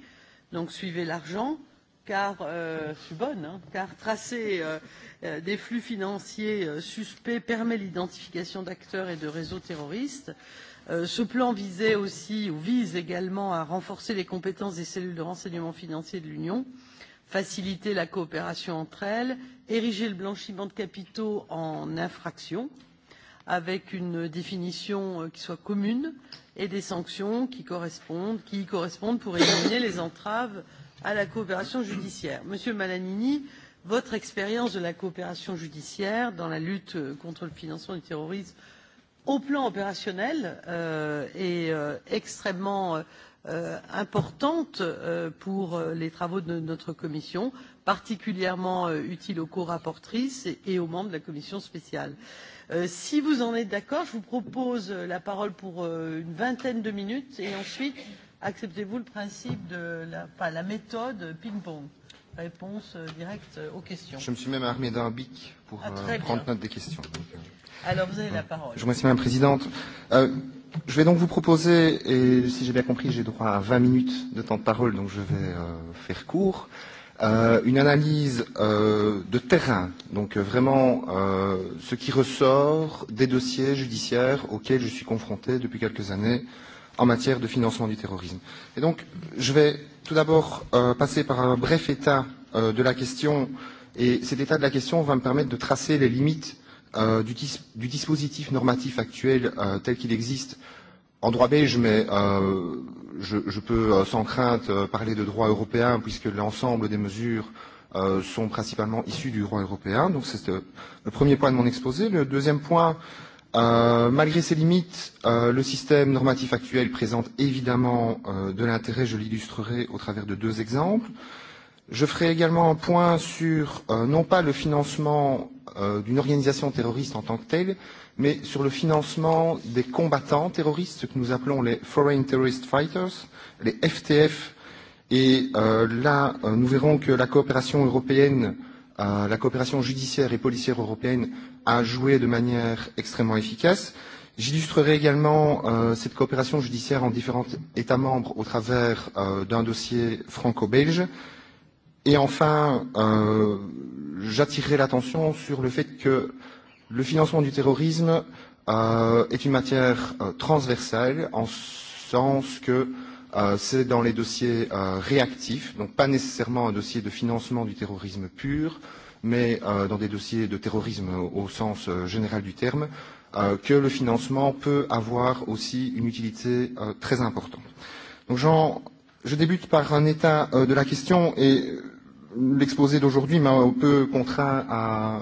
donc suivez l'argent, euh, car euh, je suis bonne, hein, car tracer euh, euh, des flux financiers euh, suspects permet l'identification d'acteurs et de réseaux terroristes. Euh, ce plan visait aussi ou vise également à renforcer les compétences des cellules de renseignement financier de l'Union, faciliter la coopération entre elles, ériger le blanchiment de capitaux en infraction avec une définition euh, qui soit commune et des sanctions qui, correspondent, qui y correspondent pour éliminer les entraves euh, à la coopération judiciaire. Monsieur Malanini, votre expérience de la coopération judiciaire dans la lutte contre le financement du terrorisme au plan opérationnel euh, est euh, extrêmement euh, importante euh, pour euh, les travaux de notre commission, particulièrement euh, utile aux co-rapportrices et, et aux membres de la commission spéciale. Euh, si vous en êtes d'accord, je vous propose la parole pour euh, une vingtaine de minutes et ensuite euh, acceptez-vous le principe de la, pas, la méthode ping-pong Réponse euh, directe euh, aux questions. Je me suis même armé d'un bic pour ah, euh, prendre bien. note des questions. Donc, euh, Alors vous avez euh, la parole. Je vous remercie Madame la Présidente. Euh, je vais donc vous proposer, et si j'ai bien compris, j'ai droit à 20 minutes de temps de parole, donc je vais euh, faire court. Euh, une analyse euh, de terrain, donc euh, vraiment euh, ce qui ressort des dossiers judiciaires auxquels je suis confronté depuis quelques années euh, en matière de financement du terrorisme. Et donc, je vais tout d'abord euh, passer par un bref état euh, de la question, et cet état de la question va me permettre de tracer les limites euh, du, dis du dispositif normatif actuel euh, tel qu'il existe en droit belge, mais euh, je, je peux euh, sans crainte euh, parler de droit européen, puisque l'ensemble des mesures euh, sont principalement issues du droit européen. Donc c'est euh, le premier point de mon exposé. Le deuxième point, euh, Euh, malgré ses limites, euh, le système normatif actuel présente évidemment euh, de l'intérêt, je l'illustrerai au travers de deux exemples. Je ferai également un point sur euh, non pas le financement euh, d'une organisation terroriste en tant que telle, mais sur le financement des combattants terroristes, ce que nous appelons les Foreign Terrorist Fighters, les FTF. Et euh, là, euh, nous verrons que la coopération européenne euh, Euh, la coopération judiciaire et policière européenne a joué de manière extrêmement efficace. J'illustrerai également euh, cette coopération judiciaire en différents États membres au travers euh, d'un dossier franco-belge. Et enfin, euh, j'attirerai l'attention sur le fait que le financement du terrorisme euh, est une matière euh, transversale en sens que euh, Euh, c'est dans les dossiers euh, réactifs, donc pas nécessairement un dossier de financement du terrorisme pur, mais euh, dans des dossiers de terrorisme au sens euh, général du terme, euh, que le financement peut avoir aussi une utilité euh, très importante. Donc je débute par un état euh, de la question et euh, l'exposé d'aujourd'hui m'a un peu contraint à,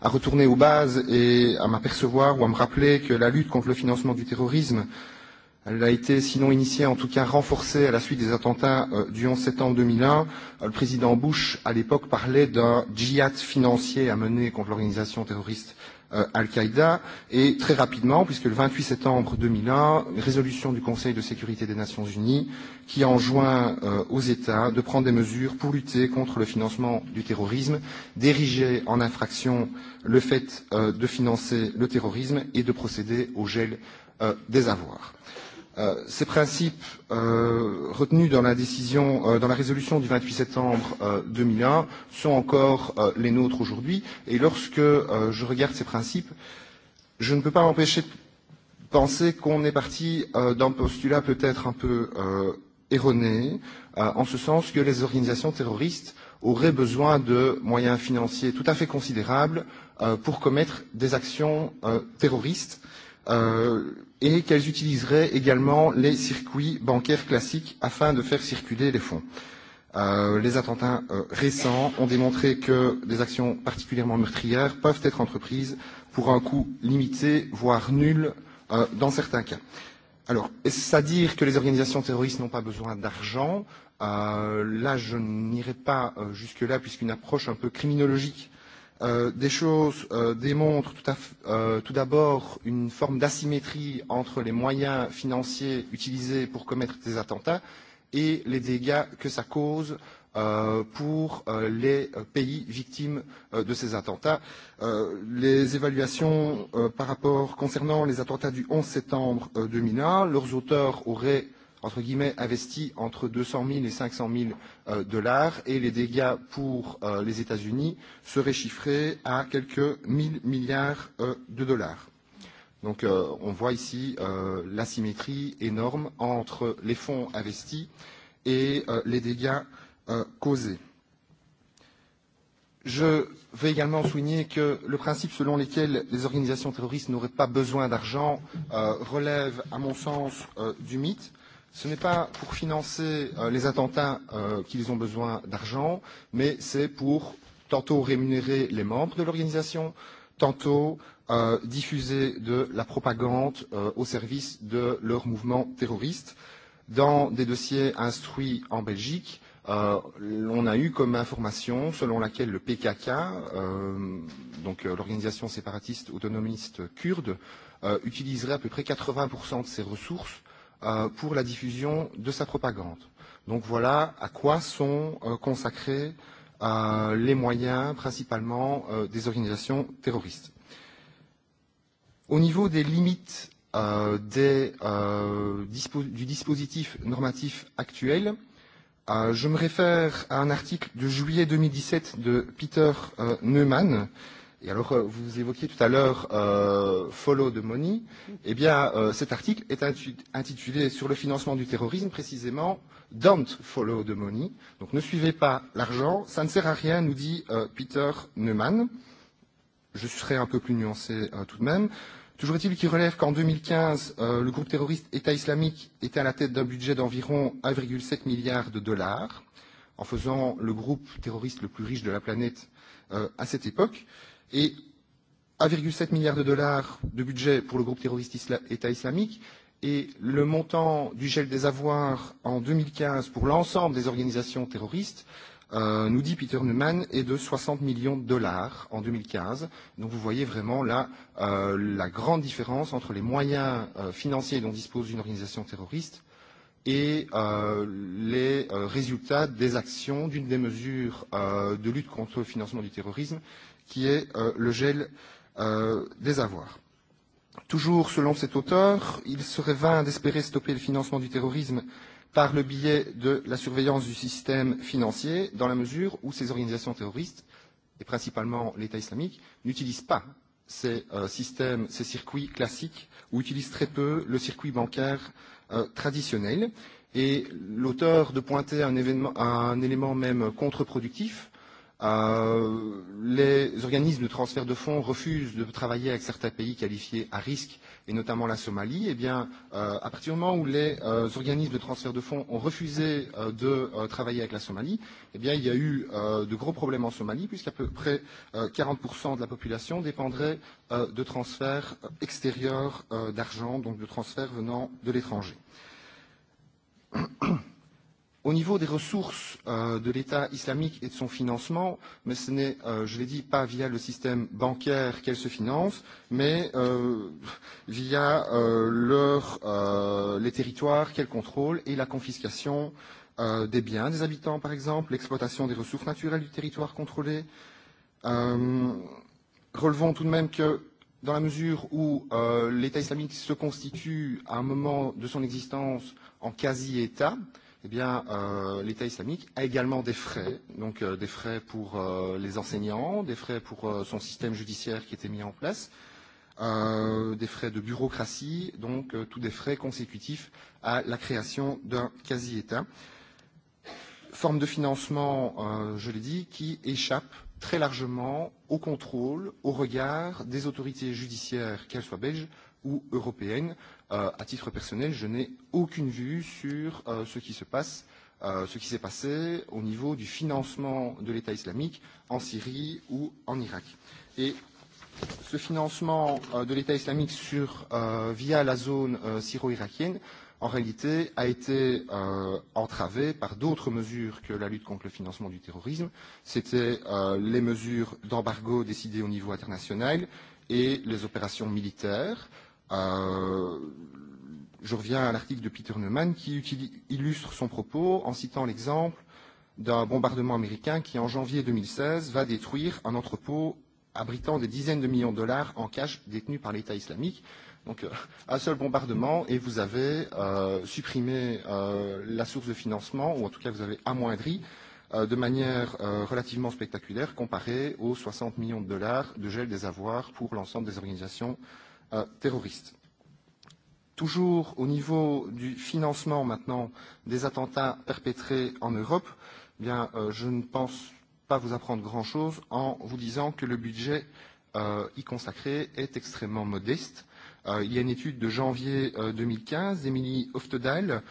à retourner aux bases et à m'apercevoir ou à me rappeler que la lutte contre le financement du terrorisme euh, Elle a été sinon initiée, en tout cas renforcée à la suite des attentats euh, du 11 septembre 2001. Euh, le président Bush, à l'époque, parlait d'un djihad financier à mener contre l'organisation terroriste euh, Al-Qaïda. Et très rapidement, puisque le 28 septembre 2001, une résolution du Conseil de sécurité des Nations Unies qui enjoint euh, aux États de prendre des mesures pour lutter contre le financement du terrorisme, d'ériger en infraction le fait euh, de financer le terrorisme et de procéder au gel euh, des avoirs. Euh, Euh, ces principes euh, retenus dans la décision, euh, dans la résolution du 28 septembre euh, 2001 sont encore euh, les nôtres aujourd'hui. Et lorsque euh, je regarde ces principes, je ne peux pas m'empêcher de penser qu'on est parti euh, d'un postulat peut-être un peu euh, erroné, euh, en ce sens que les organisations terroristes auraient besoin de moyens financiers tout à fait considérables euh, pour commettre des actions euh, terroristes. Euh, et qu'elles utiliseraient également les circuits bancaires classiques afin de faire circuler les fonds. Euh, les attentats euh, récents ont démontré que des actions particulièrement meurtrières peuvent être entreprises pour un coût limité, voire nul, euh, dans certains cas. Alors, est-ce à dire que les organisations terroristes n'ont pas besoin d'argent euh, Là, je n'irai pas euh, jusque-là, puisqu'une approche un peu criminologique euh, des choses euh, démontrent tout, à, euh, tout d'abord une forme d'asymétrie entre les moyens financiers utilisés pour commettre des attentats et les dégâts que ça cause euh, pour euh, les euh, pays victimes euh, de ces attentats. Euh, les évaluations euh, par rapport concernant les attentats du 11 septembre euh, 2001, leurs auteurs auraient euh, entre guillemets, investi entre 200 000 et 500 000 euh, dollars et les dégâts pour euh, les États-Unis seraient chiffrés à quelques 1000 milliards euh, de dollars. Donc euh, on voit ici euh, l'asymétrie énorme entre les fonds investis et euh, les dégâts euh, causés. Je vais également souligner que le principe selon lequel les organisations terroristes n'auraient pas besoin d'argent euh, relève, à mon sens, euh, du mythe. Ce n'est pas pour financer euh, les attentats euh, qu'ils ont besoin d'argent, mais c'est pour tantôt rémunérer les membres de l'organisation, tantôt euh, diffuser de la propagande euh, au service de leur mouvement terroriste. Dans des dossiers instruits en Belgique, euh, on a eu comme information selon laquelle le PKK, euh, donc euh, l'organisation séparatiste autonomiste kurde, euh, utiliserait à peu près 80% de ses ressources euh, pour la diffusion de sa propagande. Donc voilà à quoi sont euh, consacrés euh, les moyens principalement euh, des organisations terroristes. Au niveau des limites euh, des, euh, dispo du dispositif normatif actuel, euh, je me réfère à un article de juillet 2017 de Peter euh, Neumann euh, Et alors, euh, vous évoquiez tout à l'heure euh, Follow the Money. Eh bien, euh, cet article est intitulé Sur le financement du terrorisme, précisément Don't Follow the Money. Donc, ne suivez pas l'argent, ça ne sert à rien, nous dit euh, Peter Neumann. Je serai un peu plus nuancé euh, tout de même. Toujours est-il qu'il relève qu'en 2015, euh, le groupe terroriste État islamique était à la tête d'un budget d'environ 1,7 milliard de dollars, en faisant le groupe terroriste le plus riche de la planète euh, à cette époque. Euh, et 1,7 milliard de dollars de budget pour le groupe terroriste isla État islamique et le montant du gel des avoirs en 2015 pour l'ensemble des organisations terroristes, euh, nous dit Peter Neumann, est de 60 millions de dollars en 2015. Donc vous voyez vraiment là euh, la grande différence entre les moyens euh, financiers dont dispose une organisation terroriste et euh, les euh, résultats des actions d'une des mesures euh, de lutte contre le financement du terrorisme euh, qui est euh, le gel euh, des avoirs. Toujours selon cet auteur, il serait vain d'espérer stopper le financement du terrorisme par le biais de la surveillance du système financier, dans la mesure où ces organisations terroristes, et principalement l'État islamique, n'utilisent pas ces euh, systèmes, ces circuits classiques, ou utilisent très peu le circuit bancaire euh, traditionnel. Et l'auteur de pointer un, événement, un élément même contre-productif, Euh, les organismes de transfert de fonds refusent de travailler avec certains pays qualifiés à risque, et notamment la Somalie. Eh bien, euh, à partir du moment où les euh, organismes de transfert de fonds ont refusé euh, de euh, travailler avec la Somalie, eh bien, il y a eu euh, de gros problèmes en Somalie, puisqu'à peu près euh, 40% de la population dépendrait euh, de transferts euh, extérieurs euh, d'argent, donc de transferts venant de l'étranger. [clears throat] Au niveau des ressources euh, de l'État islamique et de son financement, mais ce n'est, euh, je l'ai dit, pas via le système bancaire qu'elle se finance, mais euh, via euh, leur, euh, les territoires qu'elle contrôle et la confiscation euh, des biens des habitants, par exemple, l'exploitation des ressources naturelles du territoire contrôlé. Euh, relevons tout de même que dans la mesure où euh, l'État islamique se constitue à un moment de son existence en quasi-État, euh, eh bien, euh, l'État islamique a également des frais, donc euh, des frais pour euh, les enseignants, des frais pour euh, son système judiciaire qui était mis en place, euh, des frais de bureaucratie, donc euh, tous des frais consécutifs à la création d'un quasi-État. Forme de financement, euh, je l'ai dit, qui échappe très largement au contrôle, au regard des autorités judiciaires, qu'elles soient belges ou européennes euh, à titre personnel, je n'ai aucune vue sur euh, ce qui se passe, euh, ce qui s'est passé au niveau du financement de l'État islamique en Syrie ou en Irak. Et ce financement euh, de l'État islamique sur, euh, via la zone euh, syro-irakienne, en réalité, a été euh, entravé par d'autres mesures que la lutte contre le financement du terrorisme. C'était euh, les mesures d'embargo décidées au niveau international et les opérations militaires. Euh, Euh, je reviens à l'article de Peter Neumann qui utilise, illustre son propos en citant l'exemple d'un bombardement américain qui, en janvier 2016, va détruire un entrepôt abritant des dizaines de millions de dollars en cash détenus par l'État islamique. Donc, euh, un seul bombardement et vous avez euh, supprimé euh, la source de financement, ou en tout cas vous avez amoindri euh, de manière euh, relativement spectaculaire comparée aux 60 millions de dollars de gel des avoirs pour l'ensemble des organisations euh, euh, terroristes. Toujours au niveau du financement maintenant des attentats perpétrés en Europe, eh bien, euh, je ne pense pas vous apprendre grand-chose en vous disant que le budget euh, y consacré est extrêmement modeste. Euh, il y a une étude de janvier euh, 2015 d'Emilie Oftedal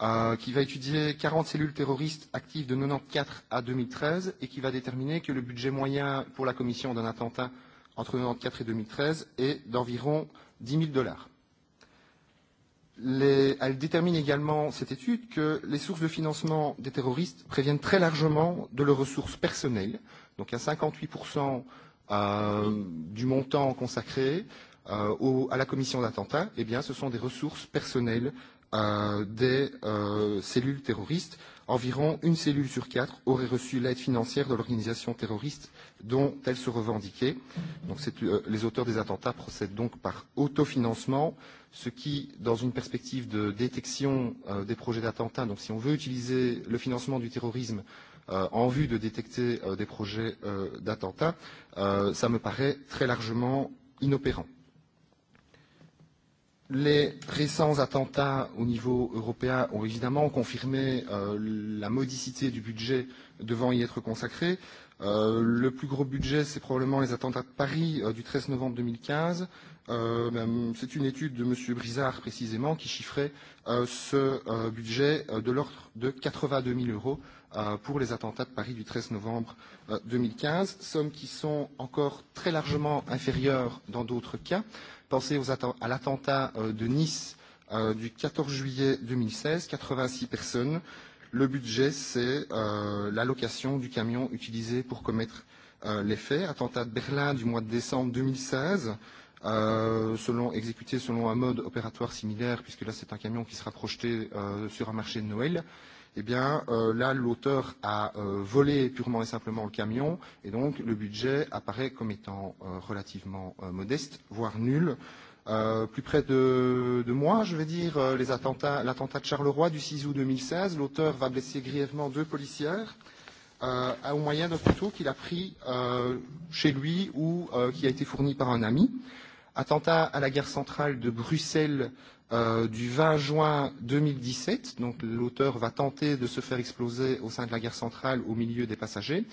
euh, qui va étudier 40 cellules terroristes actives de 94 à 2013 et qui va déterminer que le budget moyen pour la commission d'un attentat euh, entre 1994 et 2013 est d'environ 10 000 dollars. Les, elle détermine également, cette étude, que les sources de financement des terroristes préviennent très largement de leurs ressources personnelles, donc à 58% euh, du montant consacré euh, au, à la commission d'attentats, eh bien, ce sont des ressources personnelles euh, des euh, cellules terroristes. Euh, environ une cellule sur quatre aurait reçu l'aide financière de l'organisation terroriste dont elle se revendiquait. Donc, euh, les auteurs des attentats procèdent donc par autofinancement, ce qui, dans une perspective de détection euh, des projets d'attentats, donc si on veut utiliser le financement du terrorisme euh, en vue de détecter euh, des projets euh, d'attentats, euh, ça me paraît très largement inopérant. Les récents attentats au niveau européen ont évidemment confirmé euh, la modicité du budget devant y être consacré. Euh, le plus gros budget, c'est probablement les attentats de Paris euh, du 13 novembre 2015. Euh, c'est une étude de M. Brizard précisément qui chiffrait euh, ce euh, budget euh, de l'ordre de 82 000 euros euh, pour les attentats de Paris du 13 novembre euh, 2015, sommes qui sont encore très largement inférieures dans d'autres cas. Euh, Pensez aux atta à l'attentat euh, de Nice euh, du 14 juillet 2016, 86 personnes. Le budget, c'est euh, l'allocation du camion utilisé pour commettre euh, les faits. Attentat de Berlin du mois de décembre 2016, euh, selon, exécuté selon un mode opératoire similaire, puisque là c'est un camion qui sera projeté euh, sur un marché de Noël. Euh, eh bien euh, là l'auteur a euh, volé purement et simplement le camion et donc le budget apparaît comme étant euh, relativement euh, modeste, voire nul. Euh, plus près de, de moi, je vais dire, euh, les attentats, l'attentat de Charleroi du 6 août 2016, l'auteur va blesser grièvement deux policières euh, au moyen d'un couteau qu'il a pris euh, chez lui ou euh, qui a été fourni par un ami. Attentat à la gare centrale de Bruxelles euh, du 20 juin 2017. Donc l'auteur va tenter de se faire exploser au sein de la guerre centrale au milieu des passagers.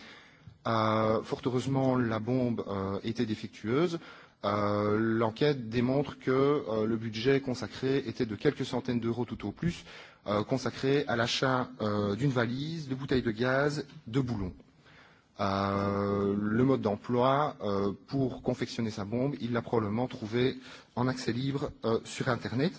Euh, fort heureusement, la bombe euh, était défectueuse. Euh, L'enquête démontre que euh, le budget consacré était de quelques centaines d'euros tout au plus, euh, consacré à l'achat euh, d'une valise, de bouteilles de gaz, de boulons. Euh, le mode d'emploi euh, pour confectionner sa bombe, il l'a probablement trouvé en accès libre euh, sur Internet.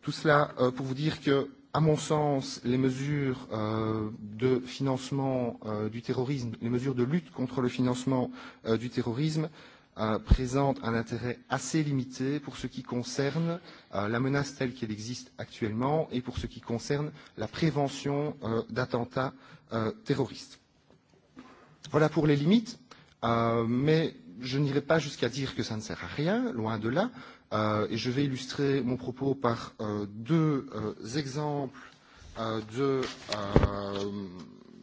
Tout cela euh, pour vous dire que, à mon sens, les mesures euh, de financement euh, du terrorisme, les mesures de lutte contre le financement euh, du terrorisme, euh, présentent un intérêt assez limité pour ce qui concerne euh, la menace telle qu'elle existe actuellement et pour ce qui concerne la prévention euh, d'attentats euh, terroristes. Voilà pour les limites, euh, mais je n'irai pas jusqu'à dire que ça ne sert à rien, loin de là, euh, et je vais illustrer mon propos par euh, deux euh, exemples euh, de, euh,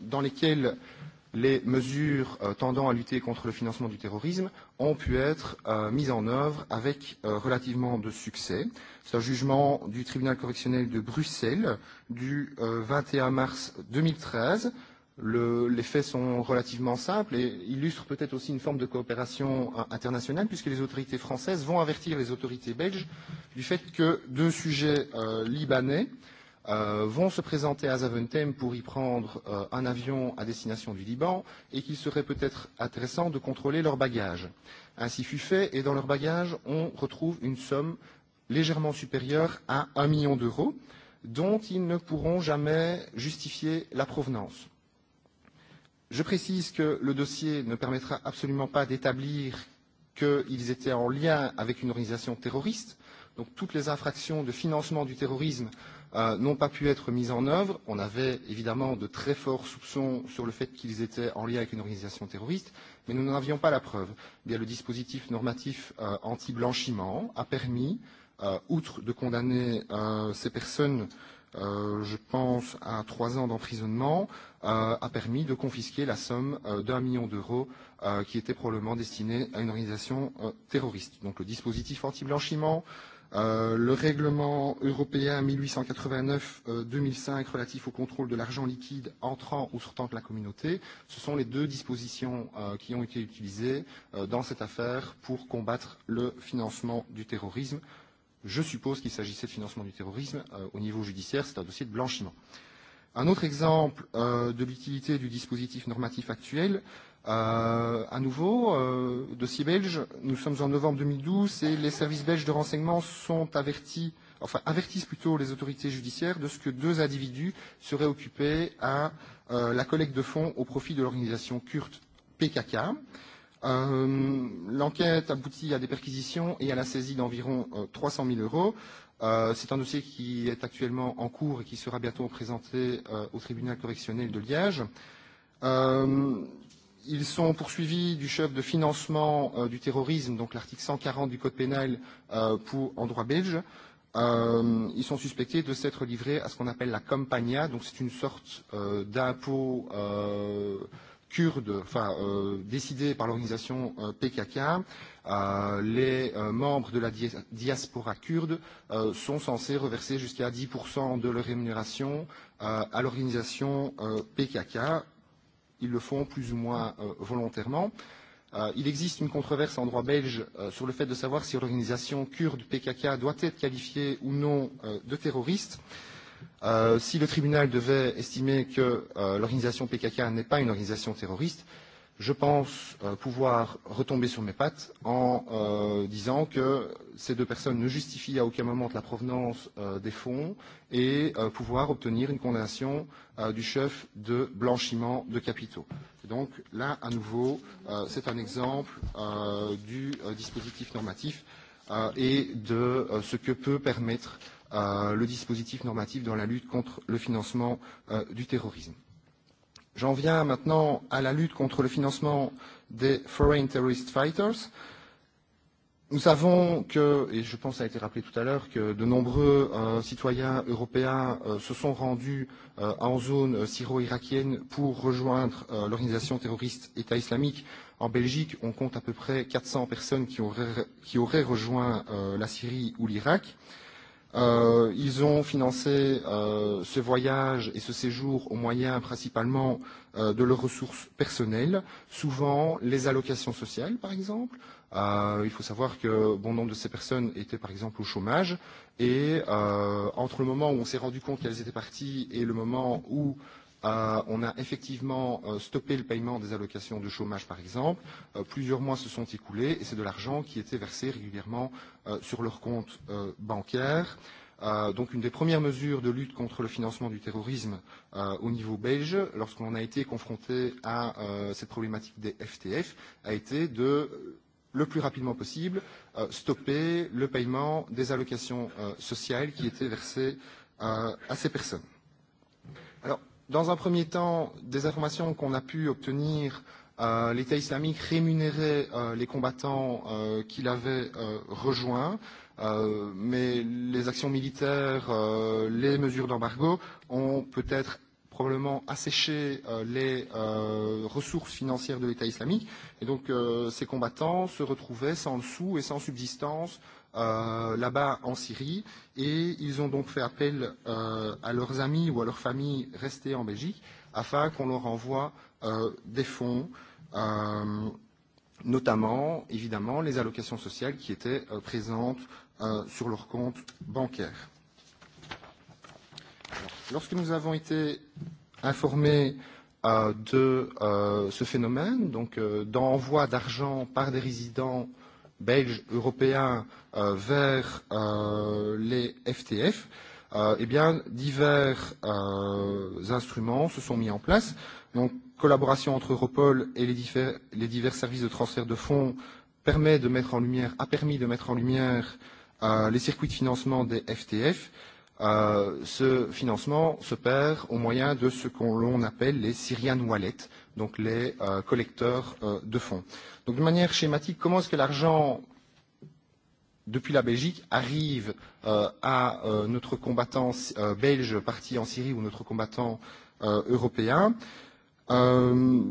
dans lesquels les mesures euh, tendant à lutter contre le financement du terrorisme ont pu être euh, mises en œuvre avec euh, relativement de succès. C'est un jugement du tribunal correctionnel de Bruxelles du euh, 21 mars 2013 Le, les faits sont relativement simples et illustrent peut-être aussi une forme de coopération euh, internationale puisque les autorités françaises vont avertir les autorités belges du fait que deux sujets euh, libanais euh, vont se présenter à Zaventem pour y prendre euh, un avion à destination du Liban et qu'il serait peut-être intéressant de contrôler leurs bagages. Ainsi fut fait et dans leurs bagages on retrouve une somme légèrement supérieure à 1 million d'euros dont ils ne pourront jamais justifier la provenance. Je précise que le dossier ne permettra absolument pas d'établir qu'ils étaient en lien avec une organisation terroriste. Donc toutes les infractions de financement du terrorisme euh, n'ont pas pu être mises en œuvre. On avait évidemment de très forts soupçons sur le fait qu'ils étaient en lien avec une organisation terroriste, mais nous n'avions pas la preuve. Eh bien, le dispositif normatif euh, anti-blanchiment a permis, euh, outre de condamner euh, ces personnes euh, euh, je pense à trois ans d'emprisonnement, euh, a permis de confisquer la somme euh, d'un million d'euros euh, qui était probablement destinée à une organisation euh, terroriste. Donc le dispositif anti-blanchiment, euh, le règlement européen 1889-2005 euh, relatif au contrôle de l'argent liquide entrant ou sortant de la communauté, ce sont les deux dispositions euh, qui ont été utilisées euh, dans cette affaire pour combattre le financement du terrorisme Je suppose qu'il s'agissait de financement du terrorisme euh, au niveau judiciaire, c'est un dossier de blanchiment. Un autre exemple euh, de l'utilité du dispositif normatif actuel, euh, à nouveau, euh, dossier belge, nous sommes en novembre 2012 et les services belges de renseignement sont avertis, enfin avertissent plutôt les autorités judiciaires de ce que deux individus seraient occupés à euh, la collecte de fonds au profit de l'organisation kurde PKK. Euh, Euh, L'enquête aboutit à des perquisitions et à la saisie d'environ euh, 300 000 euros. Euh, C'est un dossier qui est actuellement en cours et qui sera bientôt présenté euh, au tribunal correctionnel de Liège. Euh, ils sont poursuivis du chef de financement euh, du terrorisme, donc l'article 140 du Code pénal euh, pour, en droit belge. Euh, ils sont suspectés de s'être livrés à ce qu'on appelle la campagna, donc c'est une sorte euh, d'impôt euh, kurde, enfin euh, décidée par l'organisation euh, PKK, euh, les euh, membres de la dia diaspora kurde euh, sont censés reverser jusqu'à 10% de leur rémunération euh, à l'organisation euh, PKK. Ils le font plus ou moins euh, volontairement. Euh, il existe une controverse en droit belge euh, sur le fait de savoir si l'organisation kurde PKK doit être qualifiée ou non euh, de terroriste. Euh, Euh, si le tribunal devait estimer que euh, l'organisation PKK n'est pas une organisation terroriste, je pense euh, pouvoir retomber sur mes pattes en euh, disant que ces deux personnes ne justifient à aucun moment de la provenance euh, des fonds et euh, pouvoir obtenir une condamnation euh, du chef de blanchiment de capitaux. Et donc là, à nouveau, euh, c'est un exemple euh, du euh, dispositif normatif euh, et de euh, ce que peut permettre euh, euh, le dispositif normatif dans la lutte contre le financement euh, du terrorisme. J'en viens maintenant à la lutte contre le financement des Foreign Terrorist Fighters. Nous savons que, et je pense que ça a été rappelé tout à l'heure, que de nombreux euh, citoyens européens euh, se sont rendus euh, en zone euh, syro-irakienne pour rejoindre euh, l'organisation terroriste État islamique. En Belgique, on compte à peu près 400 personnes qui auraient, qui auraient rejoint euh, la Syrie ou l'Irak. Euh, Euh, ils ont financé euh, ce voyage et ce séjour au moyen principalement euh, de leurs ressources personnelles, souvent les allocations sociales par exemple. Euh, il faut savoir que bon nombre de ces personnes étaient par exemple au chômage et euh, entre le moment où on s'est rendu compte qu'elles étaient parties et le moment où euh, Euh, on a effectivement euh, stoppé le paiement des allocations de chômage, par exemple. Euh, plusieurs mois se sont écoulés et c'est de l'argent qui était versé régulièrement euh, sur leur compte euh, bancaire. Euh, donc une des premières mesures de lutte contre le financement du terrorisme euh, au niveau belge, lorsqu'on a été confronté à euh, cette problématique des FTF, a été de le plus rapidement possible euh, stopper le paiement des allocations euh, sociales qui étaient versées euh, à ces personnes. Alors, Dans un premier temps, des informations qu'on a pu obtenir, euh, l'État islamique rémunérait euh, les combattants euh, qu'il avait euh, rejoints, euh, mais les actions militaires, euh, les mesures d'embargo ont peut-être probablement asséché euh, les euh, ressources financières de l'État islamique. Et donc euh, ces combattants se retrouvaient sans sous et sans subsistance euh, euh, là-bas en Syrie et ils ont donc fait appel euh, à leurs amis ou à leurs familles restées en Belgique afin qu'on leur envoie euh, des fonds, euh, notamment évidemment les allocations sociales qui étaient euh, présentes euh, sur leur compte bancaire. Alors, lorsque nous avons été informés euh, de euh, ce phénomène, donc euh, d'envoi d'argent par des résidents belge, européen euh, vers euh, les FTF, euh, eh bien, divers euh, instruments se sont mis en place. Donc, collaboration entre Europol et les, diffé- les divers services de transfert de fonds permet de mettre en lumière, a permis de mettre en lumière euh, les circuits de financement des FTF. Euh, ce financement se perd au moyen de ce qu'on l'on appelle les Syrian Wallets, donc les euh, collecteurs euh, de fonds. Donc de manière schématique, comment est-ce que l'argent depuis la Belgique arrive euh, à euh, notre combattant euh, belge parti en Syrie ou notre combattant euh, européen euh,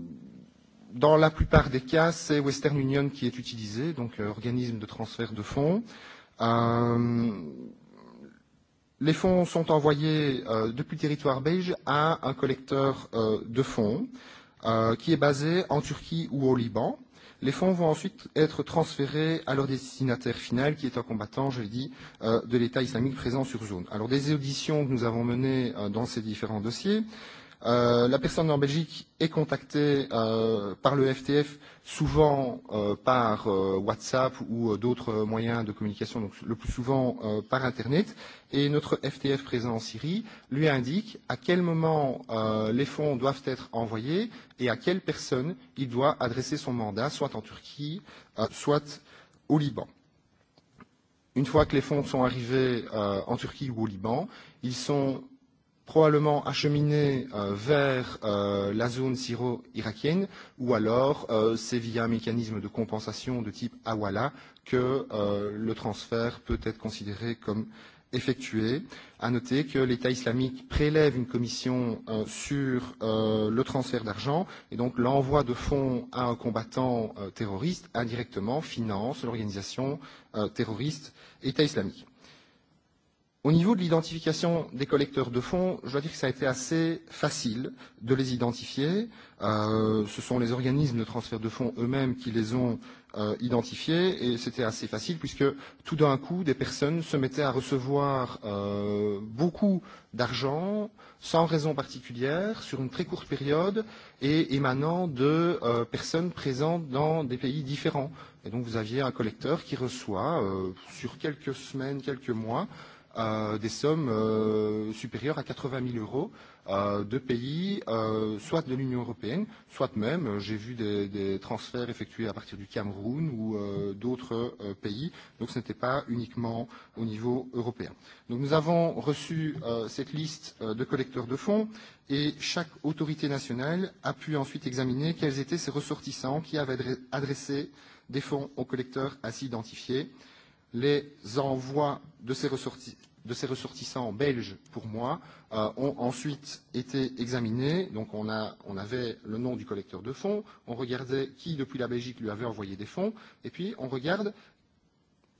dans la plupart des cas, c'est Western Union qui est utilisé, donc euh, organisme de transfert de fonds. Euh, les fonds sont envoyés euh, depuis le territoire belge à un collecteur euh, de fonds. Euh, euh, qui est basée en Turquie ou au Liban. Les fonds vont ensuite être transférés à leur destinataire final, qui est un combattant, je l'ai dit, euh, de l'État islamique présent sur zone. Alors des auditions que nous avons menées euh, dans ces différents dossiers Euh, la personne en Belgique est contactée euh, par le FTF, souvent euh, par euh, WhatsApp ou euh, d'autres euh, moyens de communication, donc le plus souvent euh, par Internet. Et notre FTF présent en Syrie lui indique à quel moment euh, les fonds doivent être envoyés et à quelle personne il doit adresser son mandat, soit en Turquie, euh, soit au Liban. Une fois que les fonds sont arrivés euh, en Turquie ou au Liban, ils sont probablement acheminé euh, vers euh, la zone syro-irakienne, ou alors euh, c'est via un mécanisme de compensation de type Awala que euh, le transfert peut être considéré comme effectué. À noter que l'État islamique prélève une commission euh, sur euh, le transfert d'argent et donc l'envoi de fonds à un combattant euh, terroriste indirectement finance l'organisation euh, terroriste État islamique. Au niveau de l'identification des collecteurs de fonds, je dois dire que ça a été assez facile de les identifier. Euh, ce sont les organismes de transfert de fonds eux-mêmes qui les ont euh, identifiés et c'était assez facile puisque tout d'un coup, des personnes se mettaient à recevoir euh, beaucoup d'argent sans raison particulière sur une très courte période et émanant de euh, personnes présentes dans des pays différents. Et donc vous aviez un collecteur qui reçoit euh, sur quelques semaines, quelques mois, euh, euh, des sommes euh, supérieures à 80 000 euros euh, de pays, euh, soit de l'Union européenne, soit même, euh, j'ai vu des, des transferts effectués à partir du Cameroun ou euh, d'autres euh, pays, donc ce n'était pas uniquement au niveau européen. Donc nous avons reçu euh, cette liste euh, de collecteurs de fonds et chaque autorité nationale a pu ensuite examiner quels étaient ses ressortissants qui avaient adressé des fonds aux collecteurs ainsi identifiés. Les envois de ces, ressorti de ces ressortissants belges pour moi euh, ont ensuite été examinés. Donc on, a, on avait le nom du collecteur de fonds, on regardait qui depuis la Belgique lui avait envoyé des fonds, et puis on regarde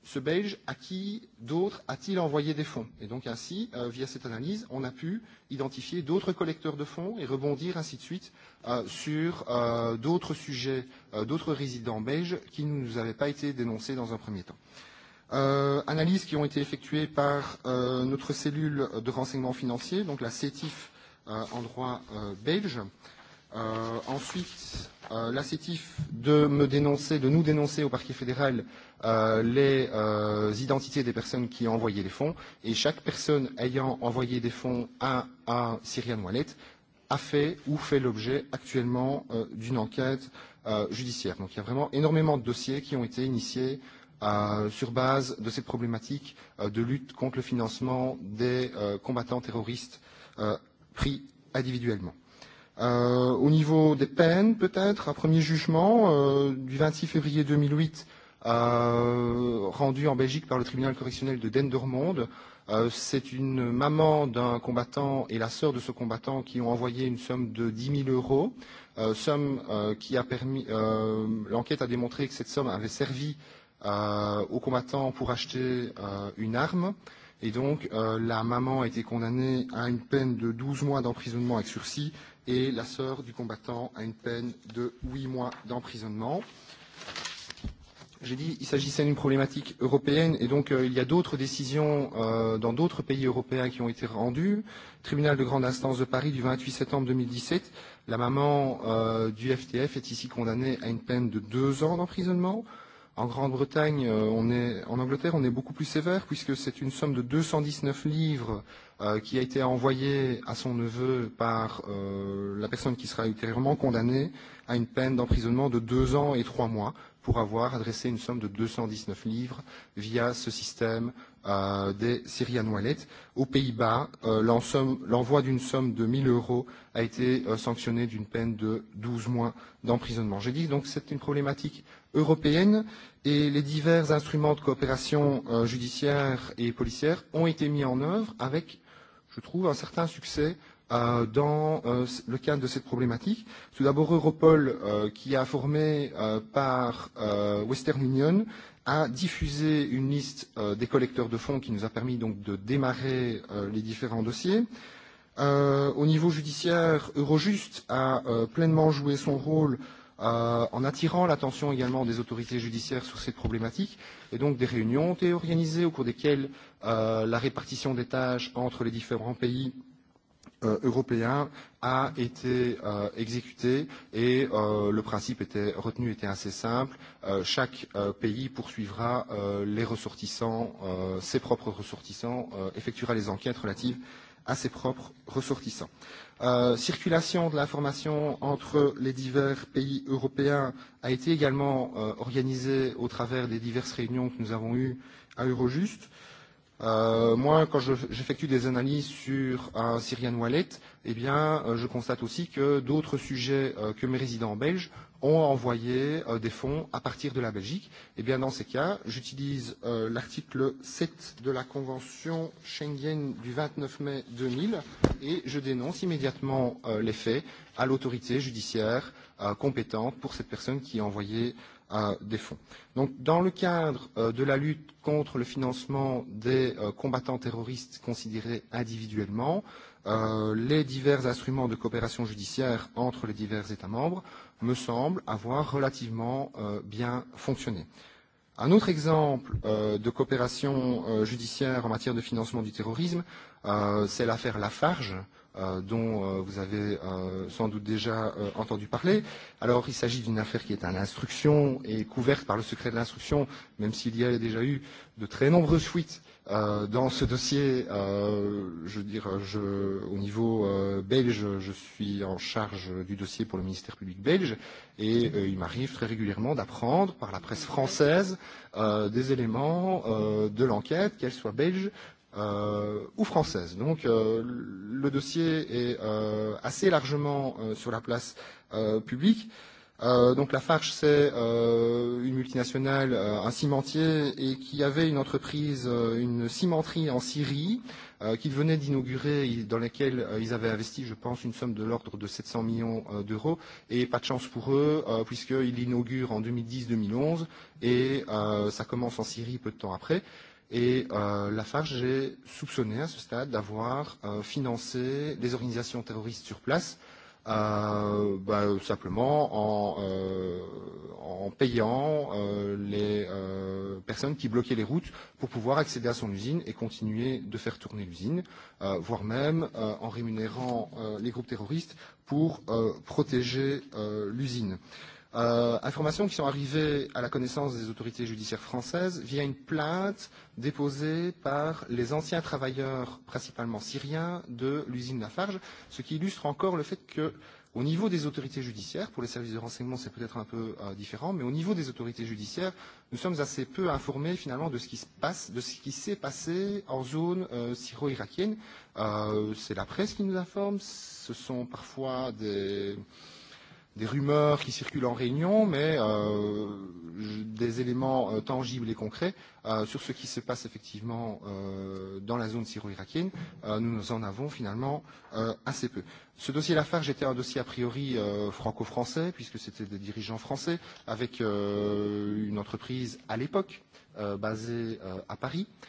ce Belge à qui d'autres a-t-il envoyé des fonds. Et donc ainsi, euh, via cette analyse, on a pu identifier d'autres collecteurs de fonds et rebondir ainsi de suite euh, sur euh, d'autres sujets, euh, d'autres résidents belges qui ne nous avaient pas été dénoncés dans un premier temps. Euh, Euh, analyses qui ont été effectuées par euh, notre cellule de renseignement financier, donc la CETIF euh, en droit euh, belge. Euh, ensuite, euh, la CETIF de me dénoncer, de nous dénoncer au parquet fédéral euh, les euh, identités des personnes qui ont envoyé les fonds. Et chaque personne ayant envoyé des fonds à, à Syriane Wallet a fait ou fait l'objet actuellement euh, d'une enquête euh, judiciaire. Donc il y a vraiment énormément de dossiers qui ont été initiés euh, euh, sur base de cette problématique euh, de lutte contre le financement des euh, combattants terroristes euh, pris individuellement. Euh, au niveau des peines, peut-être, un premier jugement euh, du 26 février 2008 euh, rendu en Belgique par le tribunal correctionnel de Dendermonde. Euh, C'est une maman d'un combattant et la sœur de ce combattant qui ont envoyé une somme de 10 000 euros, euh, somme euh, qui a permis, euh, l'enquête a démontré que cette somme avait servi euh, au combattant pour acheter euh, une arme. Et donc, euh, la maman a été condamnée à une peine de 12 mois d'emprisonnement avec sursis et la sœur du combattant à une peine de 8 mois d'emprisonnement. J'ai dit il s'agissait d'une problématique européenne et donc euh, il y a d'autres décisions euh, dans d'autres pays européens qui ont été rendues. Tribunal de grande instance de Paris du 28 septembre 2017, la maman euh, du FTF est ici condamnée à une peine de deux ans d'emprisonnement. Euh, En Grande-Bretagne, euh, on est, en Angleterre, on est beaucoup plus sévère puisque c'est une somme de 219 livres euh, qui a été envoyée à son neveu par euh, la personne qui sera ultérieurement condamnée à une peine d'emprisonnement de deux ans et trois mois pour avoir adressé une somme de 219 livres via ce système euh, des Syrian Wallet. Aux Pays-Bas, euh, l'envoi d'une somme de 1000 euros a été euh, sanctionné d'une peine de 12 mois d'emprisonnement. J'ai dit donc c'est une problématique euh, européenne et les divers instruments de coopération euh, judiciaire et policière ont été mis en œuvre avec, je trouve, un certain succès euh, dans euh, le cadre de cette problématique. Tout d'abord, Europol, euh, qui a formé euh, par euh, Western Union, a diffusé une liste euh, des collecteurs de fonds qui nous a permis donc de démarrer euh, les différents dossiers. Euh, au niveau judiciaire, Eurojust a euh, pleinement joué son rôle euh, euh, en attirant l'attention également des autorités judiciaires sur cette problématique. Et donc des réunions ont été organisées au cours desquelles euh, la répartition des tâches entre les différents pays euh, européen a été euh, exécuté et euh, le principe était retenu était assez simple. Euh, chaque euh, pays poursuivra euh, les ressortissants, euh, ses propres ressortissants, euh, effectuera les enquêtes relatives à ses propres ressortissants. Euh, circulation de l'information entre les divers pays européens a été également euh, organisée au travers des diverses réunions que nous avons eues à Eurojust. Euh, moi, quand j'effectue je, des analyses sur un Syrian Wallet, eh bien, euh, je constate aussi que d'autres sujets euh, que mes résidents belges ont envoyé euh, des fonds à partir de la Belgique. Eh bien, dans ces cas, j'utilise euh, l'article 7 de la Convention Schengen du 29 mai 2000 et je dénonce immédiatement euh, les faits à l'autorité judiciaire euh, compétente pour cette personne qui a envoyé euh, des fonds. Donc, dans le cadre euh, de la lutte contre le financement des euh, combattants terroristes considérés individuellement, euh, euh, les divers instruments de coopération judiciaire entre les divers États membres me semble avoir relativement euh, bien fonctionné. Un autre exemple euh, de coopération euh, judiciaire en matière de financement du terrorisme, euh, c'est l'affaire Lafarge, euh, dont euh, vous avez euh, sans doute déjà euh, entendu parler. Alors, il s'agit d'une affaire qui est à l'instruction et couverte par le secret de l'instruction, même s'il y a déjà eu de très nombreuses fuites Euh, dans ce dossier, euh, je veux dire, je, au niveau euh, belge, je suis en charge du dossier pour le ministère public belge et euh, il m'arrive très régulièrement d'apprendre par la presse française euh, des éléments euh, de l'enquête, qu'elle soit belge euh, ou française. Donc euh, le dossier est euh, assez largement euh, sur la place euh, publique. Euh, Euh, donc Lafarge, c'est euh, une multinationale, euh, un cimentier, et qui avait une entreprise, euh, une cimenterie en Syrie, euh, qu'ils venaient d'inaugurer, dans laquelle euh, ils avaient investi, je pense, une somme de l'ordre de 700 millions euh, d'euros. Et pas de chance pour eux, euh, puisqu'ils l'inaugurent en 2010-2011, et euh, ça commence en Syrie peu de temps après. Et euh, Lafarge est soupçonné à ce stade d'avoir euh, financé les organisations terroristes sur place euh, bah, simplement en, euh, en payant euh, les euh, personnes qui bloquaient les routes pour pouvoir accéder à son usine et continuer de faire tourner l'usine, euh, voire même euh, en rémunérant euh, les groupes terroristes pour euh, protéger euh, l'usine. Euh, Euh, informations qui sont arrivées à la connaissance des autorités judiciaires françaises via une plainte déposée par les anciens travailleurs, principalement syriens, de l'usine Lafarge, ce qui illustre encore le fait que au niveau des autorités judiciaires, pour les services de renseignement c'est peut-être un peu euh, différent, mais au niveau des autorités judiciaires, nous sommes assez peu informés finalement de ce qui se passe, de ce qui s'est passé en zone euh, syro-irakienne. Euh, c'est la presse qui nous informe, ce sont parfois des, euh, des rumeurs qui circulent en réunion, mais euh, des éléments euh, tangibles et concrets euh, sur ce qui se passe effectivement euh, dans la zone syro-irakienne, euh, nous en avons finalement euh, assez peu. Ce dossier Lafarge était un dossier a priori euh, franco-français, puisque c'était des dirigeants français, avec euh, une entreprise à l'époque euh, basée euh, à Paris. Euh,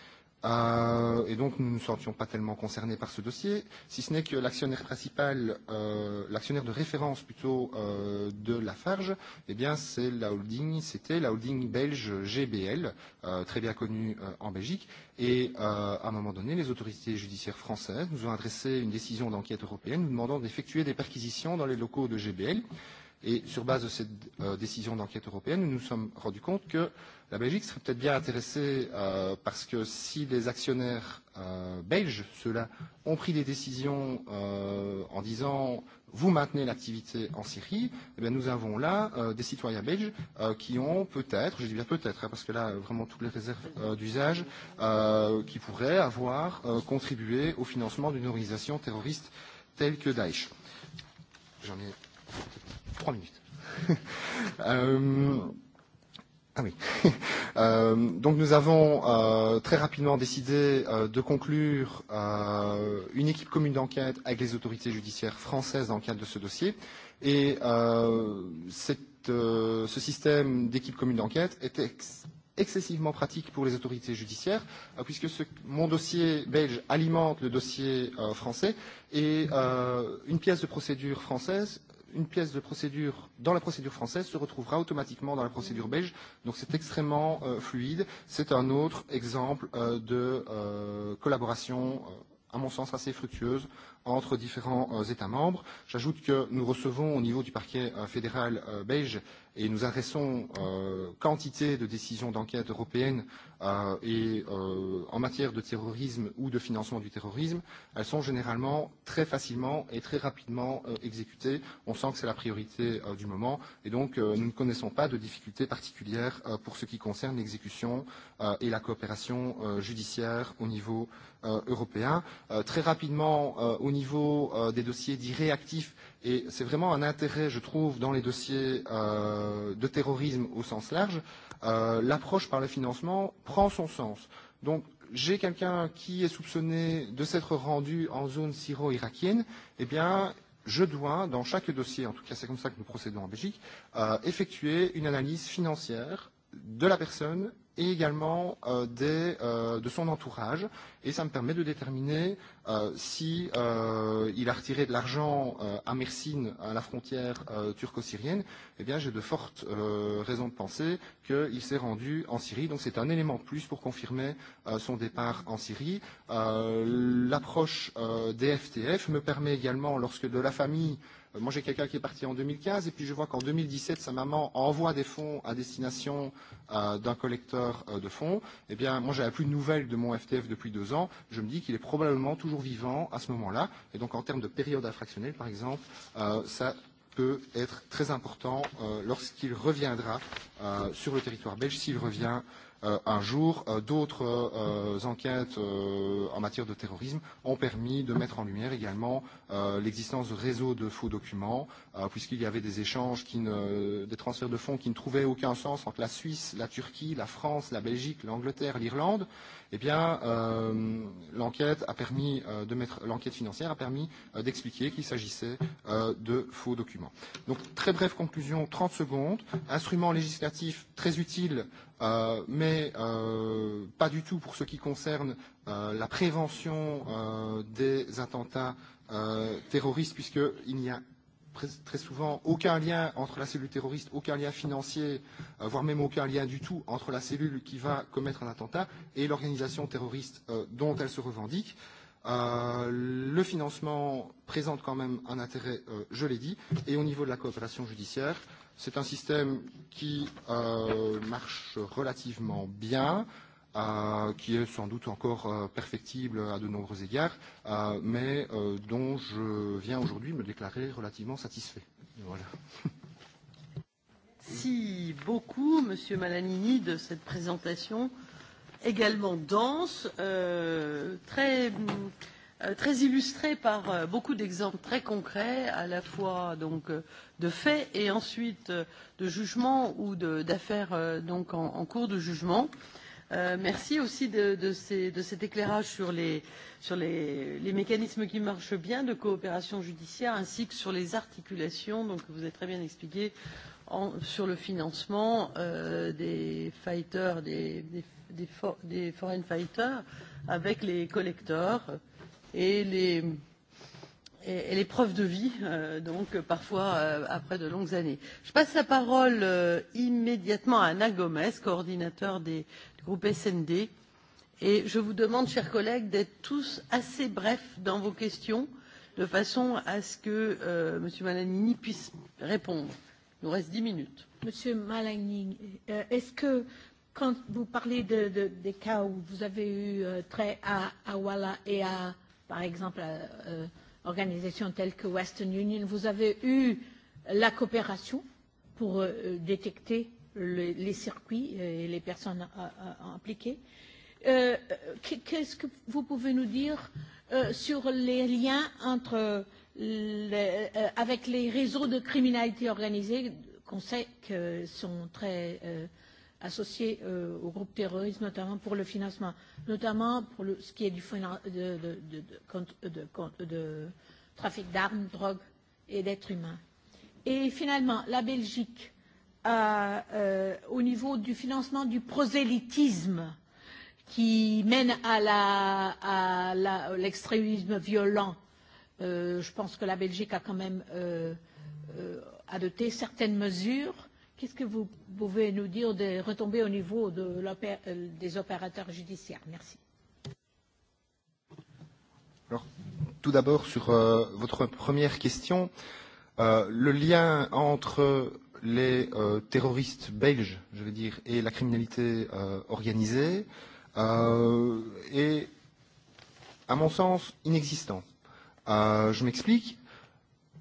Euh, et donc nous ne sentions pas tellement concernés par ce dossier, si ce n'est que l'actionnaire principal, euh, l'actionnaire de référence plutôt euh, de Lafarge, eh bien c'est la holding, c'était la holding belge GBL, euh, très bien connue euh, en Belgique. Et euh, à un moment donné, les autorités judiciaires françaises nous ont adressé une décision d'enquête européenne nous demandant d'effectuer des perquisitions dans les locaux de GBL. Euh, Et sur base de cette euh, décision d'enquête européenne, nous nous sommes rendus compte que la Belgique serait peut-être bien intéressée euh, parce que si les actionnaires euh, belges, ceux-là, ont pris des décisions euh, en disant vous maintenez l'activité en Syrie, eh bien, nous avons là euh, des citoyens belges euh, qui ont peut-être, je dis bien peut-être, hein, parce que là, vraiment toutes les réserves euh, d'usage, euh, qui pourraient avoir euh, contribué au financement d'une organisation terroriste telle que Daesh. J'en ai Trois minutes. [laughs] euh, ah oui. [laughs] euh, donc nous avons euh, très rapidement décidé euh, de conclure euh, une équipe commune d'enquête avec les autorités judiciaires françaises dans le cadre de ce dossier. Et euh, cette, euh, ce système d'équipe commune d'enquête est ex excessivement pratique pour les autorités judiciaires, euh, puisque ce, mon dossier belge alimente le dossier euh, français et euh, une pièce de procédure française une pièce de procédure dans la procédure française se retrouvera automatiquement dans la procédure belge. Donc c'est extrêmement euh, fluide. C'est un autre exemple euh, de euh, collaboration, euh, à mon sens, assez fructueuse entre différents euh, États membres. J'ajoute que nous recevons au niveau du parquet euh, fédéral euh, belge et nous adressons euh, quantité de décisions d'enquête européennes euh, et euh, en matière de terrorisme ou de financement du terrorisme, elles sont généralement très facilement et très rapidement euh, exécutées. On sent que c'est la priorité euh, du moment et donc euh, nous ne connaissons pas de difficultés particulières euh, pour ce qui concerne l'exécution euh, et la coopération euh, judiciaire au niveau euh, européen. Euh, très rapidement, euh, au niveau niveau euh, des dossiers dits réactifs, et c'est vraiment un intérêt, je trouve, dans les dossiers euh, de terrorisme au sens large, euh, l'approche par le financement prend son sens. Donc, j'ai quelqu'un qui est soupçonné de s'être rendu en zone syro-irakienne, eh bien, je dois, dans chaque dossier, en tout cas c'est comme ça que nous procédons en Belgique, euh, effectuer une analyse financière de la personne et également euh, des, euh, de son entourage. Et ça me permet de déterminer euh, si euh, il a retiré de l'argent euh, à Mersine, à la frontière euh, turco-syrienne. Eh bien, j'ai de fortes euh, raisons de penser qu'il s'est rendu en Syrie. Donc, c'est un élément de plus pour confirmer euh, son départ en Syrie. Euh, L'approche euh, des FTF me permet également, lorsque de la famille euh, Euh, moi, j'ai quelqu'un qui est parti en 2015 et puis je vois qu'en 2017, sa maman envoie des fonds à destination euh, d'un collecteur euh, de fonds. Eh bien, moi, j'avais plus de nouvelles de mon FTF depuis deux ans. Je me dis qu'il est probablement toujours vivant à ce moment-là. Et donc, en termes de période infractionnelle, par exemple, euh, ça peut être très important euh, lorsqu'il reviendra euh, sur le territoire belge, s'il revient euh, euh, un jour. Euh, D'autres euh, enquêtes euh, en matière de terrorisme ont permis de mettre en lumière également euh, l'existence de réseaux de faux documents, euh, puisqu'il y avait des échanges, qui ne, des transferts de fonds qui ne trouvaient aucun sens entre la Suisse, la Turquie, la France, la Belgique, l'Angleterre, l'Irlande. Eh bien, euh, l'enquête a permis euh, de mettre l'enquête financière a permis euh, d'expliquer qu'il s'agissait euh, de faux documents. Donc, très brève conclusion, 30 secondes. Instrument législatif très utile euh, mais euh, pas du tout pour ce qui concerne euh, la prévention euh, des attentats euh, terroristes, puisqu'il n'y a très souvent aucun lien entre la cellule terroriste, aucun lien financier, euh, voire même aucun lien du tout entre la cellule qui va commettre un attentat et l'organisation terroriste euh, dont elle se revendique. Euh, le financement présente quand même un intérêt, euh, je l'ai dit, et au niveau de la coopération judiciaire, euh, C'est un système qui euh, marche relativement bien, euh, qui est sans doute encore euh, perfectible à de nombreux égards, euh, mais euh, dont je viens aujourd'hui me déclarer relativement satisfait. Voilà. [laughs] Merci beaucoup, Monsieur Malanini, de cette présentation également dense, euh, très. Euh, Euh, très illustré par euh, beaucoup d'exemples très concrets, à la fois donc euh, de faits et ensuite de jugements ou d'affaires donc en, en cours de jugement. Euh, merci aussi de, de, ces, de cet éclairage sur, les, sur les, les mécanismes qui marchent bien de coopération judiciaire ainsi que sur les articulations donc vous avez très bien expliqué en, sur le financement euh, des fighters, des, des, des, for, des foreign fighters avec les collecteurs. Euh, et les, et, et les preuves de vie, euh, donc parfois euh, après de longues années. Je passe la parole euh, immédiatement à Anna Gomez, coordinateur des, du groupe SND, et je vous demande, chers collègues, d'être tous assez brefs dans vos questions, de façon à ce que euh, M. Malanini puisse répondre. Il nous reste dix minutes. Monsieur Malanini, euh, est-ce que quand vous parlez de, de, des cas où vous avez eu euh, trait à Awala et à par exemple, euh, organisations telles que Western Union, vous avez eu la coopération pour euh, détecter le, les circuits euh, et les personnes euh, euh, impliquées. Euh, Qu'est-ce que vous pouvez nous dire euh, sur les liens entre les, euh, avec les réseaux de criminalité organisée qu'on sait que sont très euh, associés euh, au groupe terroriste, notamment pour le financement, notamment pour le, ce qui est du finan, de, de, de, de, de, euh, de, euh, de trafic d'armes, drogue et d'êtres humains. Et finalement, la Belgique, a, euh, au niveau du financement du prosélytisme, qui mène à l'extrémisme violent, euh, je pense que la Belgique a quand même euh, euh, adopté certaines mesures Qu'est-ce que vous pouvez nous dire des retombées au niveau de opé euh, des opérateurs judiciaires Merci. Alors, tout d'abord, sur euh, votre première question, euh, le lien entre les euh, terroristes belges, je veux dire, et la criminalité euh, organisée euh, est, à mon sens, inexistant. Euh, je m'explique.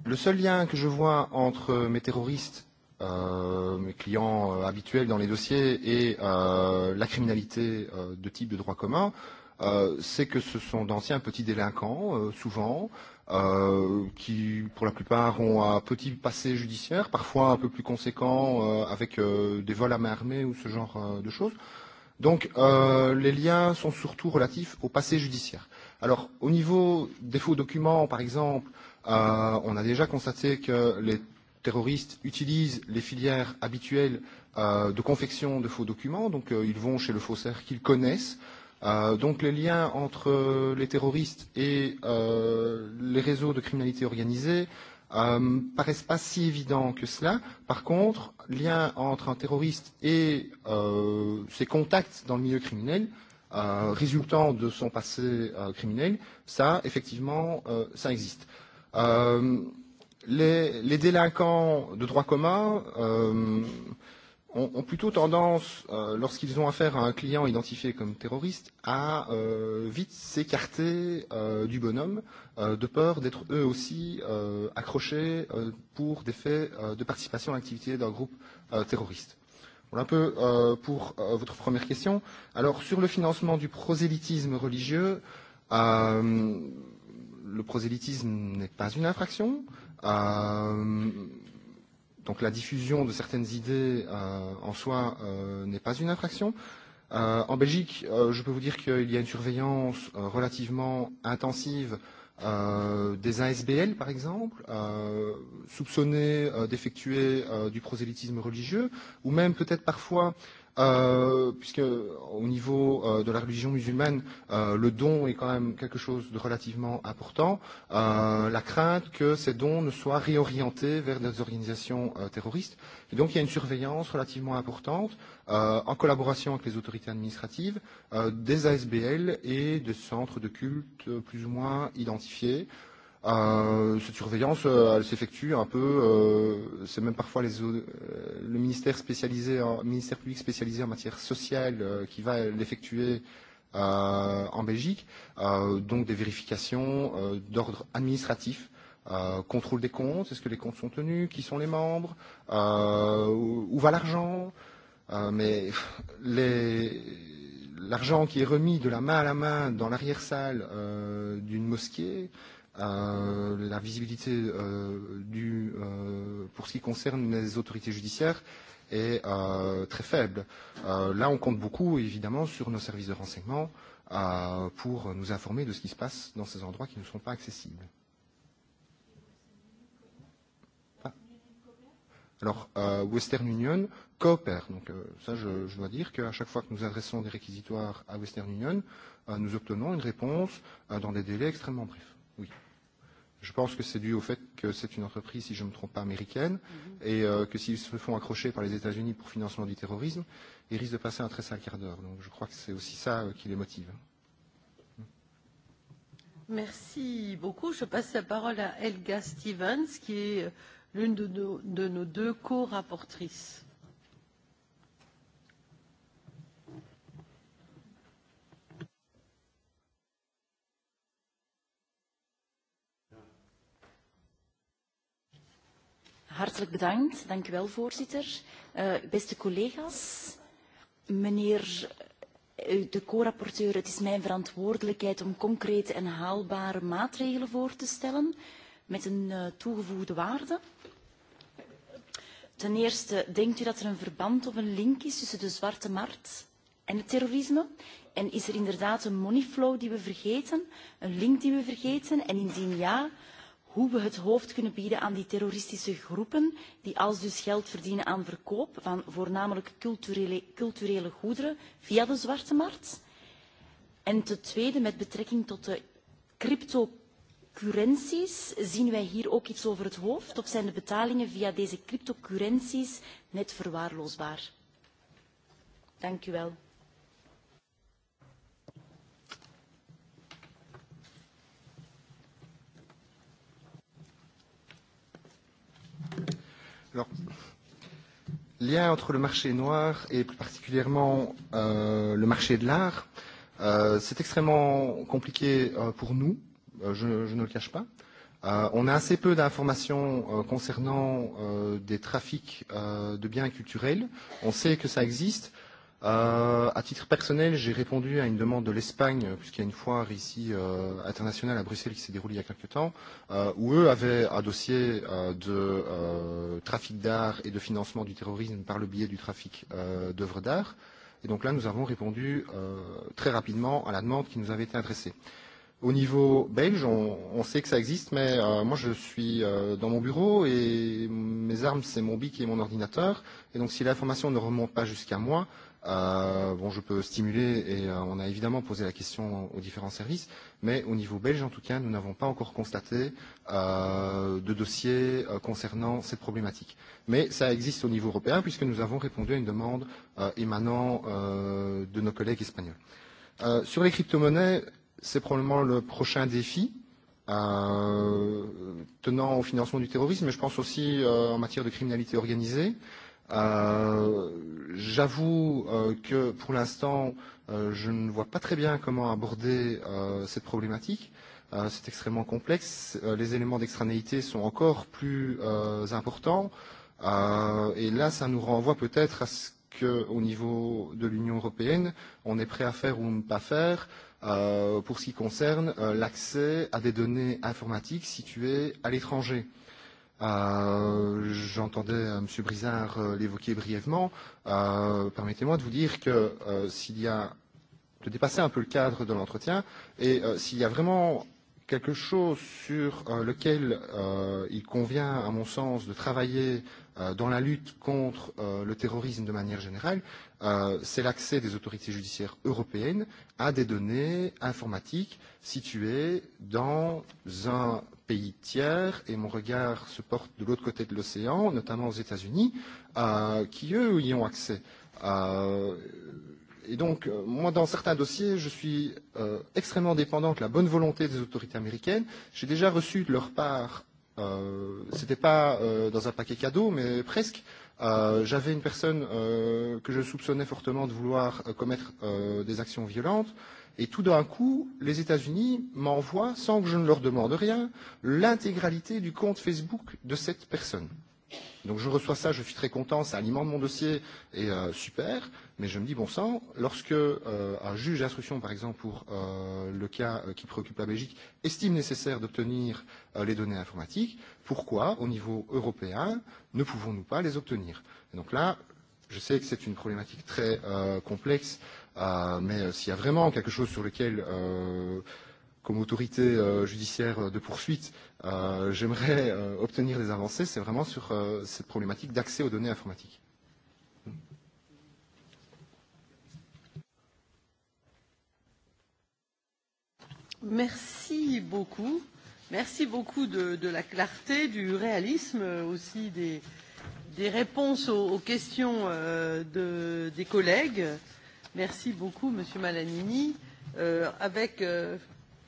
Le seul lien que je vois entre mes terroristes euh, clients euh, habituels dans les dossiers et euh, la criminalité euh, de type de droit commun, euh, c'est que ce sont d'anciens petits délinquants, euh, souvent, euh, qui pour la plupart ont un petit passé judiciaire, parfois un peu plus conséquent, euh, avec euh, des vols à main armée ou ce genre euh, de choses. Donc euh, les liens sont surtout relatifs au passé judiciaire. Alors au niveau des faux documents, par exemple, euh, on a déjà constaté que les terroristes utilisent les filières habituelles euh, de confection de faux documents. Donc, euh, ils vont chez le faussaire qu'ils connaissent. Euh, donc, les liens entre euh, les terroristes et euh, les réseaux de criminalité organisée euh, paraissent pas si évidents que cela. Par contre, lien entre un terroriste et euh, ses contacts dans le milieu criminel, euh, résultant de son passé euh, criminel, ça, effectivement, euh, ça existe. Euh, les, les délinquants de droit commun euh, ont, ont plutôt tendance, euh, lorsqu'ils ont affaire à un client identifié comme terroriste, à euh, vite s'écarter euh, du bonhomme, euh, de peur d'être eux aussi euh, accrochés euh, pour des faits euh, de participation à l'activité d'un groupe euh, terroriste. Voilà un peu euh, pour euh, votre première question. Alors, sur le financement du prosélytisme religieux, euh, le prosélytisme n'est pas une infraction. Euh, Euh, donc la diffusion de certaines idées euh, en soi euh, n'est pas une infraction. Euh, en Belgique, euh, je peux vous dire qu'il y a une surveillance euh, relativement intensive euh, des ASBL, par exemple, euh, soupçonnés euh, d'effectuer euh, du prosélytisme religieux, ou même peut-être parfois euh, euh, puisque au niveau euh, de la religion musulmane, euh, le don est quand même quelque chose de relativement important. Euh, la crainte que ces dons ne soient réorientés vers des organisations euh, terroristes. Et donc il y a une surveillance relativement importante euh, en collaboration avec les autorités administratives euh, des ASBL et des centres de culte euh, plus ou moins identifiés. Euh, Euh, cette surveillance, euh, elle s'effectue un peu, euh, c'est même parfois les, euh, le ministère spécialisé, en, ministère public spécialisé en matière sociale euh, qui va l'effectuer euh, en Belgique, euh, donc des vérifications euh, d'ordre administratif. Euh, contrôle des comptes, est-ce que les comptes sont tenus, qui sont les membres, euh, où, où va l'argent, euh, mais les, l'argent qui est remis de la main à la main dans l'arrière-salle euh, d'une mosquée, euh, euh, la visibilité euh, du, euh, pour ce qui concerne les autorités judiciaires est euh, très faible. Euh, là, on compte beaucoup, évidemment, sur nos services de renseignement euh, pour nous informer de ce qui se passe dans ces endroits qui ne sont pas accessibles. Ah. Alors, euh, Western Union coopère. Donc, euh, ça, je, je dois dire qu'à chaque fois que nous adressons des réquisitoires à Western Union, euh, nous obtenons une réponse euh, dans des délais extrêmement brefs. Je pense que c'est dû au fait que c'est une entreprise, si je ne me trompe pas, américaine, mm -hmm. et euh, que s'ils se font accrocher par les États-Unis pour financement du terrorisme, ils risquent de passer un très sale quart d'heure. Donc je crois que c'est aussi ça euh, qui les motive. Merci beaucoup. Je passe la parole à Helga Stevens, qui est euh, l'une de nos, de nos deux co-rapportrices. Hartelijk bedankt. Dank u wel, voorzitter. Uh, beste collega's, meneer eh, de co-rapporteur, het is mijn verantwoordelijkheid om concrete en haalbare maatregelen voor te stellen met een uh, toegevoegde waarde. Ten eerste, denkt u dat er een verband of een link is tussen de zwarte markt en het terrorisme? En is er inderdaad een moneyflow die we vergeten, een link die we vergeten? En indien ja, hoe we het hoofd kunnen bieden aan die terroristische groepen die alsdus geld verdienen aan verkoop van voornamelijk culturele, culturele goederen via de zwarte markt. En ten tweede, met betrekking tot de cryptocurrencies, zien wij hier ook iets over het hoofd of zijn de betalingen via deze cryptocurrencies net verwaarloosbaar? Dank u wel. Alors, lien entre le marché noir et plus particulièrement euh, le marché de l'art, euh, c'est extrêmement compliqué euh, pour nous, euh, je, je ne le cache pas. Euh, on a assez peu d'informations euh, concernant euh, des trafics euh, de biens culturels. On sait que ça existe, Euh, à titre personnel, j'ai répondu à une demande de l'Espagne, puisqu'il y a une foire ici euh, internationale à Bruxelles qui s'est déroulée il y a quelques temps, euh, où eux avaient un dossier euh, de euh, trafic d'art et de financement du terrorisme par le biais du trafic euh, d'œuvres d'art. Et donc là, nous avons répondu euh, très rapidement à la demande qui nous avait été adressée. Au niveau belge, on, on sait que ça existe, mais euh, moi je suis euh, dans mon bureau et mes armes, c'est mon bic et mon ordinateur. Et donc si l'information ne remonte pas jusqu'à moi, euh, Euh, bon, je peux stimuler et euh, on a évidemment posé la question aux différents services, mais au niveau belge en tout cas, nous n'avons pas encore constaté euh, de dossier euh, concernant cette problématique. Mais ça existe au niveau européen puisque nous avons répondu à une demande euh, émanant euh, de nos collègues espagnols. Euh, sur les crypto-monnaies, c'est probablement le prochain défi. Euh, tenant au financement du terrorisme, mais je pense aussi euh, en matière de criminalité organisée. Euh, Euh, J'avoue euh, que pour l'instant, euh, je ne vois pas très bien comment aborder euh, cette problématique. Euh, C'est extrêmement complexe. Euh, les éléments d'extranéité sont encore plus euh, importants. Euh, et là, ça nous renvoie peut-être à ce qu'au niveau de l'Union européenne, on est prêt à faire ou ne pas faire euh, pour ce qui concerne euh, l'accès à des données informatiques situées à l'étranger. Euh, Euh, J'entendais euh, M. Brizard euh, l'évoquer brièvement. Euh, Permettez-moi de vous dire que euh, s'il y a de dépasser un peu le cadre de l'entretien et euh, s'il y a vraiment quelque chose sur euh, lequel euh, il convient, à mon sens, de travailler euh, dans la lutte contre euh, le terrorisme de manière générale, euh, c'est l'accès des autorités judiciaires européennes à des données informatiques situées dans un pays tiers, et mon regard se porte de l'autre côté de l'océan, notamment aux États-Unis, euh, qui, eux, y ont accès. Euh, et donc, euh, moi, dans certains dossiers, je suis euh, extrêmement dépendant de la bonne volonté des autorités américaines. J'ai déjà reçu de leur part, euh, c'était pas euh, dans un paquet cadeau, mais presque, euh, j'avais une personne euh, que je soupçonnais fortement de vouloir euh, commettre euh, des actions violentes. Euh, Et tout d'un coup, les États-Unis m'envoient, sans que je ne leur demande rien, l'intégralité du compte Facebook de cette personne. Donc je reçois ça, je suis très content, ça alimente mon dossier et euh, super, mais je me dis bon sang, lorsque euh, un juge d'instruction, par exemple pour euh, le cas euh, qui préoccupe la Belgique, estime nécessaire d'obtenir euh, les données informatiques, pourquoi au niveau européen ne pouvons-nous pas les obtenir et Donc là, je sais que c'est une problématique très euh, complexe Euh, mais euh, s'il y a vraiment quelque chose sur lequel, euh, comme autorité euh, judiciaire euh, de poursuite, euh, j'aimerais euh, obtenir des avancées, c'est vraiment sur euh, cette problématique d'accès aux données informatiques. Merci beaucoup. Merci beaucoup de, de la clarté, du réalisme euh, aussi des, des réponses aux, aux questions euh, de, des collègues. Euh, Merci beaucoup, Monsieur Malanini. Euh, avec, euh,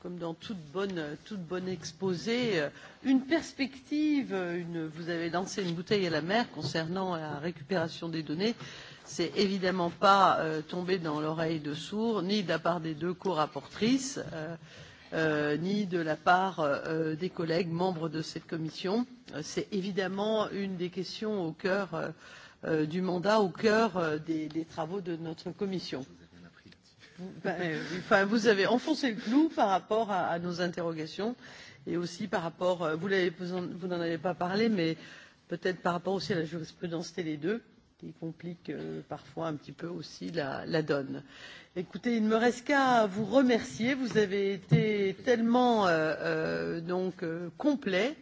comme dans toute bonne, toute bonne exposé, euh, une perspective, euh, une, vous avez lancé une bouteille à la mer concernant la récupération des données. C'est évidemment pas euh, tombé dans l'oreille de sourd, ni de la part des deux co-rapportrices, euh, euh, ni de la part euh, des collègues membres de cette commission. Euh, c'est évidemment une des questions au cœur euh, euh, du mandat au cœur euh, des, des travaux de notre commission. Vous, ben, euh, enfin, vous avez enfoncé le clou par rapport à, à nos interrogations et aussi par rapport, euh, vous n'en avez pas parlé, mais peut-être par rapport aussi à la jurisprudence Télé 2 qui complique euh, parfois un petit peu aussi la, la donne. Écoutez, il ne me reste qu'à vous remercier. Vous avez été tellement euh, euh, donc euh, complet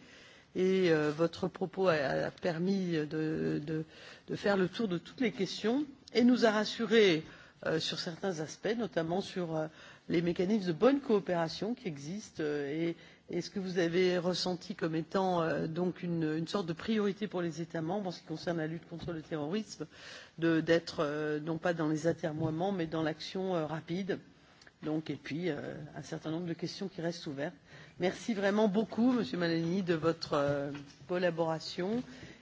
et euh, votre propos a, a permis de, de, de faire le tour de toutes les questions et nous a rassurés euh, sur certains aspects, notamment sur euh, les mécanismes de bonne coopération qui existent euh, et, et ce que vous avez ressenti comme étant euh, donc une, une sorte de priorité pour les États membres en ce qui concerne la lutte contre le terrorisme, d'être euh, non pas dans les atermoiements mais dans l'action euh, rapide. Donc, et puis euh, un certain nombre de questions qui restent ouvertes. Merci vraiment beaucoup, Monsieur Malani, de votre euh, collaboration. Euh,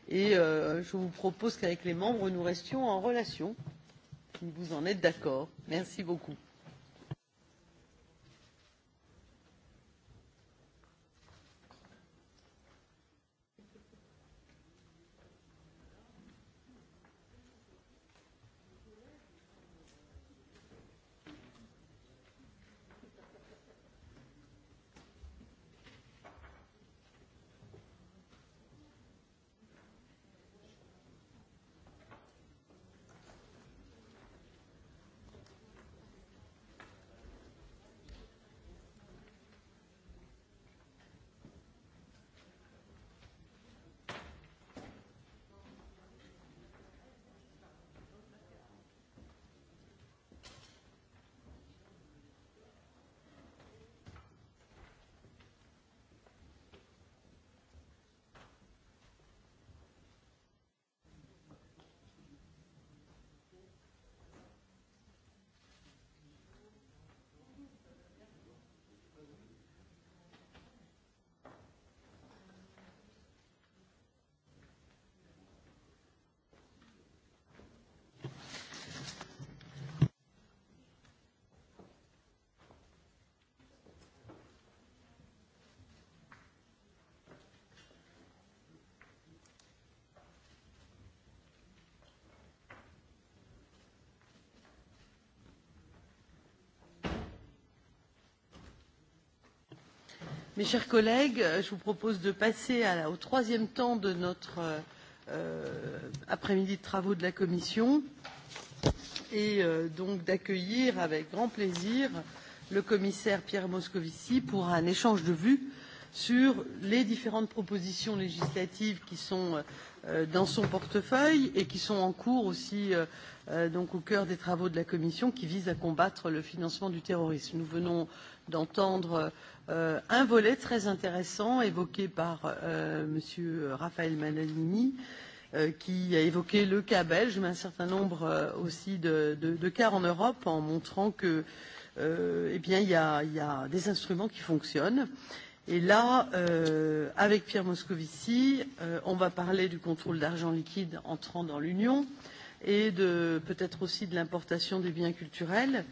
et euh, je vous propose qu'avec les membres nous restions en relation si vous en êtes d'accord. merci beaucoup. Mes chers collègues, euh, je vous propose de passer à, au troisième temps de notre euh, euh, après-midi de travaux de la Commission et euh, donc d'accueillir avec grand plaisir le commissaire Pierre Moscovici pour un échange de vues sur les différentes propositions législatives qui sont euh, Euh, dans son portefeuille et qui sont en cours aussi euh, euh donc au cœur des travaux de la Commission qui visent à combattre le financement du terrorisme. Nous venons d'entendre euh, un volet très intéressant évoqué par euh, M. Raphaël Manalini euh, qui a évoqué le cas belge, mais un certain nombre euh, aussi de, de, de cas en Europe en montrant que euh, eh bien, il, y a, il y a des instruments qui fonctionnent. Euh, Et là, euh, avec Pierre Moscovici, euh, on va parler du contrôle d'argent liquide entrant dans l'Union et de peut-être aussi de l'importation des biens culturels,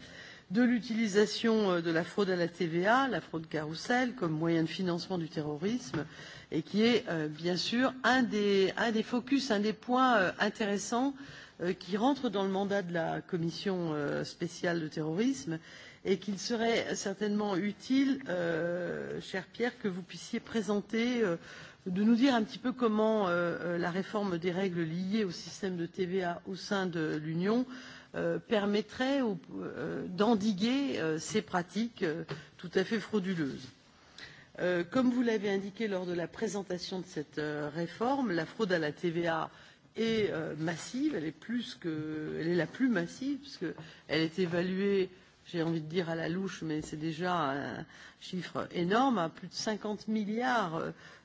de l'utilisation euh, de la fraude à la TVA, la fraude carrousel, comme moyen de financement du terrorisme, et qui est euh, bien sûr un des, un des focus, un des points euh, intéressants euh, qui rentre dans le mandat de la commission euh, spéciale de terrorisme et qu'il serait certainement utile, euh, cher Pierre, que vous puissiez présenter, euh, de nous dire un petit peu comment euh, euh, la réforme des règles liées au système de TVA au sein de l'Union euh, permettrait au, euh, d'endiguer euh, ces pratiques euh, tout à fait frauduleuses. Euh, comme vous l'avez indiqué lors de la présentation de cette euh, réforme, la fraude à la TVA est euh, massive, elle est, plus que, elle est la plus massive, puisqu'elle est évaluée euh, j'ai envie de dire à la louche, mais c'est déjà un chiffre énorme, à plus de 50 milliards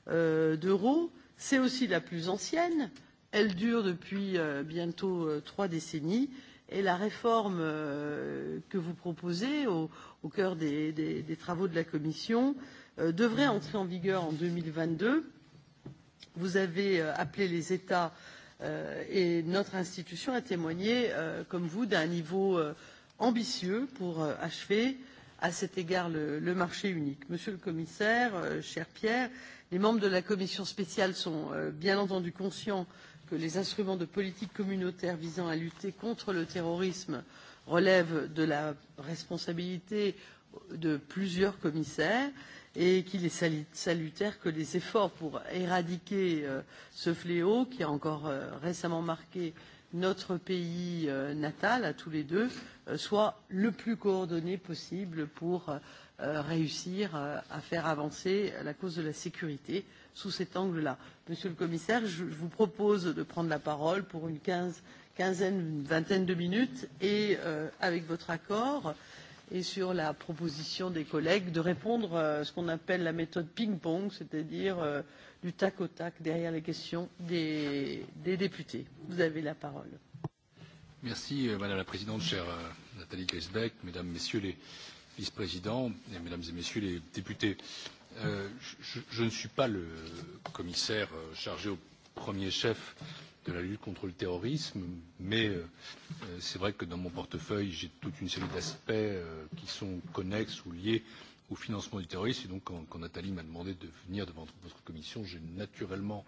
euh, d'euros. C'est aussi la plus ancienne. Elle dure depuis euh, bientôt euh, trois décennies. Et la réforme euh, que vous proposez au, au cœur des, des, des travaux de la Commission euh, devrait entrer en vigueur en 2022. Vous avez euh, appelé les États euh, et notre institution a témoigné, euh, comme vous, d'un niveau euh, ambitieux pour euh, achever à cet égard le, le marché unique. Monsieur le commissaire, euh, cher Pierre, les membres de la commission spéciale sont euh, bien entendu conscients que les instruments de politique communautaire visant à lutter contre le terrorisme relèvent de la responsabilité de plusieurs commissaires et qu'il est salutaire que les efforts pour éradiquer ce fléau qui a encore récemment marqué notre pays euh, natal, à tous les deux, euh, soit le plus coordonné possible pour euh, réussir euh, à faire avancer la cause de la sécurité sous cet angle-là. Monsieur le Commissaire, je, je vous propose de prendre la parole pour une quinze, quinzaine, une vingtaine de minutes et, euh, avec votre accord, euh, et sur la proposition des collègues de répondre à euh, ce qu'on appelle la méthode ping-pong, c'est-à-dire euh, du tac au tac derrière les questions des, des députés. Vous avez la parole. Merci euh, Madame la Présidente, chère euh, Nathalie Grisbeck, Mesdames, Messieurs les vice-présidents et Mesdames et Messieurs les députés. Euh, je, je ne suis pas le commissaire euh, chargé au premier chef euh, de la lutte contre le terrorisme, mais euh, euh, c'est vrai que dans mon portefeuille, j'ai toute une série d'aspects euh, qui sont connexes ou liés au financement du terrorisme. Et donc, quand, quand Nathalie m'a demandé de venir devant votre commission, j'ai naturellement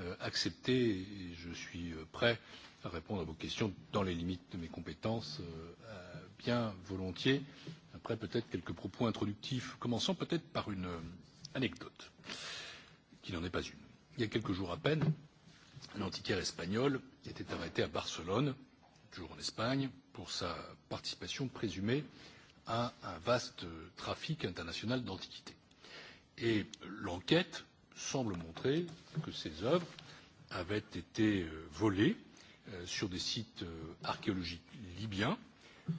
euh, accepté et je suis euh, prêt à répondre à vos questions dans les limites de mes compétences, euh, à, bien volontiers. Après, peut-être quelques propos introductifs, commençant peut-être par une euh, anecdote, qui n'en est pas une. Il y a quelques jours à peine, euh, l'antiquaire espagnol était arrêté à barcelone toujours en espagne pour sa participation présumée à un vaste trafic international d'antiquités et l'enquête semble montrer que ces œuvres avaient été euh, volées euh, sur des sites euh, archéologiques libyens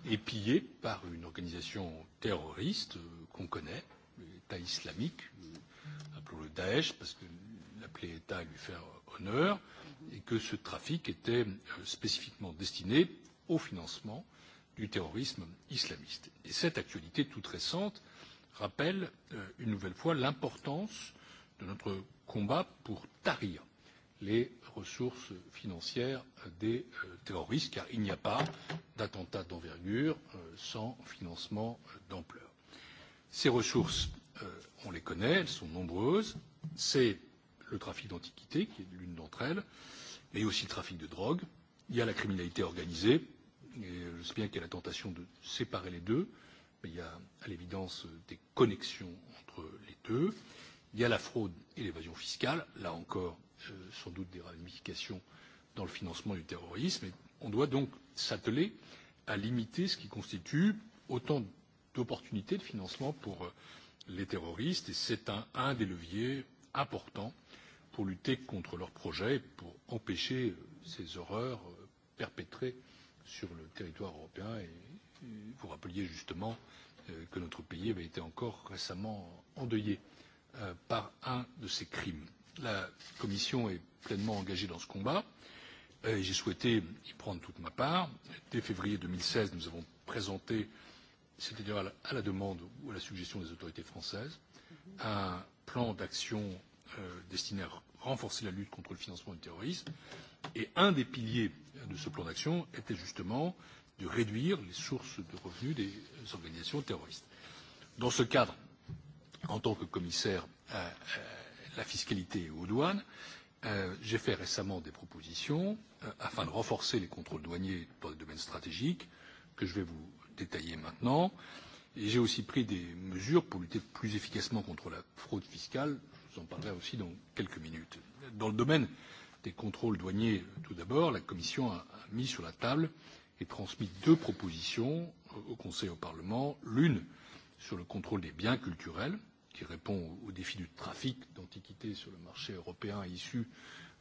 et pillées par une organisation terroriste qu'on connaît l'état islamique appelons le daech parce que l'appeler état et lui faire honneur et que ce trafic était euh, spécifiquement destiné au financement du terrorisme islamiste. cette actualité toute récente rappelle euh, une nouvelle fois l'importance de notre combat pour tarir les ressources financières des euh, terroristes car il n'y a pas d'attentat d'envergure sans financement d'ampleur. ces ressources on les connaît elles sont nombreuses c'est le trafic d'antiquités, qui est l'une d'entre elles, mais aussi le trafic de drogue. Il y a la criminalité organisée, et je sais bien qu'il y a la tentation de séparer les deux, mais il y a à l'évidence des connexions entre les deux. Il y a la fraude et l'évasion fiscale, là encore euh, sans doute des ramifications dans le financement du terrorisme. Et on doit donc s'atteler à limiter ce qui constitue autant d'opportunités de financement pour euh, les terroristes et c'est un, un des leviers importants pour lutter contre leurs projets et pour empêcher euh, ces horreurs euh, perpétrées sur le territoire européen et vous rappeliez justement euh, que notre pays avait été encore récemment endeuillé par un de ces crimes. La Commission est pleinement engagée dans ce combat et j'ai souhaité y prendre toute ma part. Dès février 2016, nous avons présenté, c'est-à-dire à la demande ou à la suggestion des autorités françaises, un plan d'action Euh, destiné à renforcer la lutte contre le financement du terrorisme et un des piliers de ce plan d'action était justement de réduire les sources de revenus des organisations terroristes. dans ce cadre en tant que commissaire à la fiscalité et aux douanes euh, j'ai fait récemment des propositions euh, afin de renforcer les contrôles douaniers dans des domaines stratégiques que je vais vous détailler maintenant et j'ai aussi pris des mesures pour lutter plus efficacement contre la fraude fiscale je vous en parlerai aussi dans quelques minutes. Dans le domaine des contrôles douaniers, euh, tout d'abord, la Commission a mis sur la table et transmis deux propositions euh, au Conseil et au Parlement, l'une sur le contrôle des biens culturels, qui répond au défi du trafic d'antiquités sur le marché européen issu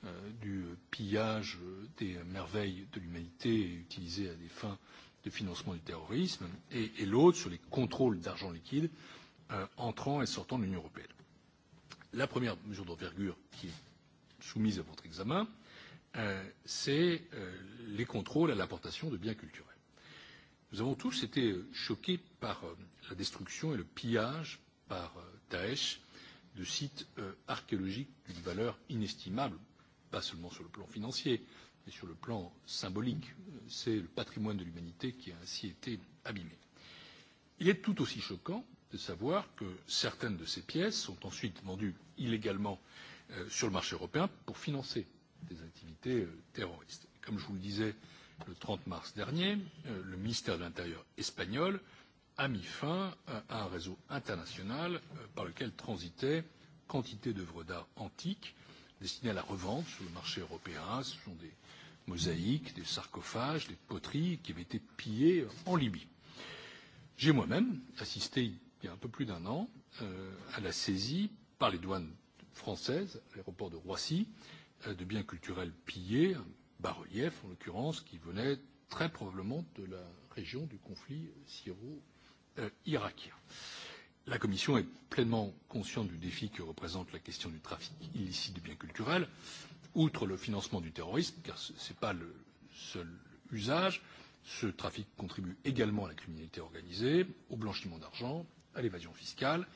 euh, du euh, pillage des merveilles de l'humanité et utilisé à des fins de financement du terrorisme, et, et l'autre sur les contrôles d'argent liquide euh, entrant et sortant de l'Union européenne la première mesure d'envergure qui est soumise à votre examen euh, c'est euh, les contrôles à l'importation de biens culturels. nous avons tous été euh, choqués par la destruction et le pillage par daech de sites archéologiques d'une valeur inestimable pas seulement sur le plan financier mais sur le plan symbolique. c'est le patrimoine de l'humanité qui a ainsi été abîmé. il est tout aussi choquant de savoir que certaines de ces pièces sont ensuite vendues illégalement euh, sur le marché européen pour financer des activités euh, terroristes. comme je vous le disais le trente mars dernier euh, le ministère de l'intérieur espagnol a mis fin à un réseau international par lequel transitaient quantité d'œuvres d'art antiques destinées à la revente sur le marché européen. ce sont des mosaïques des sarcophages des poteries qui avaient été pillées en libye. j'ai moi même assisté il y a un peu plus d'un an euh, à la saisie par les douanes françaises à l'aéroport de Roissy euh, de biens culturels pillés, un bas-relief en l'occurrence, qui venait très probablement de la région du conflit euh, syro-irakien. Euh, la Commission est pleinement consciente du défi que représente la question du trafic illicite de biens culturels, outre le financement du terrorisme, car ce n'est pas le seul usage. Ce trafic contribue également à la criminalité organisée, au blanchiment d'argent, à l'évasion fiscale.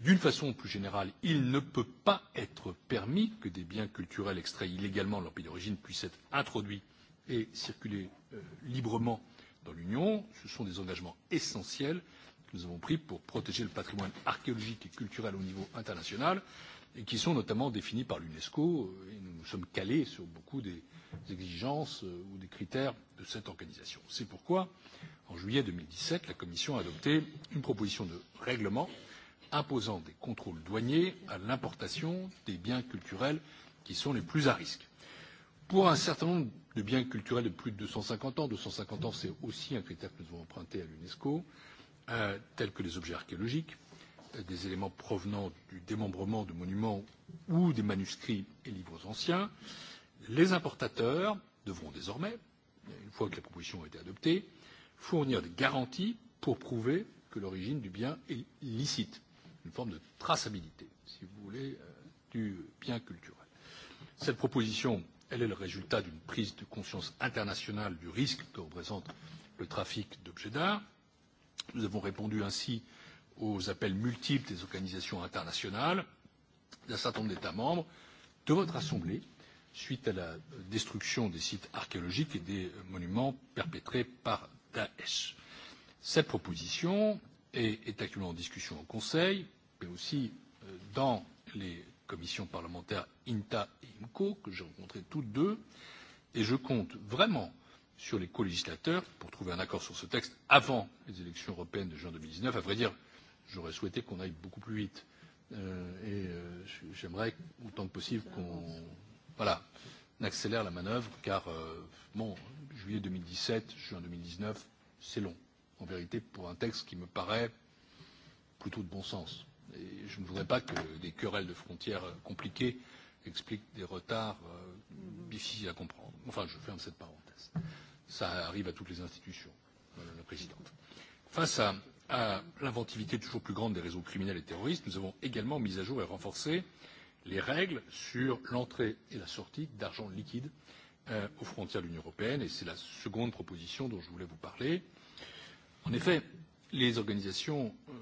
D'une façon plus générale, il ne peut pas être permis que des biens culturels extraits illégalement de leur pays d'origine puissent être introduits et circuler euh, librement dans l'Union. Ce sont des engagements essentiels que nous avons pris pour protéger le patrimoine archéologique et culturel au niveau international et qui sont notamment définies par l'unesco et nous nous sommes calés sur beaucoup des exigences euh, ou des critères de cette organisation. c'est pourquoi en juillet deux mille dix sept la commission a adopté une proposition de règlement imposant des contrôles douaniers à l'importation des biens culturels qui sont les plus à risque. pour un certain nombre de biens culturels de plus de deux cent cinquante ans deux cent cinquante ans c'est aussi un critère que nous avons emprunté à l'unesco euh, tels que les objets archéologiques des éléments provenant du démembrement de monuments ou des manuscrits et livres anciens les importateurs devront désormais une fois que la proposition a été adoptée fournir des garanties pour prouver que l'origine du bien est licite une forme de traçabilité si vous voulez euh, du bien culturel. cette proposition elle est le résultat d'une prise de conscience internationale du risque que représente le trafic d'objets d'art. nous avons répondu ainsi aux appels multiples des organisations internationales d'un certain nombre d'états membres de votre assemblée suite à la destruction des sites archéologiques et des monuments perpétrés par daech. cette proposition est, est actuellement en discussion au conseil mais aussi euh, dans les commissions parlementaires inta et imco que j'ai rencontrées toutes deux et je compte vraiment sur les colégislateurs pour trouver un accord sur ce texte avant les élections européennes de juin deux mille dix neuf à vrai dire j'aurais souhaité qu'on aille beaucoup plus vite. Euh, et euh, j'aimerais, autant que possible, qu'on voilà, accélère la manœuvre, car euh, bon, juillet 2017, juin 2019, c'est long, en vérité, pour un texte qui me paraît plutôt de bon sens. Et je ne voudrais pas que des querelles de frontières compliquées expliquent des retards euh, mm-hmm. difficiles à comprendre. Enfin, je ferme cette parenthèse. Ça arrive à toutes les institutions, Madame la Présidente. Face à à euh, l'inventivité toujours plus grande des réseaux criminels et terroristes nous avons également mis à jour et renforcé les règles sur l'entrée et la sortie d'argent liquide euh, aux frontières de l'union européenne et c'est la seconde proposition dont je voulais vous parler. en effet les organisations euh,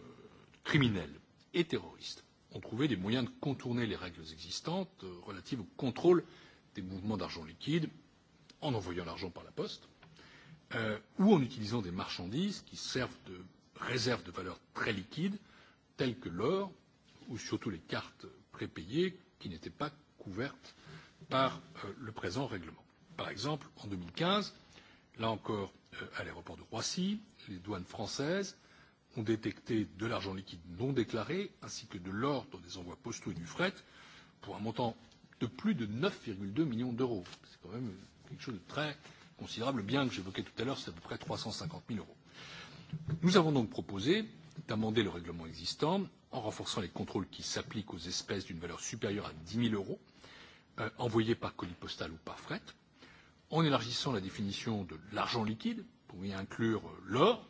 criminelles et terroristes ont trouvé des moyens de contourner les règles existantes euh, relatives au contrôle des mouvements d'argent liquide en envoyant l'argent par la poste euh, ou en utilisant des marchandises qui servent de réserves de valeur très liquides telles que l'or ou surtout les cartes prépayées qui n'étaient pas couvertes par euh, le présent règlement. par exemple en deux mille quinze là encore euh, à l'aéroport de roissy les douanes françaises ont détecté de l'argent liquide non déclaré ainsi que de l'or dans des envois postaux et du fret pour un montant de plus de neuf deux millions d'euros. c'est quand même quelque chose de très considérable. le bien que j'évoquais tout à l'heure c'est à peu près trois cent cinquante Nous avons donc proposé d'amender le règlement existant en renforçant les contrôles qui s'appliquent aux espèces d'une valeur supérieure à 10 000 euros euh, envoyées par colis postal ou par fret, en élargissant la définition de l'argent liquide pour y inclure euh, l'or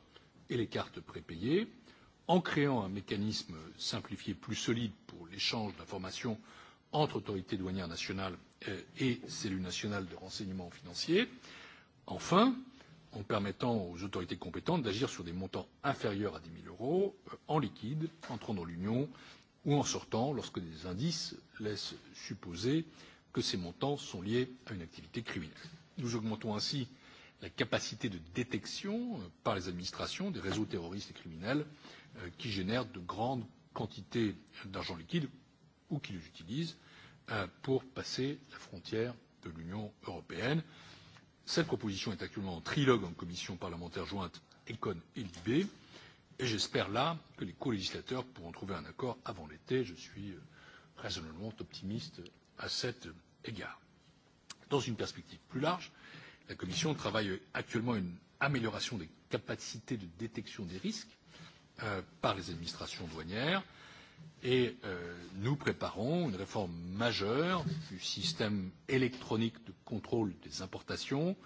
et les cartes prépayées, en créant un mécanisme simplifié plus solide pour l'échange d'informations entre autorités douanières nationales euh, et cellules nationales de renseignement financier. Enfin, en permettant aux autorités compétentes d'agir sur des montants inférieurs à 10 000 euros euh, en liquide entrant dans l'union ou en sortant lorsque des indices laissent supposer que ces montants sont liés à une activité criminelle. nous augmentons ainsi la capacité de détection euh, par les administrations des réseaux terroristes et criminels euh, qui génèrent de grandes quantités d'argent liquide ou qui l'utilisent pour passer la frontière de l'union européenne cette proposition est actuellement en trilogue en commission parlementaire jointe econ et libe et j'espère là que les colégislateurs pourront trouver un accord avant l'été je suis euh, raisonnablement optimiste à cet euh, égard. dans une perspective plus large la commission travaille actuellement à une amélioration des capacités de détection des risques euh, par les administrations douanières et euh, nous préparons une réforme majeure du système électronique de contrôle des importations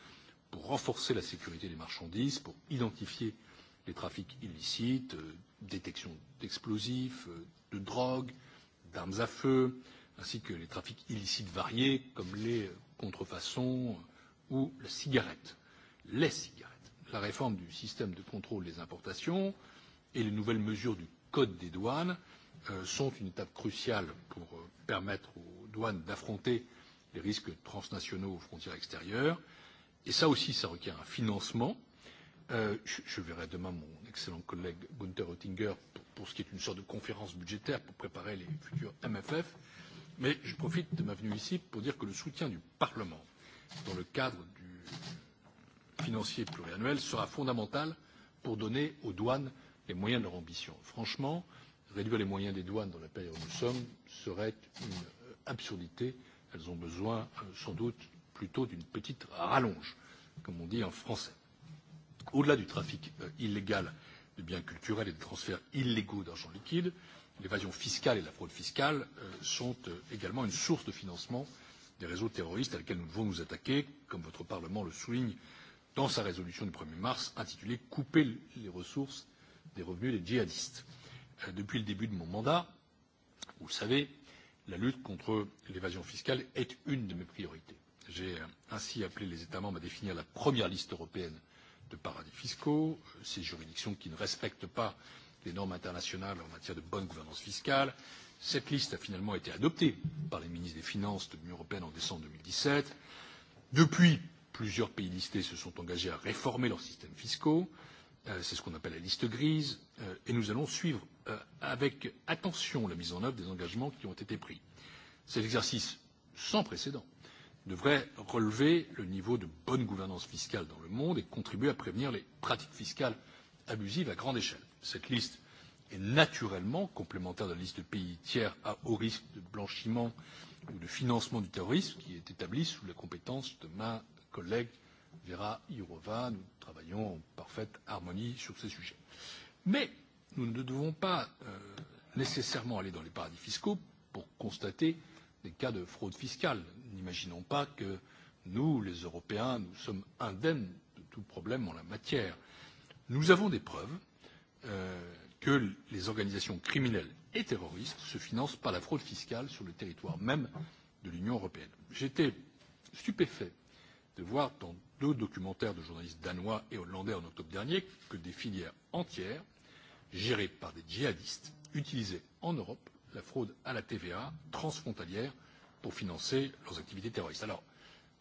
pour renforcer la sécurité des marchandises, pour identifier les trafics illicites, euh, détection d'explosifs, euh, de drogues, d'armes à feu, ainsi que les trafics illicites variés comme les contrefaçons euh, ou la cigarette, les cigarettes. La réforme du système de contrôle des importations et les nouvelles mesures du code des douanes euh, Euh, sont une étape cruciale pour euh, permettre aux douanes d'affronter les risques transnationaux aux frontières extérieures. Et ça aussi, ça requiert un financement. Euh, je verrai demain mon excellent collègue Gunther Oettinger pour, pour ce qui est une sorte de conférence budgétaire pour préparer les futurs MFF. Mais je profite de ma venue ici pour dire que le soutien du Parlement dans le cadre du financier pluriannuel sera fondamental pour donner aux douanes les moyens de leur ambition. Franchement, euh, réduire les moyens des douanes dans la période où nous sommes serait une absurdité elles ont besoin euh, sans doute plutôt d'une petite rallonge comme on dit en français. au delà du trafic euh, illégal de biens culturels et des transferts illégaux d'argent liquide l'évasion fiscale et la fraude fiscale euh, sont également une source de financement des réseaux terroristes à laquelle nous devons nous attaquer comme votre parlement le souligne dans sa résolution du un er mars intitulée couper les ressources des revenus des djihadistes depuis le début de mon mandat vous le savez la lutte contre l'évasion fiscale est une de mes priorités. j'ai euh, ainsi appelé les états membres à définir la première liste européenne de paradis fiscaux euh, ces juridictions qui ne respectent pas les normes internationales en matière de bonne gouvernance fiscale. cette liste a finalement été adoptée par les ministres des finances de l'union européenne en décembre. deux mille dix sept depuis plusieurs pays listés se sont engagés à réformer leurs systèmes fiscaux. Euh, c'est ce qu'on appelle la liste grise euh, et nous allons suivre euh, avec attention la mise en œuvre des engagements qui ont été pris. Cet exercice sans précédent devrait relever le niveau de bonne gouvernance fiscale dans le monde et contribuer à prévenir les pratiques fiscales abusives à grande échelle. Cette liste est naturellement complémentaire de la liste de pays tiers à haut risque de blanchiment ou de financement du terrorisme qui est établie sous la compétence de ma collègue Vera Jourova. Nous travaillons en parfaite harmonie sur ces sujets. Mais nous ne devons pas euh, nécessairement aller dans les paradis fiscaux pour constater des cas de fraude fiscale. N'imaginons pas que nous, les Européens, nous sommes indemnes de tout problème en la matière. Nous avons des preuves euh, que les organisations criminelles et terroristes se financent par la fraude fiscale sur le territoire même de l'Union européenne. J'étais stupéfait de voir dans deux documentaires de journalistes danois et hollandais en octobre dernier que des filières entières gérées par des djihadistes utilisaient en europe la fraude à la tva transfrontalière pour financer leurs activités terroristes. alors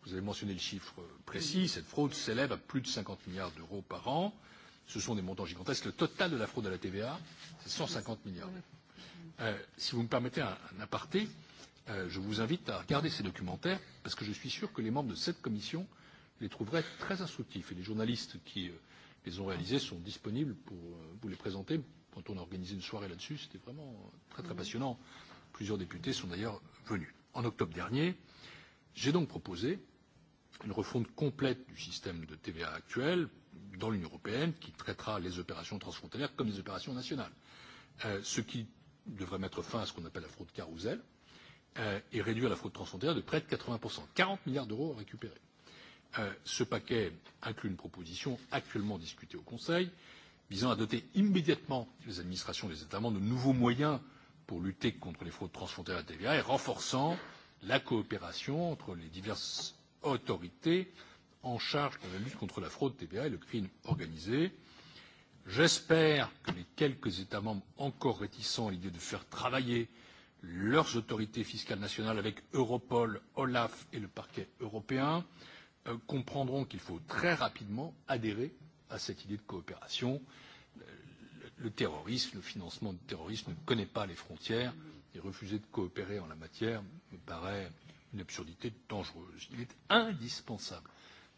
vous avez mentionné le chiffre précis cette fraude s'élève à plus de cinquante milliards d'euros par an ce sont des montants gigantesques le total de la fraude à la tva c'est cent cinquante milliards. Euh, si vous me permettez un, un aparté euh, je vous invite à regarder ces documentaires parce que je suis sûr que les membres de cette commission les trouverez très instructifs et les journalistes qui euh, les ont réalisés sont disponibles pour euh, vous les présenter. Quand on a organisé une soirée là-dessus, c'était vraiment euh, très très mhm. passionnant. Plusieurs députés sont d'ailleurs venus. En octobre dernier, j'ai donc proposé une refonte complète du système de TVA actuel dans l'Union européenne qui traitera les opérations transfrontalières comme les opérations nationales, euh, ce qui devrait mettre fin à ce qu'on appelle la fraude carousel euh, et réduire la fraude transfrontalière de près de 80%, 40 milliards d'euros à récupérer. Euh, ce paquet inclut une proposition actuellement discutée au conseil visant à doter immédiatement les administrations des états membres de nouveaux moyens pour lutter contre les fraudes transfrontières à la tva et renforçant la coopération entre les diverses autorités en charge de la lutte contre la fraude tva et le crime organisé. j'espère que les quelques états membres encore réticents à l'idée de faire travailler leurs autorités fiscales nationales avec europol olaf et le parquet européen Euh, comprendront qu'il faut très rapidement adhérer à cette idée de coopération. Euh, le terrorisme, le financement du terrorisme ne connaît pas les frontières et refuser de coopérer en la matière me paraît une absurdité dangereuse. Il est indispensable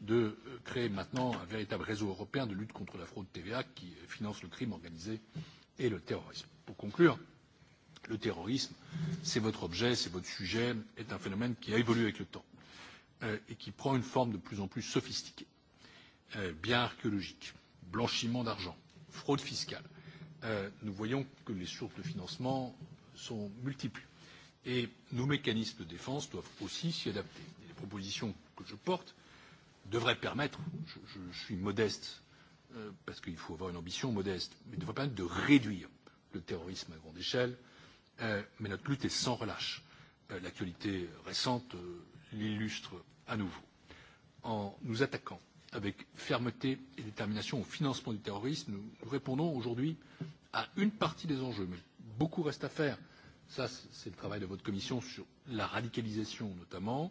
de euh, créer maintenant un véritable réseau européen de lutte contre la fraude TVA qui finance le crime organisé et le terrorisme. Pour conclure, le terrorisme, c'est votre objet, c'est votre sujet, est un phénomène qui a évolué avec le temps Euh, et qui prend une forme de plus en plus sophistiquée euh, biens archéologiques blanchiment d'argent fraude fiscale euh, nous voyons que les sources de financement sont multiples et nos mécanismes de défense doivent aussi s'y adapter. les propositions que je porte devraient permettre je, je suis modeste parce qu'il faut avoir une ambition modeste mais devraient permettre de réduire le terrorisme à grande échelle mais notre lutte est sans relâche. l'actualité récente l'illustre à nouveau en nous attaquant avec fermeté et détermination au financement du terrorisme. Nous, nous répondons aujourd'hui à une partie des enjeux, mais beaucoup reste à faire. Ça, c'est le travail de votre commission sur la radicalisation notamment.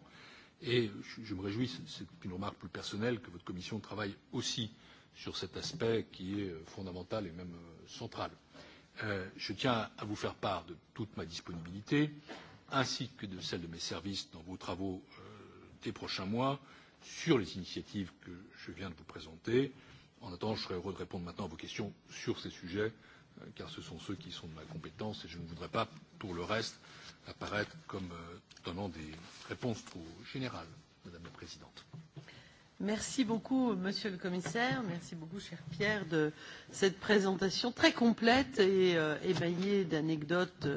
Et je, je me réjouis, c'est une remarque plus personnelle, que votre commission travaille aussi sur cet aspect qui est euh, fondamental et même euh, central. Euh, je tiens à vous faire part de toute ma disponibilité, ainsi que de celle de mes services dans vos travaux euh, des prochains mois sur les initiatives que je viens de vous présenter. en attendant je serai heureux de répondre maintenant à vos questions sur ces sujets euh, car ce sont ceux qui sont de ma compétence et je ne voudrais pas pour le reste apparaître comme euh, donnant des réponses trop générales madame la présidente. Merci beaucoup, Monsieur le Commissaire. Merci beaucoup, cher Pierre, de cette présentation très complète et euh, émaillée d'anecdotes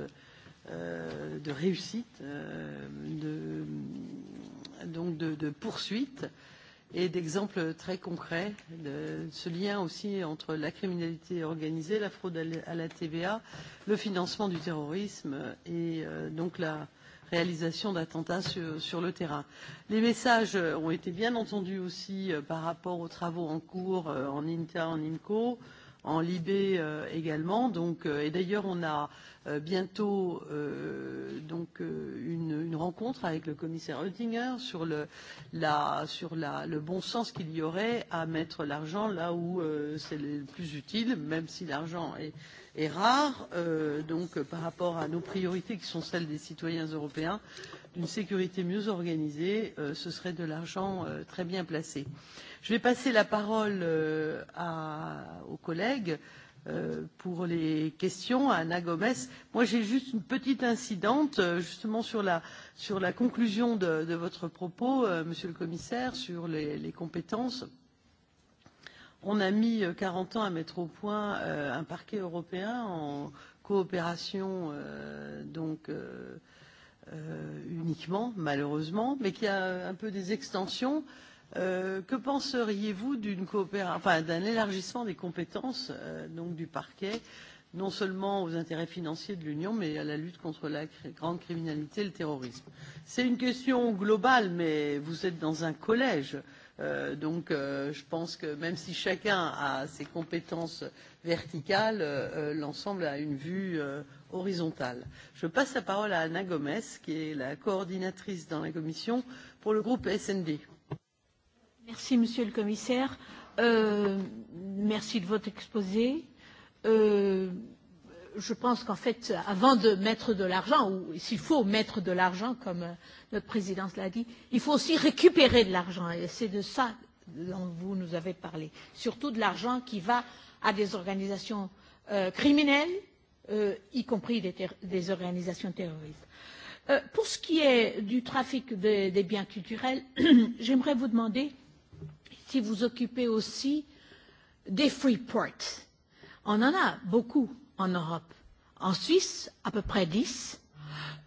euh, de réussite, euh, de, donc de, de poursuites et d'exemples très concrets de ce lien aussi entre la criminalité organisée, la fraude à la TVA, le financement du terrorisme et euh, donc la réalisation d'attentats sur, sur le terrain. Les messages ont été bien entendus aussi euh, par rapport aux travaux en cours euh, en INTA, en IMCO, en Libé euh, également. Donc, euh, et d'ailleurs, on a euh, euh, bientôt euh, donc euh, une, une rencontre avec le commissaire Oettinger sur le, la, sur la, le bon sens qu'il y aurait à mettre l'argent là où euh, c'est le plus utile, même si l'argent est, est rare, euh, donc euh, par rapport à nos priorités qui sont celles des citoyens européens, d'une sécurité mieux organisée, euh, ce serait de l'argent euh, très bien placé. Je vais passer la parole euh, à, aux collègues. Euh, Euh, pour les questions à Anna Gomes. Moi, j'ai juste une petite incidente, euh, justement sur la, sur la conclusion de, de votre propos, euh, Monsieur le Commissaire, sur les, les compétences. On a mis 40 euh, ans à mettre au point euh, un parquet européen en coopération, euh, donc. Euh, euh, uniquement, malheureusement, mais qui a un peu des extensions euh, Euh, que penseriez-vous d'un enfin, élargissement des compétences euh, donc du parquet, non seulement aux intérêts financiers de l'Union, mais à la lutte contre la grande criminalité et le terrorisme C'est une question globale, mais vous êtes dans un collège. Euh, donc euh, je pense que même si chacun a ses compétences verticales, euh, euh l'ensemble a une vue euh, horizontale. Je passe la parole à Anna Gomez, qui est la coordinatrice dans la Commission pour le groupe SND. Euh, Merci, monsieur le commissaire. Euh, merci de votre exposé. Euh, je pense qu'en fait, avant de mettre de l'argent, ou s'il faut mettre de l'argent, comme notre présidence l'a dit, il faut aussi récupérer de l'argent. Et c'est de ça dont vous nous avez parlé. Surtout de l'argent qui va à des organisations euh, criminelles, euh, y compris des, des organisations terroristes. Euh, pour ce qui est du trafic de, des biens culturels, [clears throat] j'aimerais vous demander euh, partie, vous occupez aussi des free ports. On en a beaucoup en Europe. En Suisse, à peu près 10.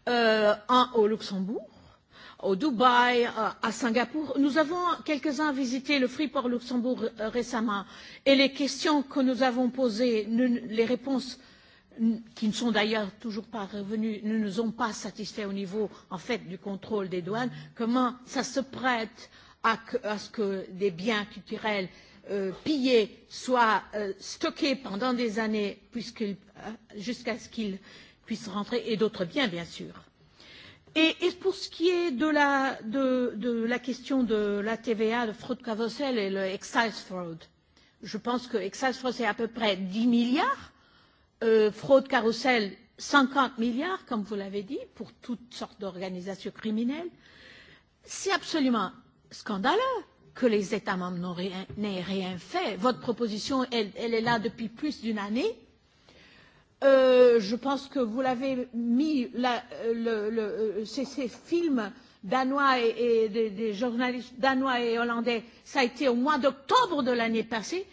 Euh, un au Luxembourg, au Dubaï, euh, à Singapour. Nous avons quelques-uns visité le Freeport Luxembourg euh, récemment et les questions que nous avons posées, nous, les réponses qui ne sont d'ailleurs toujours pas revenues, ne nous ont pas satisfaits au niveau, en fait, du contrôle des douanes. Comment ça se prête euh, à, que, à ce que des biens culturels euh, pillés soient euh, stockés pendant des années euh, jusqu'à ce qu'ils puissent rentrer, et d'autres biens, bien sûr. Et, et pour ce qui est de la, de, de la question de la TVA, de fraude carousel et le excise fraud, je pense que excise fraud, c'est à peu près 10 milliards. Euh, fraude carousel, 50 milliards, comme vous l'avez dit, pour toutes sortes d'organisations criminelles. C'est absolument scandaleux que les États membres n'aient rien fait. Votre proposition, elle, elle est là depuis plus d'une année. Euh, je pense que vous l'avez mis, la, euh, le, le, euh, ces, ces films danois et, et des, des journalistes danois et hollandais, ça a été au mois d'octobre de l'année passée,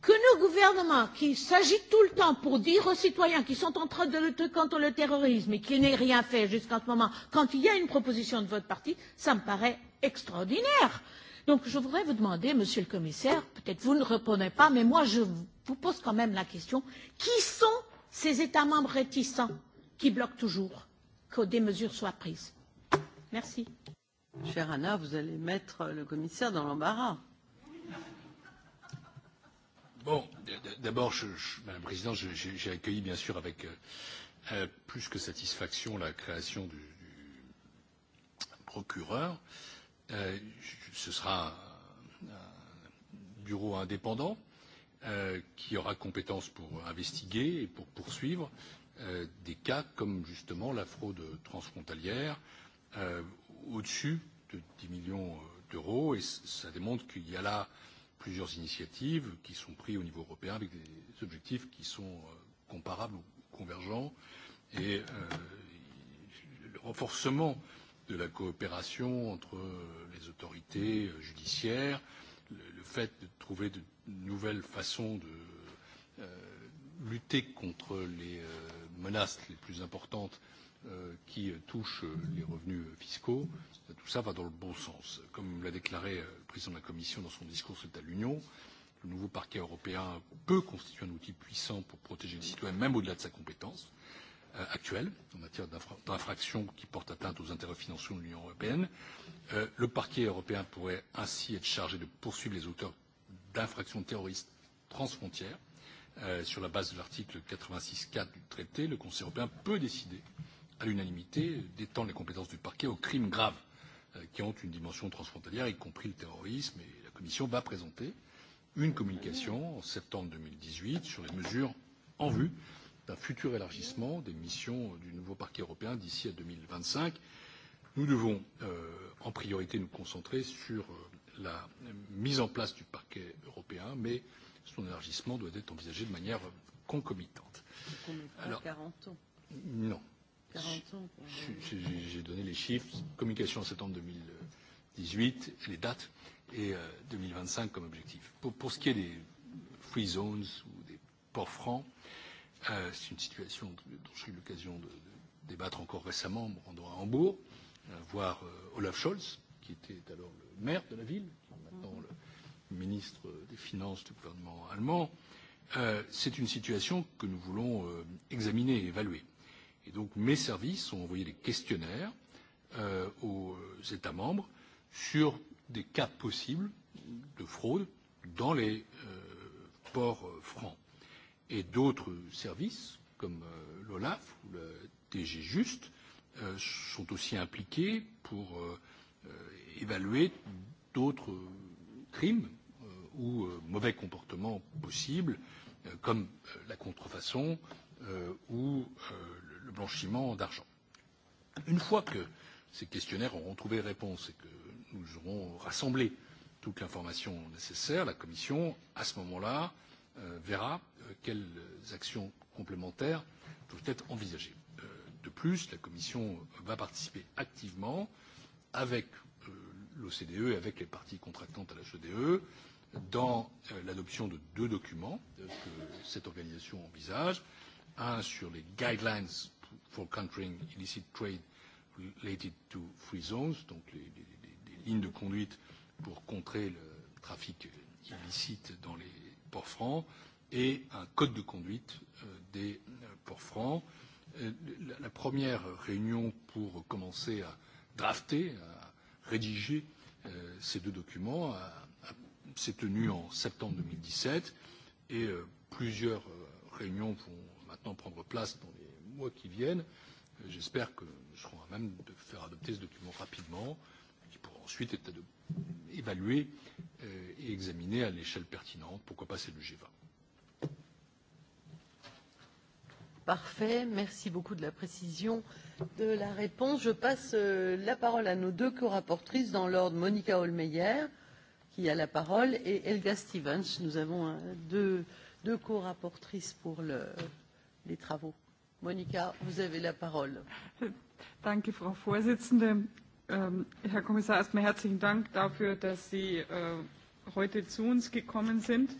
que nos gouvernements, qui s'agitent tout le temps pour dire aux citoyens qu'ils sont en train de lutter contre le terrorisme et qu'ils n'aient rien fait jusqu'en ce moment, quand il y a une proposition de votre parti, ça me paraît extraordinaire. Donc je voudrais vous demander, monsieur le commissaire, peut-être vous ne répondez pas, mais moi je vous pose quand même la question, qui sont ces États membres réticents qui bloquent toujours que des mesures soient prises Merci. Chère Anna, vous allez mettre le commissaire dans l'embarras. Bon, d'abord, Madame la Présidente, j'ai accueilli bien sûr avec euh, euh, plus que satisfaction la création du, du procureur. Euh, Euh, ce sera un, un bureau indépendant euh, qui aura compétence pour investiguer et pour poursuivre euh, des cas comme justement la fraude transfrontalière euh, au-dessus de 10 millions euh, d'euros et ça démontre qu'il y a là plusieurs initiatives qui sont prises au niveau européen avec des objectifs qui sont euh, comparables ou convergents et euh, le renforcement euh, de la coopération entre euh, les autorités euh, judiciaires, le, le fait de trouver de nouvelles façons de euh, lutter contre les euh, menaces les plus importantes euh, qui euh, touchent les revenus fiscaux, tout ça va dans le bon sens. Comme l'a déclaré le président de la Commission dans son discours c'est à l'Union, le nouveau parquet européen peut constituer un outil puissant pour protéger les citoyens, même au-delà de sa compétence. Euh, Euh, actuelle en matière d'infractions qui portent atteinte aux intérêts financiers de l'Union européenne. Euh, le parquet européen pourrait ainsi être chargé de poursuivre les auteurs d'infractions terroristes transfrontières. Euh, sur la base de l'article 86.4 du traité, le Conseil européen peut décider à l'unanimité d'étendre les compétences du parquet aux crimes graves qui ont une dimension transfrontalière, y compris le terrorisme, et la Commission va présenter une communication en septembre 2018 sur les mesures en vue euh, d'un futur élargissement des missions du nouveau parquet européen d'ici à deux mille vingt cinq nous devons euh, en priorité nous concentrer sur euh, la mise en place du parquet européen mais son élargissement doit être envisagé de manière concomitante. Donc on Alors, 40 ans. Non. 40 ans. J'ai donné les chiffres, communication en septembre 2018, les dates, et euh, 2025 comme objectif. Pour, pour ce qui est des free zones ou des ports francs, euh, Euh, C'est une situation dont j'ai eu l'occasion de, de débattre encore récemment me rendant à Hambourg, euh, voir euh, Olaf Scholz, qui était alors le maire de la ville, qui est maintenant le ministre des Finances du gouvernement allemand. Euh, C'est une situation que nous voulons euh, examiner et évaluer. Et donc mes services ont envoyé des questionnaires euh, aux euh, États membres sur des cas possibles de fraude dans les euh, ports euh, francs et d'autres services comme euh, l'olaf ou le dg juste euh, sont aussi impliqués pour euh, évaluer d'autres crimes ou mauvais comportements possibles comme la contrefaçon ou le blanchiment d'argent. une fois que ces questionnaires auront trouvé réponse et que nous aurons rassemblé toute l'information nécessaire la commission à ce moment là verra Euh, quelles actions complémentaires doivent être envisagées. Euh, de plus la commission va participer activement avec euh, l'ocde et avec les parties contractantes à la cde dans l'adoption de deux documents que cette organisation envisage un sur les guidelines for countering illicit trade related to free zones donc les, les, les lignes de conduite pour contrer le trafic illicite dans les ports francs et un code de conduite euh, des euh, ports francs. Euh, la première réunion pour commencer à drafter, à rédiger ces deux documents s'est tenue en septembre 2017 et plusieurs réunions vont maintenant prendre place dans les mois qui viennent. J'espère que nous serons à même de faire adopter ce document rapidement qui pourra ensuite être évalué et examiné à l'échelle pertinente, pourquoi pas c'est le G20. Parfait. Merci beaucoup de la précision de la réponse. Je passe euh, la parole à nos deux co-rapportrices dans l'ordre, Monica Holmeyer, qui a la parole, et Helga Stevens. Nous avons un, euh, deux, deux co-rapportrices pour le, les travaux. Monika, vous avez la parole. Danke, Frau Vorsitzende. Ähm, Herr Kommissar, erstmal herzlichen Dank dafür, dass Sie äh, heute zu uns gekommen sind. Äh,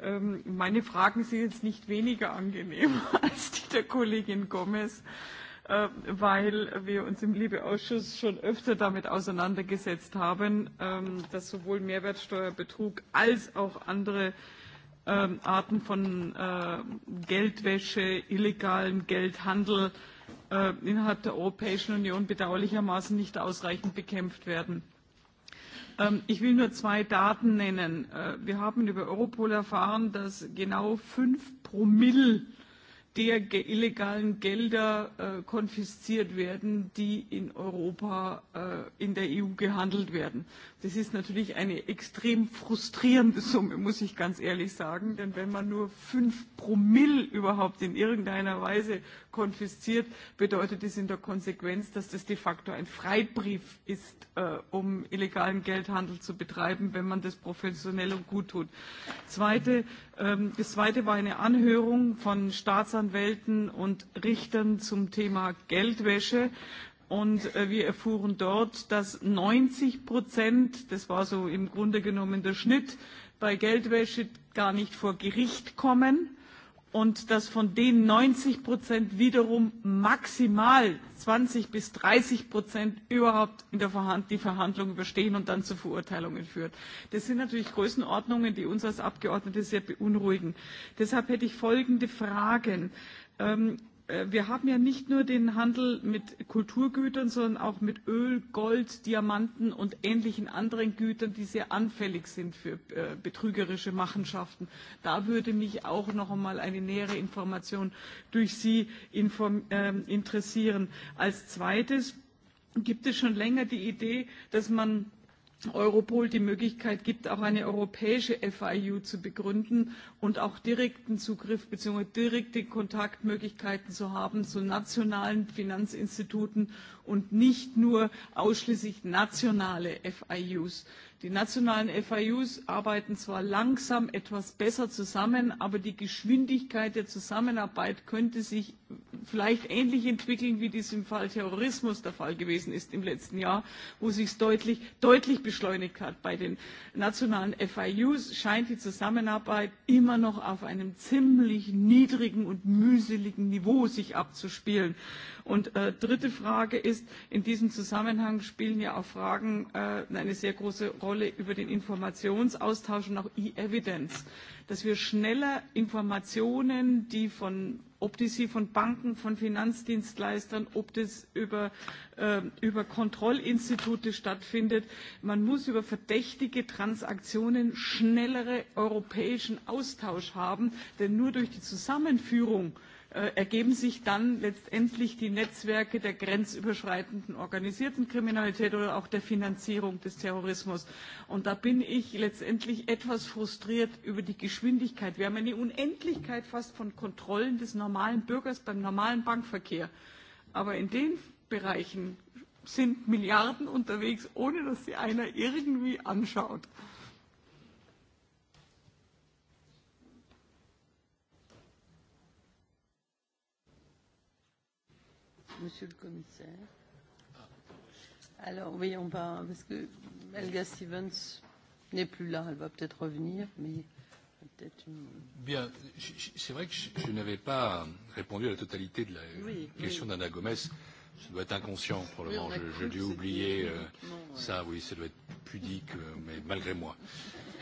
Ähm, meine Fragen sind jetzt nicht weniger angenehm [laughs] als die der Kollegin Gomez, äh, weil wir uns im Liebeausschuss schon öfter damit auseinandergesetzt haben, ähm, dass sowohl Mehrwertsteuerbetrug als auch andere ähm, Arten von äh, Geldwäsche, illegalem Geldhandel äh, innerhalb der Europäischen Union bedauerlichermaßen nicht ausreichend bekämpft werden. Ähm, ich will nur zwei Daten nennen. Äh, wir haben über Europol erfahren, dass genau fünf Promille der illegalen Gelder äh, konfisziert werden, die in Europa, äh, in der EU gehandelt werden. Das ist natürlich eine extrem frustrierende Summe, muss ich ganz ehrlich sagen. Denn wenn man nur fünf Promille überhaupt in irgendeiner Weise konfisziert, bedeutet es in der Konsequenz, dass das de facto ein Freibrief ist, äh, um illegalen Geldhandel zu betreiben, wenn man das professionell und gut tut. Zweite, ähm, das zweite war eine Anhörung von Staatsanwälten und Richtern zum Thema Geldwäsche. Und äh, wir erfuhren dort, dass 90 Prozent, das war so im Grunde genommen der Schnitt, bei Geldwäsche gar nicht vor Gericht kommen und dass von den 90 Prozent wiederum maximal 20 bis 30 Prozent überhaupt in der Verhand die Verhandlung überstehen und dann zu Verurteilungen führt. Das sind natürlich Größenordnungen, die uns als Abgeordnete sehr beunruhigen. Deshalb hätte ich folgende Fragen. Ähm, wir haben ja nicht nur den Handel mit Kulturgütern, sondern auch mit Öl, Gold, Diamanten und ähnlichen anderen Gütern, die sehr anfällig sind für äh, betrügerische Machenschaften. Da würde mich auch noch einmal eine nähere Information durch Sie inform, äh, interessieren. Als zweites gibt es schon länger die Idee, dass man Europol die Möglichkeit gibt, auch eine europäische FIU zu begründen und auch direkten Zugriff bzw. direkte Kontaktmöglichkeiten zu haben zu nationalen Finanzinstituten und nicht nur ausschließlich nationale FIUs. Die nationalen FIUs arbeiten zwar langsam etwas besser zusammen, aber die Geschwindigkeit der Zusammenarbeit könnte sich vielleicht ähnlich entwickeln, wie dies im Fall Terrorismus der Fall gewesen ist im letzten Jahr, wo sich deutlich, deutlich beschleunigt hat. Bei den nationalen FIUs scheint die Zusammenarbeit immer noch auf einem ziemlich niedrigen und mühseligen Niveau sich abzuspielen. Und äh, dritte Frage ist, in diesem Zusammenhang spielen ja auch Fragen äh, eine sehr große Rolle über den Informationsaustausch und auch E-Evidence, dass wir schneller Informationen, die von ob die sie von Banken, von Finanzdienstleistern, ob das über, äh, über Kontrollinstitute stattfindet. Man muss über verdächtige Transaktionen schnellere europäischen Austausch haben, denn nur durch die Zusammenführung äh, Äh, ergeben sich dann letztendlich die Netzwerke der grenzüberschreitenden organisierten Kriminalität oder auch der Finanzierung des Terrorismus. Und da bin ich letztendlich etwas frustriert über die Geschwindigkeit. Wir haben eine Unendlichkeit fast von Kontrollen des normalen Bürgers beim normalen Bankverkehr. Aber in den Bereichen sind Milliarden unterwegs, ohne dass sie einer irgendwie anschaut. Monsieur le Commissaire. Alors oui, on va parce que Helga Stevens n'est plus là, elle va peut-être revenir, mais peut-être une. Bien, c'est vrai que je, je n'avais pas répondu à la totalité de la oui, question oui. d'Anna Gomez. Ça doit être inconscient, probablement. Oui, je je dû oublier euh, non, ouais. ça, oui, ça doit être pudique, euh, mais malgré moi.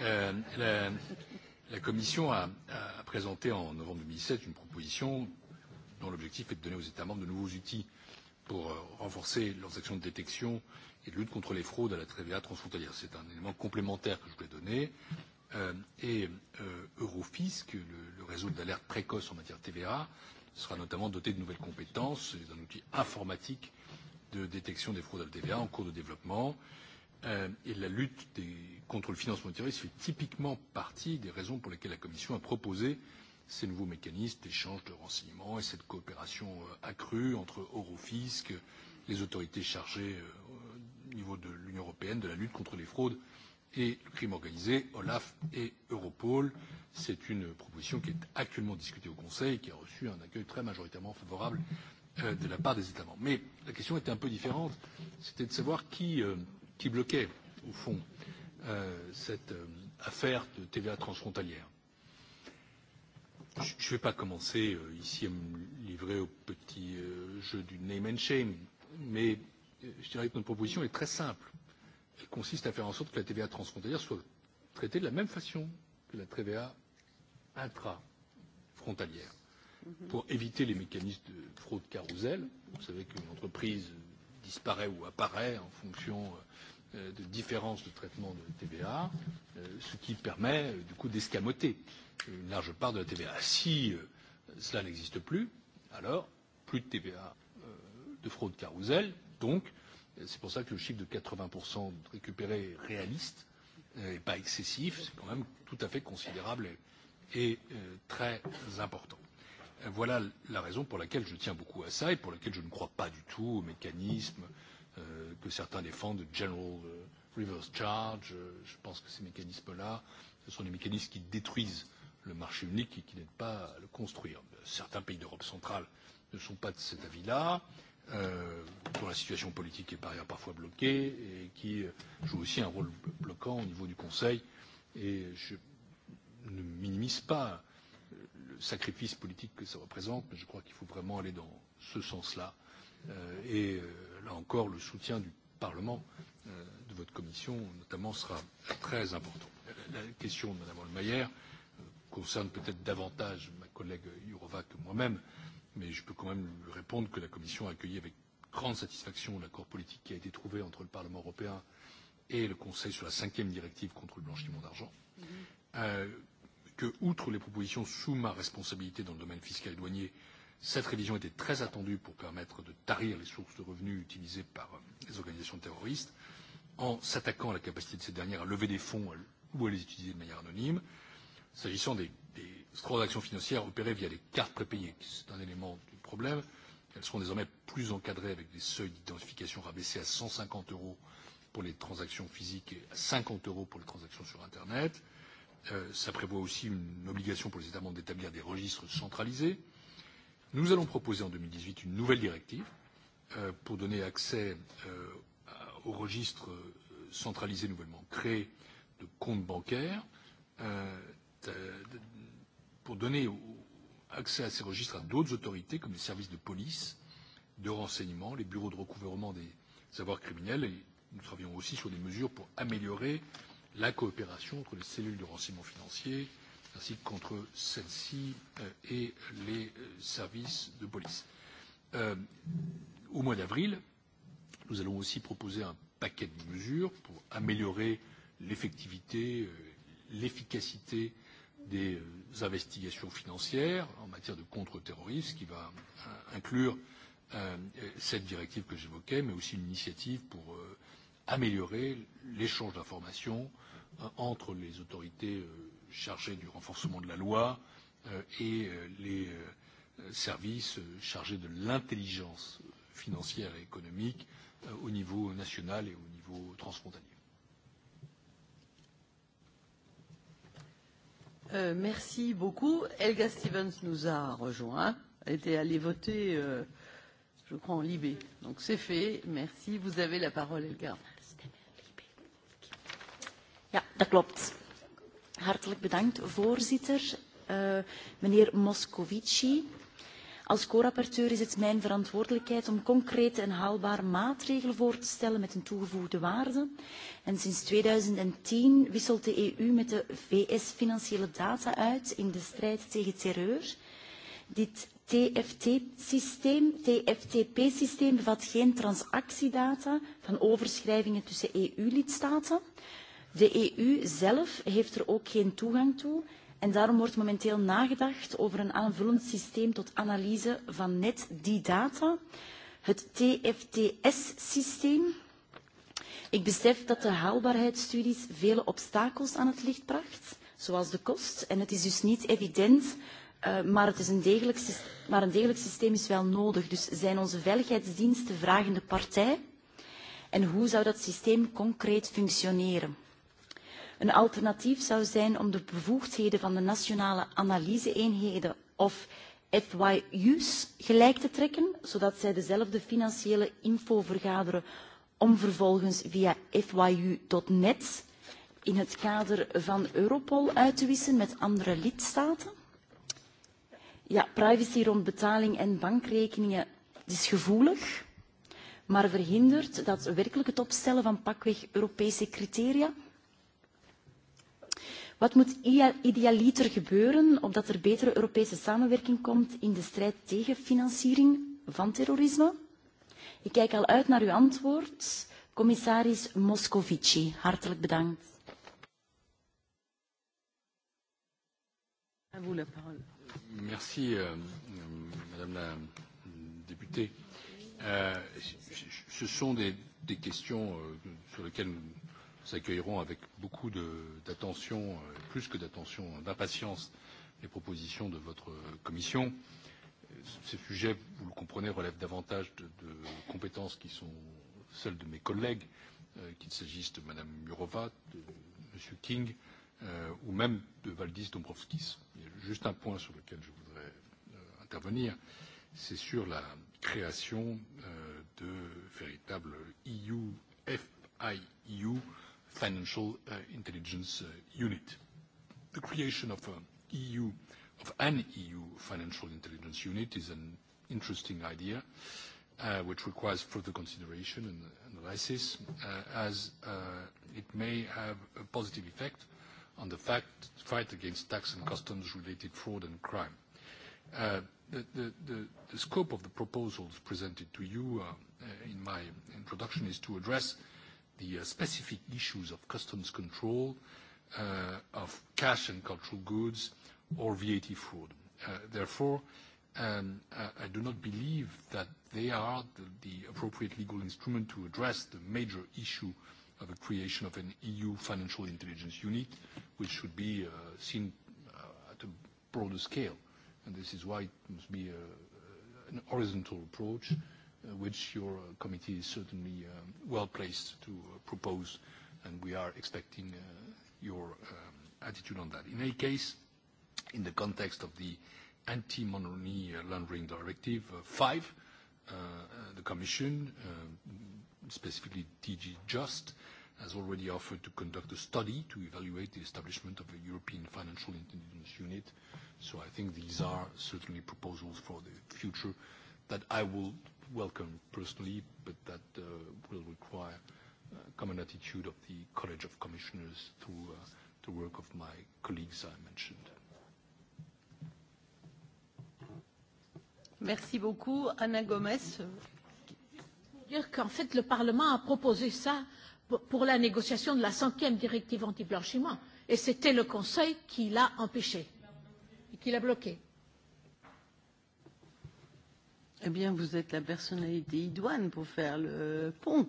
Euh, la, la Commission a, a présenté en novembre 2017 une proposition dont l'objectif est de donner aux États membres de nouveaux outils pour euh, renforcer leurs actions de détection et de lutte contre les fraudes à la TVA transfrontalière. C'est un élément complémentaire que je voulais donner. Euh, et euh, Eurofisc, le, le réseau d'alerte précoce en matière TVA, sera notamment doté de nouvelles compétences et d'un outil informatique de détection des fraudes à la TVA en cours de développement. Euh, et la lutte des, contre le financement terroriste fait typiquement partie des raisons pour lesquelles la Commission a proposé euh, ces nouveaux mécanismes d'échange de renseignements et cette coopération euh, accrue entre Eurofisc, les autorités chargées euh, au niveau de l'Union européenne de la lutte contre les fraudes et le crime organisé, Olaf et Europol. C'est une proposition qui est actuellement discutée au Conseil et qui a reçu un accueil très majoritairement favorable euh, de la part des États membres. Mais la question était un peu différente. C'était de savoir qui, euh, qui bloquait, au fond, euh, cette euh, affaire de TVA transfrontalière. Je ne vais pas commencer euh, ici à me livrer au petit euh, jeu du name and shame, mais euh, je dirais que notre proposition est très simple. Elle consiste à faire en sorte que la TVA transfrontalière soit traitée de la même façon que la TVA intrafrontalière, mm -hmm. pour éviter les mécanismes de fraude carrousel. Vous savez qu'une entreprise disparaît ou apparaît en fonction euh, de différences de traitement de TVA, euh, ce qui permet euh, du coup d'escamoter euh, une large part de la TVA. Si euh, cela n'existe plus, alors plus de TVA euh, de fraude carousel. Donc, euh, c'est pour ça que le chiffre de 80% récupéré est réaliste euh, et pas excessif. C'est quand même tout à fait considérable et, et euh, très important. Euh, voilà la raison pour laquelle je tiens beaucoup à ça et pour laquelle je ne crois pas du tout au mécanisme euh, que certains défendent de General Reverse Charge. Je pense que ces mécanismes-là, ce sont des mécanismes qui détruisent euh, le marché unique et qui n'aident pas à le construire. Certains pays d'Europe centrale ne sont pas de cet avis-là, euh, dont la situation politique est par ailleurs parfois bloquée et qui euh, jouent aussi un rôle bloquant au niveau du Conseil. Et je ne minimise pas euh, le sacrifice politique que ça représente, mais je crois qu'il faut vraiment aller dans ce sens-là. Euh, et euh, là encore, le soutien du Parlement, euh, de votre commission notamment, sera très important. La question de Mme Holmeyer euh, concerne peut-être davantage ma collègue Jourova que moi-même, mais je peux quand même lui répondre que la Commission a accueilli avec grande satisfaction l'accord politique qui a été trouvé entre le Parlement européen et le Conseil sur la cinquième directive contre le blanchiment d'argent, mmh. euh, que, outre les propositions sous ma responsabilité dans le domaine fiscal et douanier, cette révision était très attendue pour permettre de tarir les sources de revenus utilisées par euh, les organisations terroristes, en s'attaquant à la capacité de ces dernières à lever des fonds ou à les utiliser de manière anonyme. Euh, S'agissant des, des transactions financières opérées via les cartes prépayées, c'est un élément du problème, elles seront désormais plus encadrées avec des seuils d'identification rabaissés à 150 euros pour les transactions physiques et à 50 euros pour les transactions sur Internet. Euh, ça prévoit aussi une obligation pour les États membres d'établir des registres centralisés. Nous allons proposer en 2018 une nouvelle directive euh, pour donner accès euh, aux registres euh, centralisés nouvellement créés de comptes bancaires. Euh, Euh, pour donner accès à ces registres à d'autres autorités comme les services de police, de renseignement, les bureaux de recouvrement des savoirs criminels et nous travaillons aussi sur des mesures pour améliorer la coopération entre les cellules de renseignement financier ainsi qu'entre celles ci euh, et les euh, services de police. au mois d'avril nous allons aussi proposer un paquet de mesures pour améliorer l'effectivité l'efficacité des investigations financières en matière de contre-terrorisme, qui va euh, inclure euh, cette directive que j'évoquais, mais aussi une initiative pour euh, améliorer l'échange d'informations entre les autorités chargées du renforcement de la loi et les services chargés de l'intelligence financière et économique au niveau national et au niveau transfrontalier. Euh, merci beaucoup. Helga Stevens nous a rejoints. Elle était allée voter, euh, je crois, en Libé. Donc c'est fait. Merci. Vous avez la parole, Helga. Ja, dat klopt. Hartelijk bedankt, voorzitter. Uh, meneer Moscovici, Als co-rapporteur is het mijn verantwoordelijkheid om concrete en haalbare maatregelen voor te stellen met een toegevoegde waarde. En sinds 2010 wisselt de EU met de VS financiële data uit in de strijd tegen terreur. Dit TFT-systeem, TFTP-systeem bevat geen transactiedata van overschrijvingen tussen EU-lidstaten. De EU zelf heeft er ook geen toegang toe En daarom wordt momenteel nagedacht over een aanvullend systeem tot analyse van net die data, het TFTS-systeem. Ik besef dat de haalbaarheidsstudies vele obstakels aan het licht bracht, zoals de kost. En het is dus niet evident Uh, maar, het is een degelijk systeem, maar een degelijk systeem is wel nodig. Dus zijn onze veiligheidsdiensten vragende partij? En hoe zou dat systeem concreet functioneren? Een alternatief zou zijn om de bevoegdheden van de nationale analyse-eenheden of FYU's gelijk te trekken, zodat zij dezelfde financiële info vergaderen om vervolgens via FYU.net in het kader van Europol uit te wisselen met andere lidstaten. Ja, privacy rond betaling en bankrekeningen is gevoelig, maar verhindert dat werkelijk het opstellen van pakweg Europese criteria Wat moet idealiter gebeuren opdat er betere Europese samenwerking komt in de strijd tegen financiering van terrorisme? Ik kijk al uit naar uw antwoord. Commissaris Moscovici, hartelijk bedankt. À vous la parole. Merci, euh, Madame la députée. Euh, ce sont des, des questions euh, sur lesquelles nous Nous accueillerons avec beaucoup d'attention, euh, plus que d'attention, euh, d'impatience, les propositions de votre commission. Euh, ces sujets, vous le comprenez, relèvent davantage de, de compétences qui sont celles de mes collègues, euh, qu'il s'agisse de Mme Murova, de M. King euh, ou même de Valdis Dombrovskis. Il y a juste un point sur lequel je voudrais euh, intervenir, c'est sur la création euh, de véritables EU, FIEU, financial uh, intelligence uh, unit. The creation of, um, EU, of an EU financial intelligence unit is an interesting idea, uh, which requires further consideration and analysis, uh, as uh, it may have a positive effect on the fact, fight against tax and customs-related fraud and crime. Uh, the, the, the, the scope of the proposals presented to you in my introduction is to address uh, the uh, specific issues of customs control, uh, of cash and cultural goods, or VAT fraud. Uh, therefore, um, I do not believe that they are the, the appropriate legal instrument to address the major issue of the creation of an EU financial intelligence unit, which should be uh, seen uh, at a broader scale. And this is why it must be a, an horizontal approach. Mm-hmm Uh, which your uh, committee is certainly um, uh, well-placed to propose, and we are expecting your um, attitude on that. In any case, in the context of the Anti-Money Laundering Directive 5, the Commission, specifically DG JUST, has already offered to conduct a study to evaluate the establishment of a European Financial Intelligence Unit. So I think these are certainly proposals for the future that I will welcome personally, but that uh, will require a uh, common attitude of the College of Commissioners through uh, the work of my colleagues I mentioned. Merci beaucoup. Anna Gomez. Dire qu'en fait, le Parlement a proposé ça pour la négociation de la cinquième directive anti-blanchiment. Et c'était le Conseil qui l'a empêché, qui l'a bloqué. Eh bien, vous êtes la personnalité idoine pour faire le pont,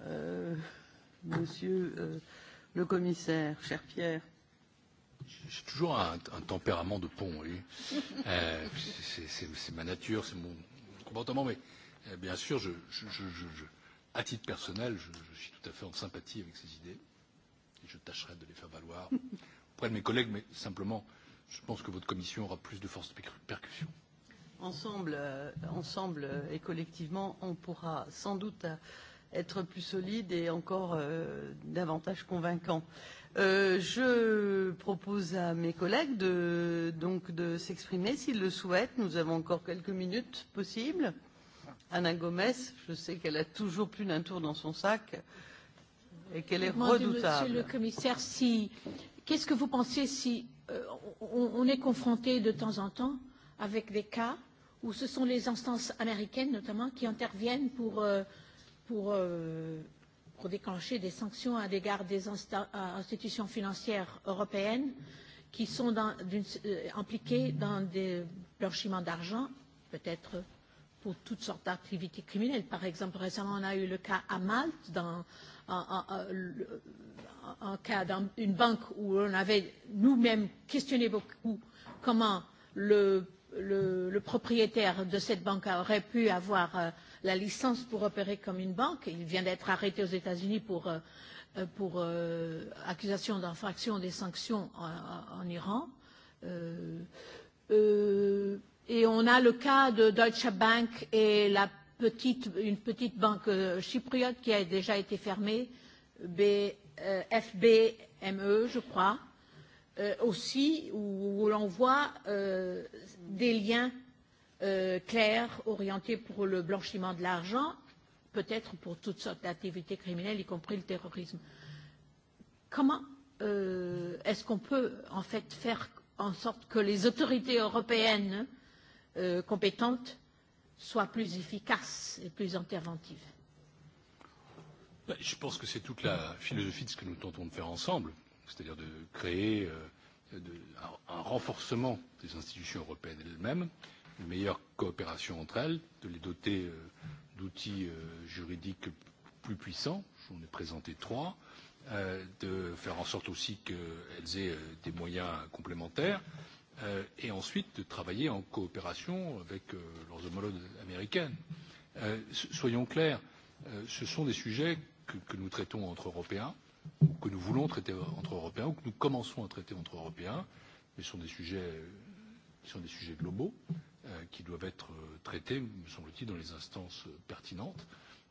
euh, monsieur euh, le commissaire, cher Pierre. J'ai toujours un, un tempérament de pont, oui. euh, c'est ma nature, c'est mon comportement, mais euh, bien sûr, je, je, je, je, je, à titre personnel, je, je suis tout à fait en sympathie avec ces idées et je tâcherai de les faire valoir auprès de mes collègues, mais simplement, je pense que votre commission aura plus de force de percussion ensemble, euh, ensemble et collectivement, on pourra sans doute être plus solide et encore euh, davantage convaincant. Euh, je propose à mes collègues de, donc de s'exprimer s'ils le souhaitent. Nous avons encore quelques minutes possibles. Anna Gomez, je sais qu'elle a toujours plus d'un tour dans son sac et qu'elle est redoutable. Monsieur le commissaire, si, qu'est-ce que vous pensez si euh, on, on est confronté de temps en temps avec des cas où ce sont les instances américaines notamment qui interviennent pour, euh, pour, euh, pour déclencher des sanctions à l'égard des insta institutions financières européennes qui sont dans, euh, impliquées dans des blanchiments d'argent, peut-être pour toutes sortes d'activités criminelles. Par exemple, récemment, on a eu le cas à Malte, dans, en, en, en, en cas d'une banque où on avait nous-mêmes questionné beaucoup comment le le, le propriétaire de cette banque aurait pu avoir euh, la licence pour opérer comme une banque. Il vient d'être arrêté aux États-Unis pour, euh, euh pour euh, accusation d'infraction des sanctions en, en Iran. Euh, euh, et on a le cas de Deutsche Bank et la petite, une petite banque euh, chypriote qui a déjà été fermée, B, euh, FBME, je crois euh, aussi où, où l'on voit euh, des liens euh, clairs orientés pour le blanchiment de l'argent, peut-être pour toutes sortes d'activités criminelles, y compris le terrorisme. Comment euh, est-ce qu'on peut en fait faire en sorte que les autorités européennes euh, compétentes soient plus efficaces et plus interventives Je pense que c'est toute la philosophie de ce que nous tentons de faire ensemble. Euh, c'est-à-dire de créer euh, de, un, un renforcement des institutions européennes elles-mêmes, une meilleure coopération entre elles, de les doter euh, d'outils euh, juridiques plus puissants, j'en ai présenté trois, euh, de faire en sorte aussi qu'elles aient euh, des moyens complémentaires, euh, et ensuite de travailler en coopération avec euh, leurs homologues américaines. Euh, soyons clairs, euh, ce sont des sujets que, que nous traitons entre Européens. Euh, que nous voulons traiter entre Européens ou que nous commençons à traiter entre Européens, mais ce sont des sujets, sont des sujets globaux euh, qui doivent être euh, traités, me semble-t-il, dans les instances euh, pertinentes,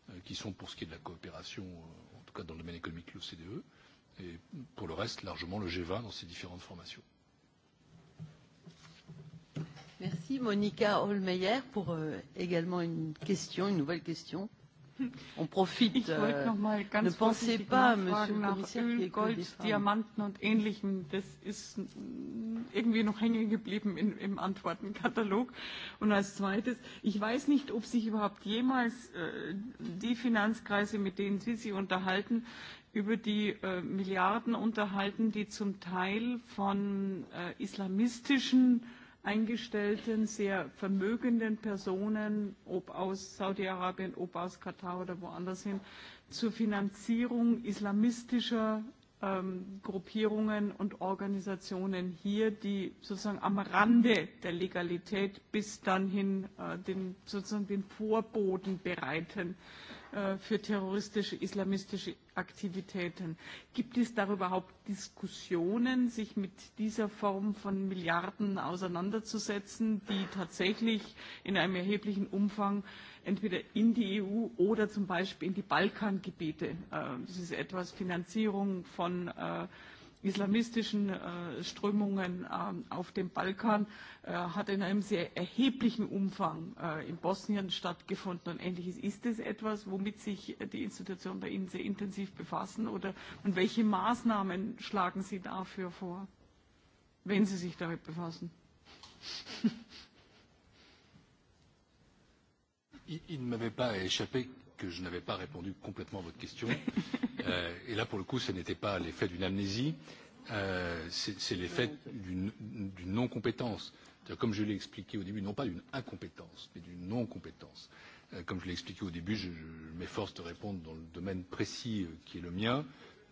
euh, qui sont pour ce qui est de la coopération, euh, en tout cas dans le domaine économique, l'OCDE, et pour le reste, largement le G20 dans ses différentes formations. Merci. Monica Holmeyer pour euh, également une question, une nouvelle question. On profite. Ich wollte noch mal euh, ganz ne pensez pas, Monsieur nach Kommissar, Öl, Gold, Diamanten und Ähnlichem. Das ist irgendwie noch hängen geblieben in, im Antwortenkatalog. Und als zweites, ich weiß nicht, ob sich überhaupt jemals äh, die Finanzkreise, mit denen Sie sich unterhalten, über die äh, Milliarden unterhalten, die zum Teil von äh, islamistischen äh, eingestellten, sehr vermögenden Personen, ob aus Saudi-Arabien, ob aus Katar oder woanders hin, zur Finanzierung islamistischer ähm, Gruppierungen und Organisationen hier, die sozusagen am Rande der Legalität bis dann hin äh, den, sozusagen den Vorboden bereiten äh, Äh, für terroristische islamistische Aktivitäten. Gibt es darüber überhaupt Diskussionen, sich mit dieser Form von Milliarden auseinanderzusetzen, die tatsächlich in einem erheblichen Umfang entweder in die EU oder zum Beispiel in die Balkangebiete, äh, das ist etwas Finanzierung von äh, islamistischen äh, Strömungen äh, auf dem Balkan äh, hat in einem sehr erheblichen Umfang äh, in Bosnien stattgefunden und ähnliches. Ist es etwas, womit sich die Institutionen bei Ihnen sehr intensiv befassen oder und welche Maßnahmen schlagen Sie dafür vor, wenn Sie sich damit befassen? Il ne m'avait pas e échappé que je n'avais pas répondu complètement à votre question. [laughs] euh, et là, pour le coup, ce n'était pas l'effet d'une amnésie, euh, c'est l'effet d'une non-compétence. Comme je l'ai expliqué au début, non pas d'une incompétence, mais d'une non-compétence. Euh, comme je l'ai expliqué au début, je, je m'efforce de répondre dans le domaine précis euh, qui est le mien.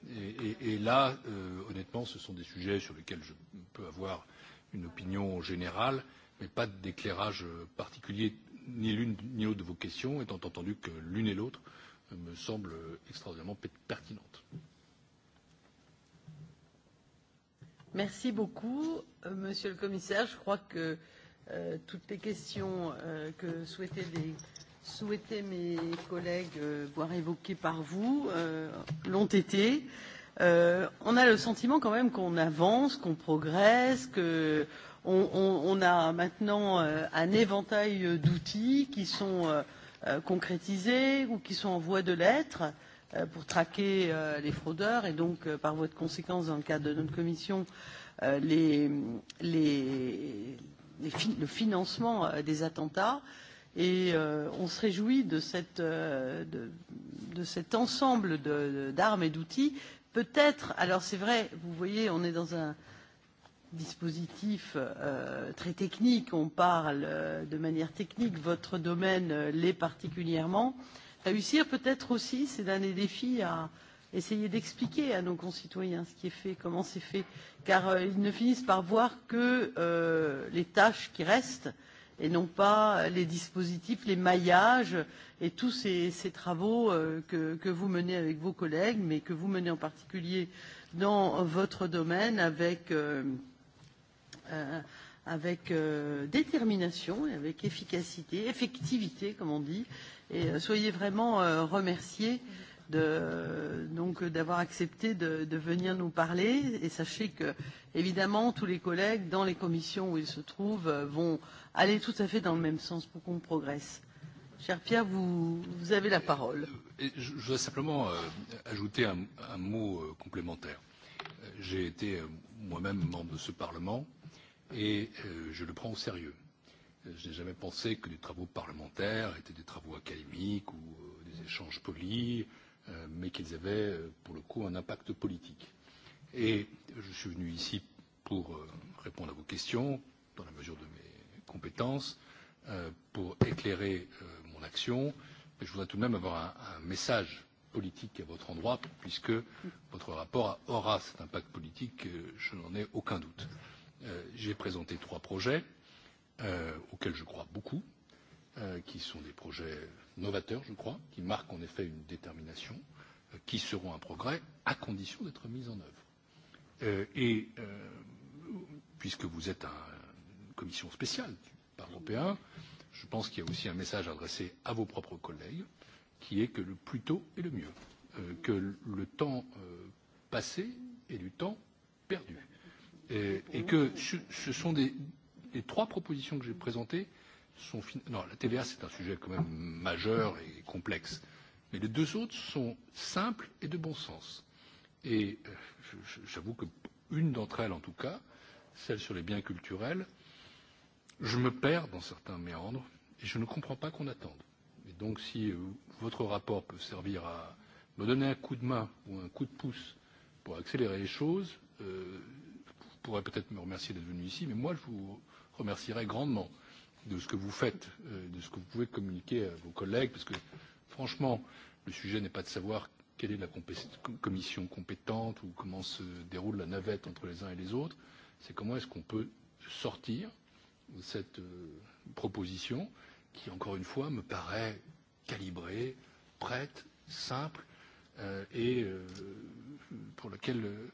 Et, et, et là, euh, honnêtement, ce sont des sujets sur lesquels je peux avoir une opinion générale, mais pas d'éclairage particulier ni l'une ni l'autre de vos questions, étant entendu que l'une et l'autre me semblent extraordinairement pertinentes. Merci beaucoup, euh, Monsieur le Commissaire. Je crois que euh, toutes les questions euh, que souhaitaient, les, souhaitaient mes collègues, euh, voire évoquées par vous, euh, l'ont été. Euh, on a le sentiment quand même qu'on avance, qu'on progresse, que euh, on, on, on a maintenant euh, un éventail d'outils qui sont euh, euh, concrétisés ou qui sont en voie de l'être pour traquer les fraudeurs et donc par voie de conséquence dans le cadre de notre commission les, les, les fi le financement des attentats et euh, on se réjouit de, cette, euh, de, de cet ensemble d'armes et d'outils. Peut-être, alors c'est vrai, vous voyez, on est dans un, dispositif euh, très technique, on parle euh, de manière technique, votre domaine euh, l'est particulièrement. Réussir peut-être aussi, c'est l'un des défis à essayer d'expliquer à nos concitoyens ce qui est fait, comment c'est fait, car euh, ils ne finissent par voir que euh, les tâches qui restent et non pas euh, les dispositifs, les maillages et tous ces, ces travaux euh, que, que vous menez avec vos collègues, mais que vous menez en particulier dans euh, votre domaine avec euh, euh, avec euh, détermination et avec efficacité, effectivité, comme on dit. Et euh, soyez vraiment euh, remerciés de, euh, donc d'avoir accepté de, de venir nous parler. Et sachez que, évidemment, tous les collègues dans les commissions où ils se trouvent euh, vont aller tout à fait dans le même sens pour qu'on progresse. Cher Pierre, vous, vous avez la parole. Et je, je voudrais simplement euh, ajouter un, un mot euh, complémentaire. Euh, j'ai été euh, moi-même membre de ce Parlement et euh, je le prends au sérieux. Euh, je n'ai jamais pensé que des travaux parlementaires étaient des travaux académiques ou euh, des échanges polis, euh, mais qu'ils avaient euh, pour le coup un impact politique. Et je suis venu ici pour euh, répondre à vos questions dans la mesure de mes compétences, euh, pour éclairer euh, mon action, mais je voudrais tout de même avoir un, un message politique à votre endroit, puisque votre rapport aura cet impact politique, euh, je n'en ai aucun doute. Euh, Euh, j'ai présenté trois projets euh, auxquels je crois beaucoup euh, qui sont des projets novateurs je crois qui marquent en effet une détermination qui seront un progrès à condition d'être mis en œuvre. et puisque vous êtes une commission spéciale du parlement européen je pense qu'il y a aussi un message adressé à vos propres collègues qui est que le plus tôt est le mieux que le temps passé est du temps perdu et, euh, et que ce, ce sont des les trois propositions que j'ai présentées sont non la TVA c'est un sujet quand même majeur et complexe mais les deux autres sont simples et de bon sens et euh, j'avoue que une d'entre elles en tout cas celle sur les biens culturels je me perds dans certains méandres et je ne comprends pas qu'on attende et donc si euh, votre rapport peut servir à me donner un coup de main ou un coup de pouce pour accélérer les choses euh, pourrait peut-être me remercier d'être venu ici, mais moi, je vous remercierai grandement de ce que vous faites, euh, de ce que vous pouvez communiquer à vos collègues, parce que franchement, le sujet n'est pas de savoir quelle est la commission compétente ou comment se déroule la navette entre les uns et les autres, c'est comment est-ce qu'on peut sortir de cette euh, proposition qui, encore une fois, me paraît calibrée, prête, simple euh, et euh, pour laquelle euh,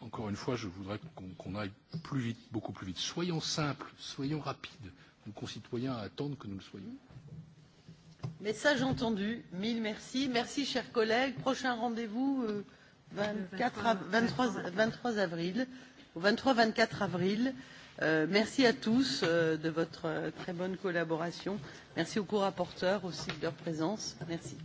encore une fois, je voudrais qu'on qu qu aille plus vite, beaucoup plus vite. Soyons simples, soyons rapides. Nos concitoyens attendent que nous le soyons. Message entendu. Mille merci. Merci, chers collègues. Prochain rendez-vous euh, 24 av 23, 23 avril, au 23-24 avril. Euh, merci à tous euh, de votre euh, très bonne collaboration. Merci aux co-rapporteurs aussi de leur présence. Merci.